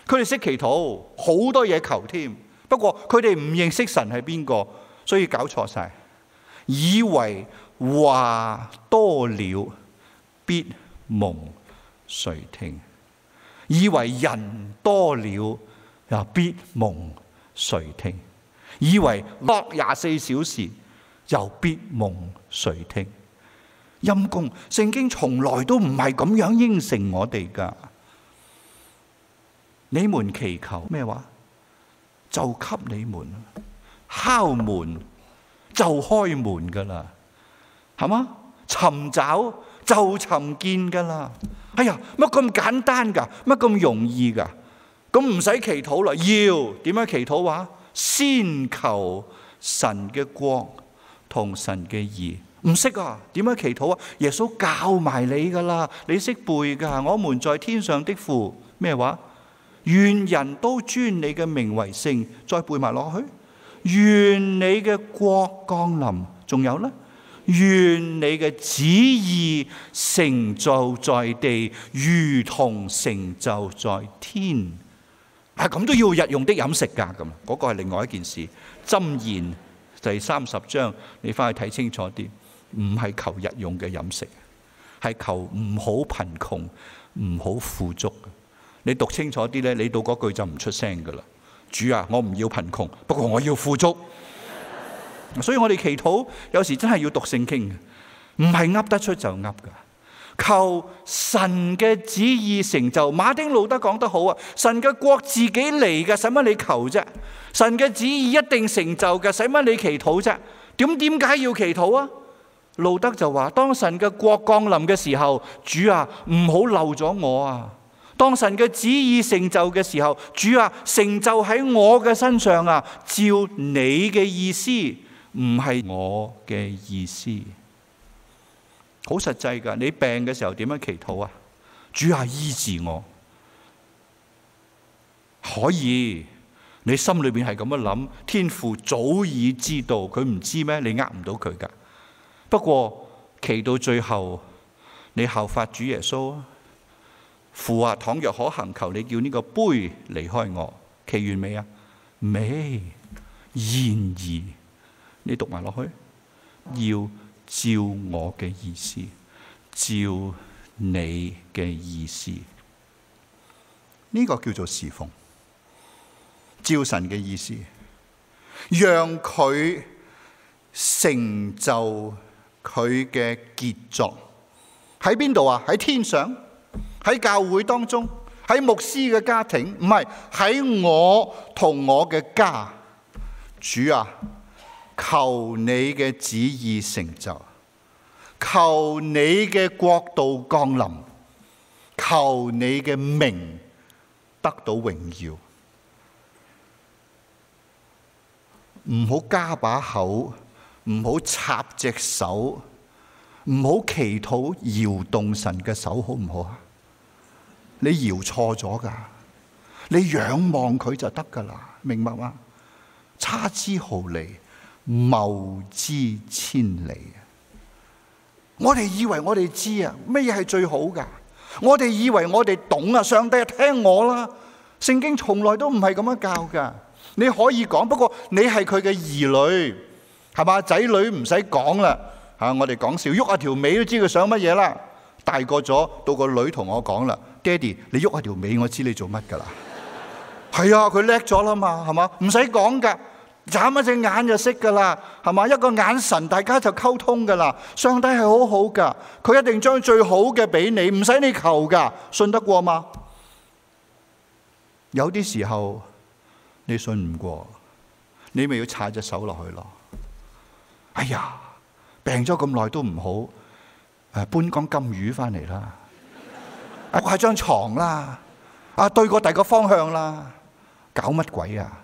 佢哋識祈禱，好多嘢求添。不過佢哋唔認識神係邊個，所以搞錯晒，以為話多了必蒙垂聽；以為人多了又必蒙垂聽；以為落廿四小時又必蒙垂聽。陰公，聖經從來都唔係咁樣應承我哋噶。你們祈求咩話？就給你們，敲門就開門噶啦，係嗎？尋找就尋見噶啦。哎呀，乜咁簡單噶？乜咁容易噶？咁唔使祈禱啦。要點樣祈禱話？先求神嘅國，同神嘅義。唔識啊？點樣祈禱啊？耶穌教埋你噶啦，你識背噶。我們在天上的父，咩話？願人都尊你嘅名為聖，再背埋落去。願你嘅國降臨。仲有呢？願你嘅旨意成就在地，如同成就在天。係、啊、咁都要日用的飲食噶，咁嗰、嗰個係另外一件事。箴言第三十章，你翻去睇清楚啲。唔係求日用嘅飲食，係求唔好貧窮，唔好富足。你讀清楚啲咧，你到嗰句就唔出聲噶啦。主啊，我唔要貧窮，不過我要富足。 <laughs> 所以我哋祈禱，有時真係要讀聖經，唔係噏得出就噏噶。求神嘅旨意成就。馬丁路德講得好啊，神嘅國自己嚟嘅，使乜你求啫？神嘅旨意一定成就嘅，使乜你祈禱啫？點點解要祈禱啊？路德就話：當神嘅國降臨嘅時候，主啊，唔好漏咗我啊！當神嘅旨意成就嘅時候，主啊，成就喺我嘅身上啊！照你嘅意思，唔係我嘅意思。好實際噶，你病嘅時候點樣祈禱啊？主啊，醫治我，可以。你心裏邊係咁樣諗，天父早已知道，佢唔知咩？你呃唔到佢噶。不過祈到最後，你效法主耶穌啊。父啊，倘若可行，求你叫呢個杯離開我。祈完未啊？未。然而，你讀埋落去，要照我嘅意思，照你嘅意思。呢個叫做侍奉，照神嘅意思，讓佢成就。佢嘅傑作喺邊度啊？喺天上，喺教會當中，喺牧師嘅家庭，唔係喺我同我嘅家。主啊，求你嘅旨意成就，求你嘅國度降臨，求你嘅名得到榮耀。唔好加把口。唔好插隻手，唔好祈禱搖動神嘅手，好唔好啊？你搖錯咗噶，你仰望佢就得噶啦，明白嗎？差之毫厘，謬之千里啊！我哋以為我哋知啊，咩嘢係最好噶？我哋以為我哋懂啊，上帝聽我啦！聖經從來都唔係咁樣教噶，你可以講，不過你係佢嘅兒女。係嘛，仔女唔使講啦，吓、啊、我哋講笑，喐下條尾都知佢想乜嘢啦。大個咗到個女同我講啦，爹哋你喐下條尾，我知你做乜噶啦。係 <laughs> 啊，佢叻咗啦嘛，係嘛，唔使講噶，眨一隻眼就識噶啦，係嘛，一個眼神大家就溝通噶啦。上帝係好好噶，佢一定將最好嘅俾你，唔使你求噶，信得過嘛？ <laughs> 有啲時候你信唔過，你咪要踩隻手落去咯。哎呀，病咗咁耐都唔好，誒搬缸金魚翻嚟啦，鋪下張床啦，啊對個第二個方向啦，搞乜鬼啊？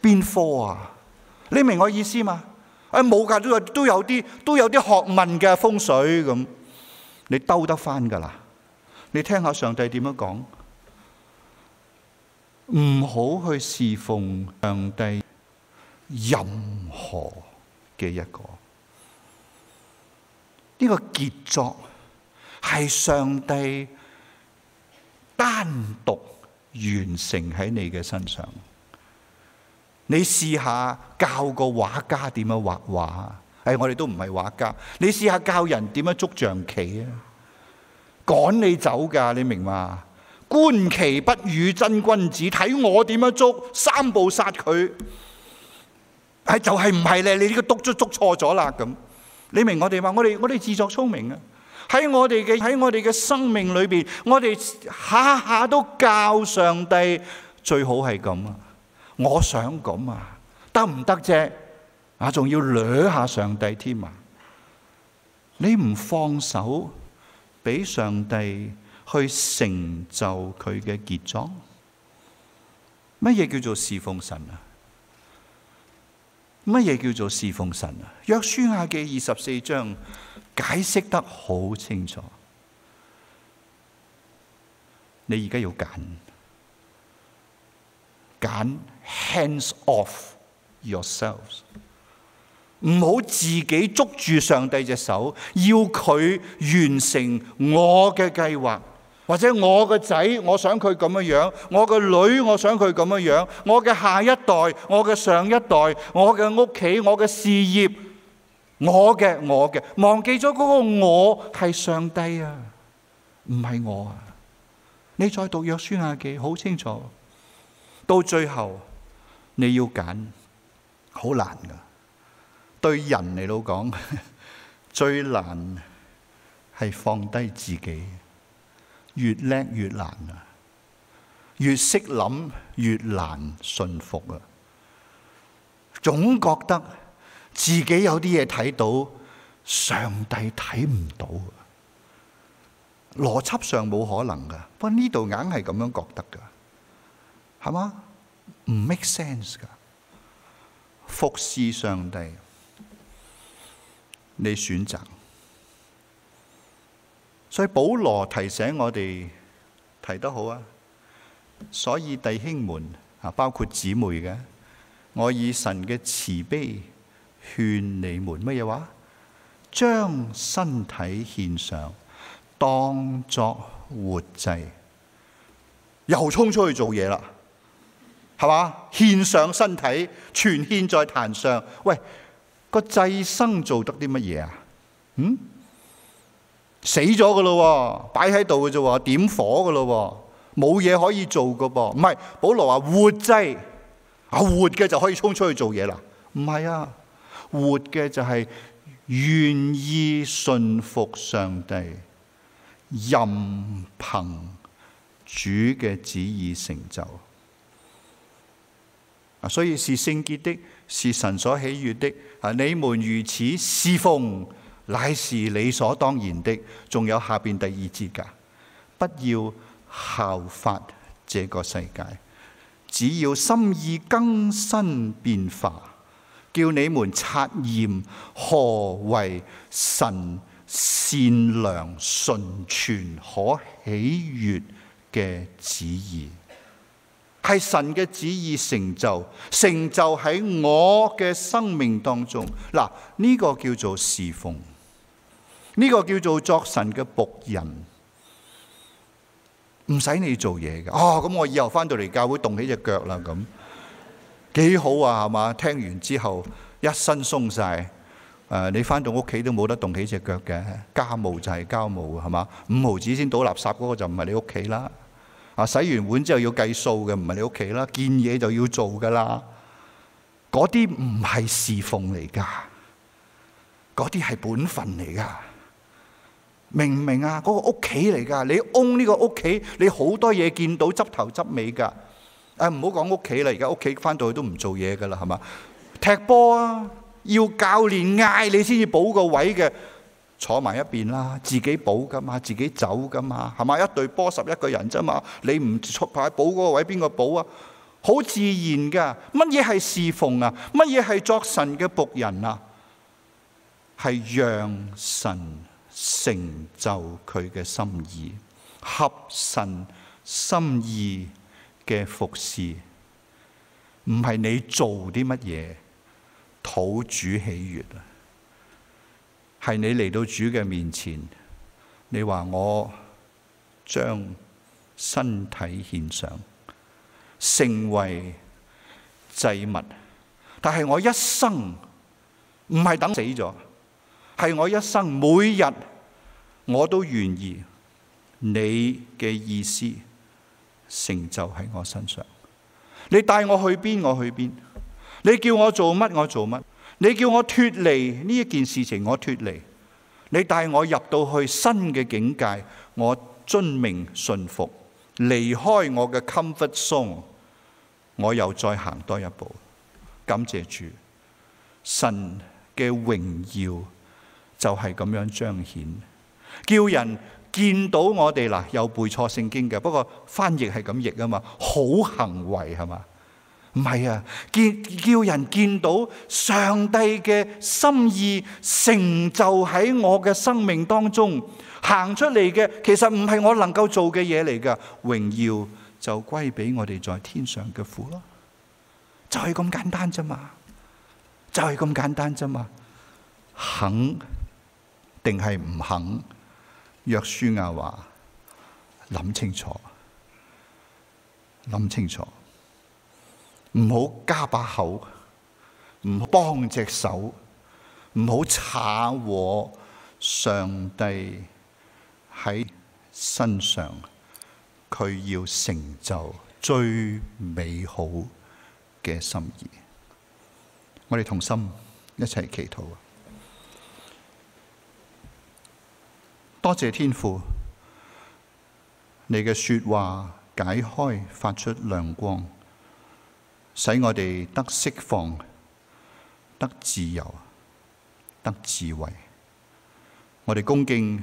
邊科啊？你明我意思嘛？啊，冇噶都都有啲都有啲學問嘅風水咁，你兜得翻噶啦，你聽下上帝點樣講，唔好去侍奉上帝任何嘅一個呢個傑作係上帝單獨完成喺你嘅身上。你試下教個畫家點樣畫畫，誒、哎，我哋都唔係畫家。你試下教人點樣捉象棋啊？趕你走噶，你明嘛？觀棋不語真君子，睇我點樣捉，三步殺佢。係、哎、就係唔係咧？你呢個督卒捉錯咗啦咁，你明我哋嘛？我哋我哋自作聰明啊！喺我哋嘅喺我哋嘅生命裏邊，我哋下下都教上帝最好係咁啊！我想咁啊，得唔得啫？啊，仲要掠下上帝添啊？你唔放手俾上帝去成就佢嘅傑作，乜嘢叫做侍奉神啊？乜嘢叫做侍奉神啊？約書亞嘅二十四章解釋得好清楚，你而家要揀，揀 hands off yourselves，唔好自己捉住上帝隻手，要佢完成我嘅計劃。或者我個仔，我想佢咁樣；我個女，我想佢咁樣；我嘅下一代，我嘅上一代，我嘅屋企，我嘅事業，我嘅我嘅，忘記咗嗰個我係上帝啊，唔係我啊！你再讀約書亞記，好清楚，到最後你要揀，好難㗎。對人嚟到講，最難係放低自己。越叻越難啊，越識諗越難信服啊，總覺得自己有啲嘢睇到，上帝睇唔到啊，邏輯上冇可能噶，不過呢度硬係咁樣覺得噶，係咪？唔 make sense 噶，服侍上帝，你選擇。所以保羅提醒我哋提得好啊！所以弟兄們啊，包括姊妹嘅，我以神嘅慈悲勸你們乜嘢話？將身體獻上，當作活祭，又衝出去做嘢啦，係嘛？獻上身體，全獻在壇上。喂，個祭牲做得啲乜嘢啊？嗯？死咗嘅咯，擺喺度嘅啫，點火嘅咯，冇嘢可以做嘅噃。唔係保羅話活祭，就是，啊活嘅就可以衝出去做嘢啦。唔係啊，活嘅就係願意信服上帝，任憑主嘅旨意成就。啊，所以是聖潔的，是神所喜悅的。啊，你們如此事奉，乃是理所當然的。仲有下邊第二節嘅，不要效法這個世界，只要心意更新變化，叫你們察驗何為神善良、純全、可喜悅嘅旨意，係神嘅旨意成就，成就喺我嘅生命當中。嗱，呢個叫做事奉。呢個叫做作神嘅僕人，唔使你做嘢噶。哦，咁我以後翻到嚟教會動起隻腳啦，咁幾好啊，係嘛？聽完之後一身鬆晒，誒、呃，你翻到屋企都冇得動起隻腳嘅。家務就係家務，係嘛？五毫子先倒垃圾嗰個就唔係你屋企啦。啊，洗完碗之後要計數嘅，唔係你屋企啦。見嘢就要做噶啦，嗰啲唔係侍奉嚟噶，嗰啲係本分嚟噶。明唔明啊？嗰個屋企嚟噶，你嗡呢個屋企，你好多嘢見到，執頭執尾噶。啊，唔好講屋企啦，而家屋企翻到去都唔做嘢噶啦，係嘛？踢波啊，要教練嗌你先至補個位嘅，坐埋一邊啦，自己補噶嘛，自己走噶嘛，係嘛？一隊波十一個人咋嘛？你唔出牌補嗰個位，邊個補啊？好自然噶，乜嘢係侍奉啊？乜嘢係作神嘅僕人啊？係讓神，成就佢嘅心意，合神心意嘅服侍，唔係你做啲乜嘢，討主喜悅。係你嚟到主嘅面前，你話我將身體獻上，成為祭物，但係我一生唔係等死咗。係我一生每日，我都願意你嘅意思成就喺我身上。你帶我去邊，我去邊；你叫我做乜，我做乜。你叫我脱離呢一件事情，我脱離。你帶我入到去新嘅境界，我遵命順服，離開我嘅 comfort zone，我又再行多一步。感謝主，神嘅榮耀。就係咁樣彰顯，叫人見到我哋嗱，有背錯聖經嘅，不過翻譯係咁譯啊嘛，好行為係嘛？唔係啊，見叫人見到上帝嘅心意成就喺我嘅生命當中行出嚟嘅，其實唔係我能夠做嘅嘢嚟噶，榮耀就歸俾我哋在天上嘅父咯，就係咁簡單啫嘛，就係咁簡單啫嘛，肯。定係唔肯？約書亞話：諗清楚，諗清楚，唔好加把口，唔好幫隻手，唔好查我。上帝喺身上，佢要成就最美好嘅心意。我哋同心一齊祈禱。多謝天父，你嘅說話解開，發出亮光，使我哋得釋放、得自由、得智慧。我哋恭敬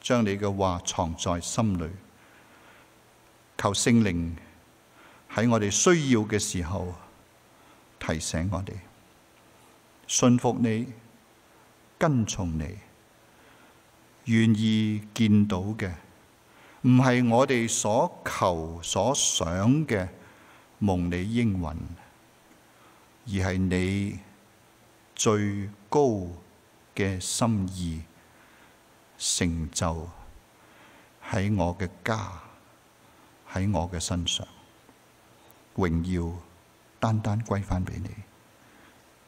將你嘅話藏在心裏，求聖靈喺我哋需要嘅時候提醒我哋，信服你，跟從你。願意見到嘅，唔係我哋所求所想嘅蒙你應允，而係你最高嘅心意成就喺我嘅家，喺我嘅身上，榮耀單單歸返畀你，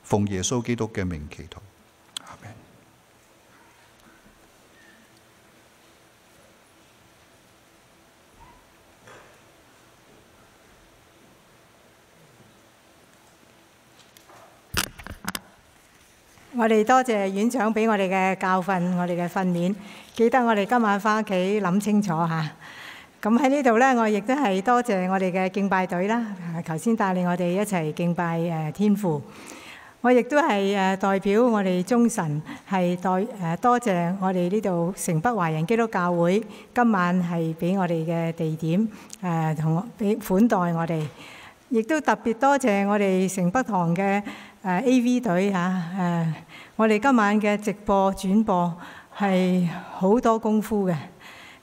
奉耶穌基督嘅名祈禱。我哋多謝院長俾我哋嘅教訓，我哋嘅訓練，記得我哋今晚返屋企諗清楚吓。咁喺呢度咧，我亦都係多謝我哋嘅敬拜隊啦，頭先帶領我哋一齊敬拜誒天父。我亦都係誒代表我哋中神，係代誒多謝我哋呢度城北華人基督教會今晚係俾我哋嘅地點誒，同俾款待我哋，亦都特別多謝我哋城北堂嘅。誒 A.V 隊嚇誒，uh, 我哋今晚嘅直播轉播係好多功夫嘅。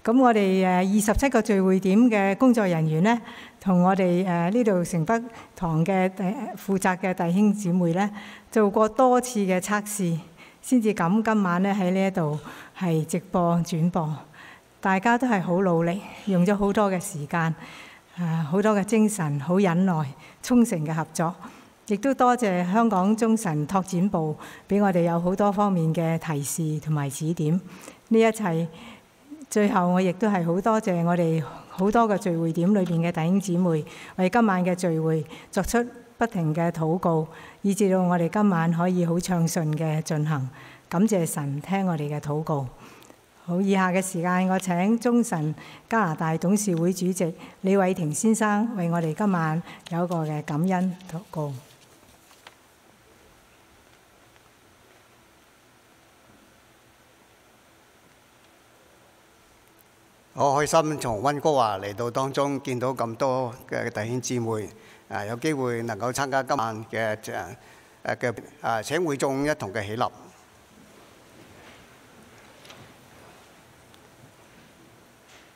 咁我哋誒二十七個聚會點嘅工作人員呢，同我哋誒呢度城北堂嘅第負責嘅弟兄姊妹呢，做過多次嘅測試，先至咁今晚呢喺呢一度係直播轉播。大家都係好努力，用咗好多嘅時間，啊、uh, 好多嘅精神，好忍耐，衷誠嘅合作。亦都多謝香港中神拓展部，俾我哋有好多方面嘅提示同埋指點。呢一切最後，我亦都係好多謝我哋好多個聚會點裏面嘅弟兄姊妹，為今晚嘅聚會作出不停嘅禱告，以至到我哋今晚可以好暢順嘅進行。感謝神聽我哋嘅禱告。好，以下嘅時間，我請中神加拿大董事會主席李偉霆先生為我哋今晚有一個嘅感恩禱告。好開心，從溫哥華嚟到當中，見到咁多嘅弟兄姊妹啊，有機會能夠參加今晚嘅誒嘅啊，請會眾一同嘅起立。愛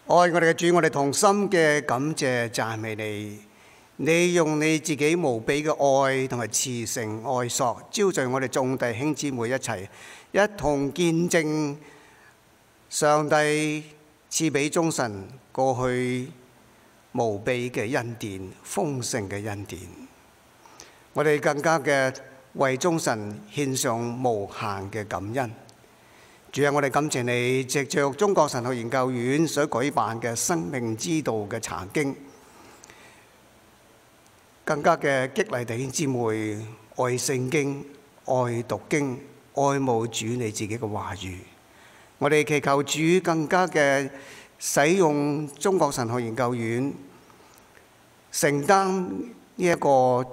我哋嘅主，我哋同心嘅感謝讚美你。你用你自己無比嘅愛同埋慈繩愛索，招聚我哋眾弟兄姊妹一齊一同見證上帝。賜俾中神過去無比嘅恩典，豐盛嘅恩典。我哋更加嘅為中神獻上無限嘅感恩。主啊，我哋感謝你，藉着中國神學研究院所舉辦嘅生命之道嘅查經，更加嘅激勵弟兄姊妹愛聖經、愛讀經、愛慕主你自己嘅話語。我哋祈求主更加嘅使用中國神學研究院，承擔呢一個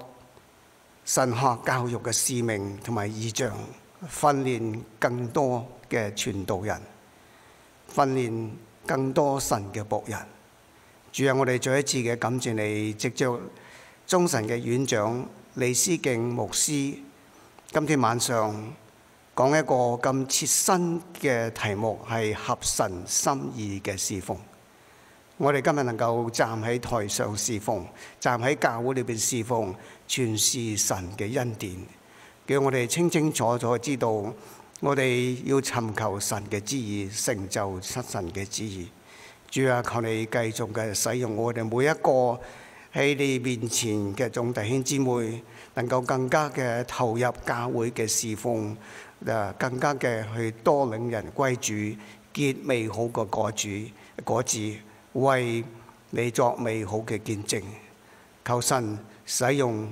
神學教育嘅使命同埋異象，訓練更多嘅傳道人，訓練更多神嘅僕人。主啊，我哋再一次嘅感謝你，藉着中神嘅院長李思敬牧師，今天晚上，講一個咁切身嘅題目，係合神心意嘅事奉。我哋今日能夠站喺台上事奉，站喺教會裏邊事奉，全是神嘅恩典。叫我哋清清楚楚知道，我哋要尋求神嘅旨意，成就失神嘅旨意。主啊，求你繼續嘅使用我哋每一個喺你面前嘅眾弟兄姊妹，能夠更加嘅投入教會嘅事奉。更加嘅去多領人歸主，結美好嘅果主果子，為你作美好嘅見證。求神使用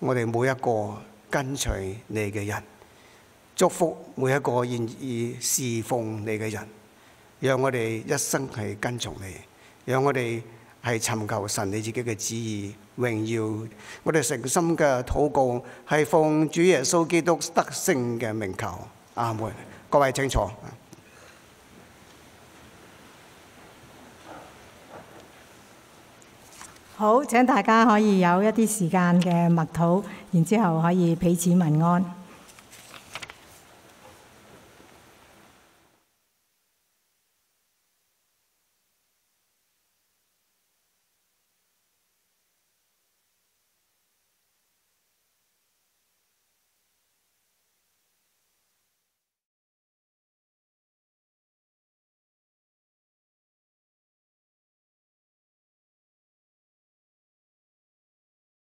我哋每一個跟隨你嘅人，祝福每一個願意侍奉你嘅人，讓我哋一生係跟從你，讓我哋係尋求神你自己嘅旨意。榮耀，我哋誠心嘅禱告係奉主耶穌基督得勝嘅名求，阿門。各位請坐。好，請大家可以有一啲時間嘅默禱，然之後可以彼此問安。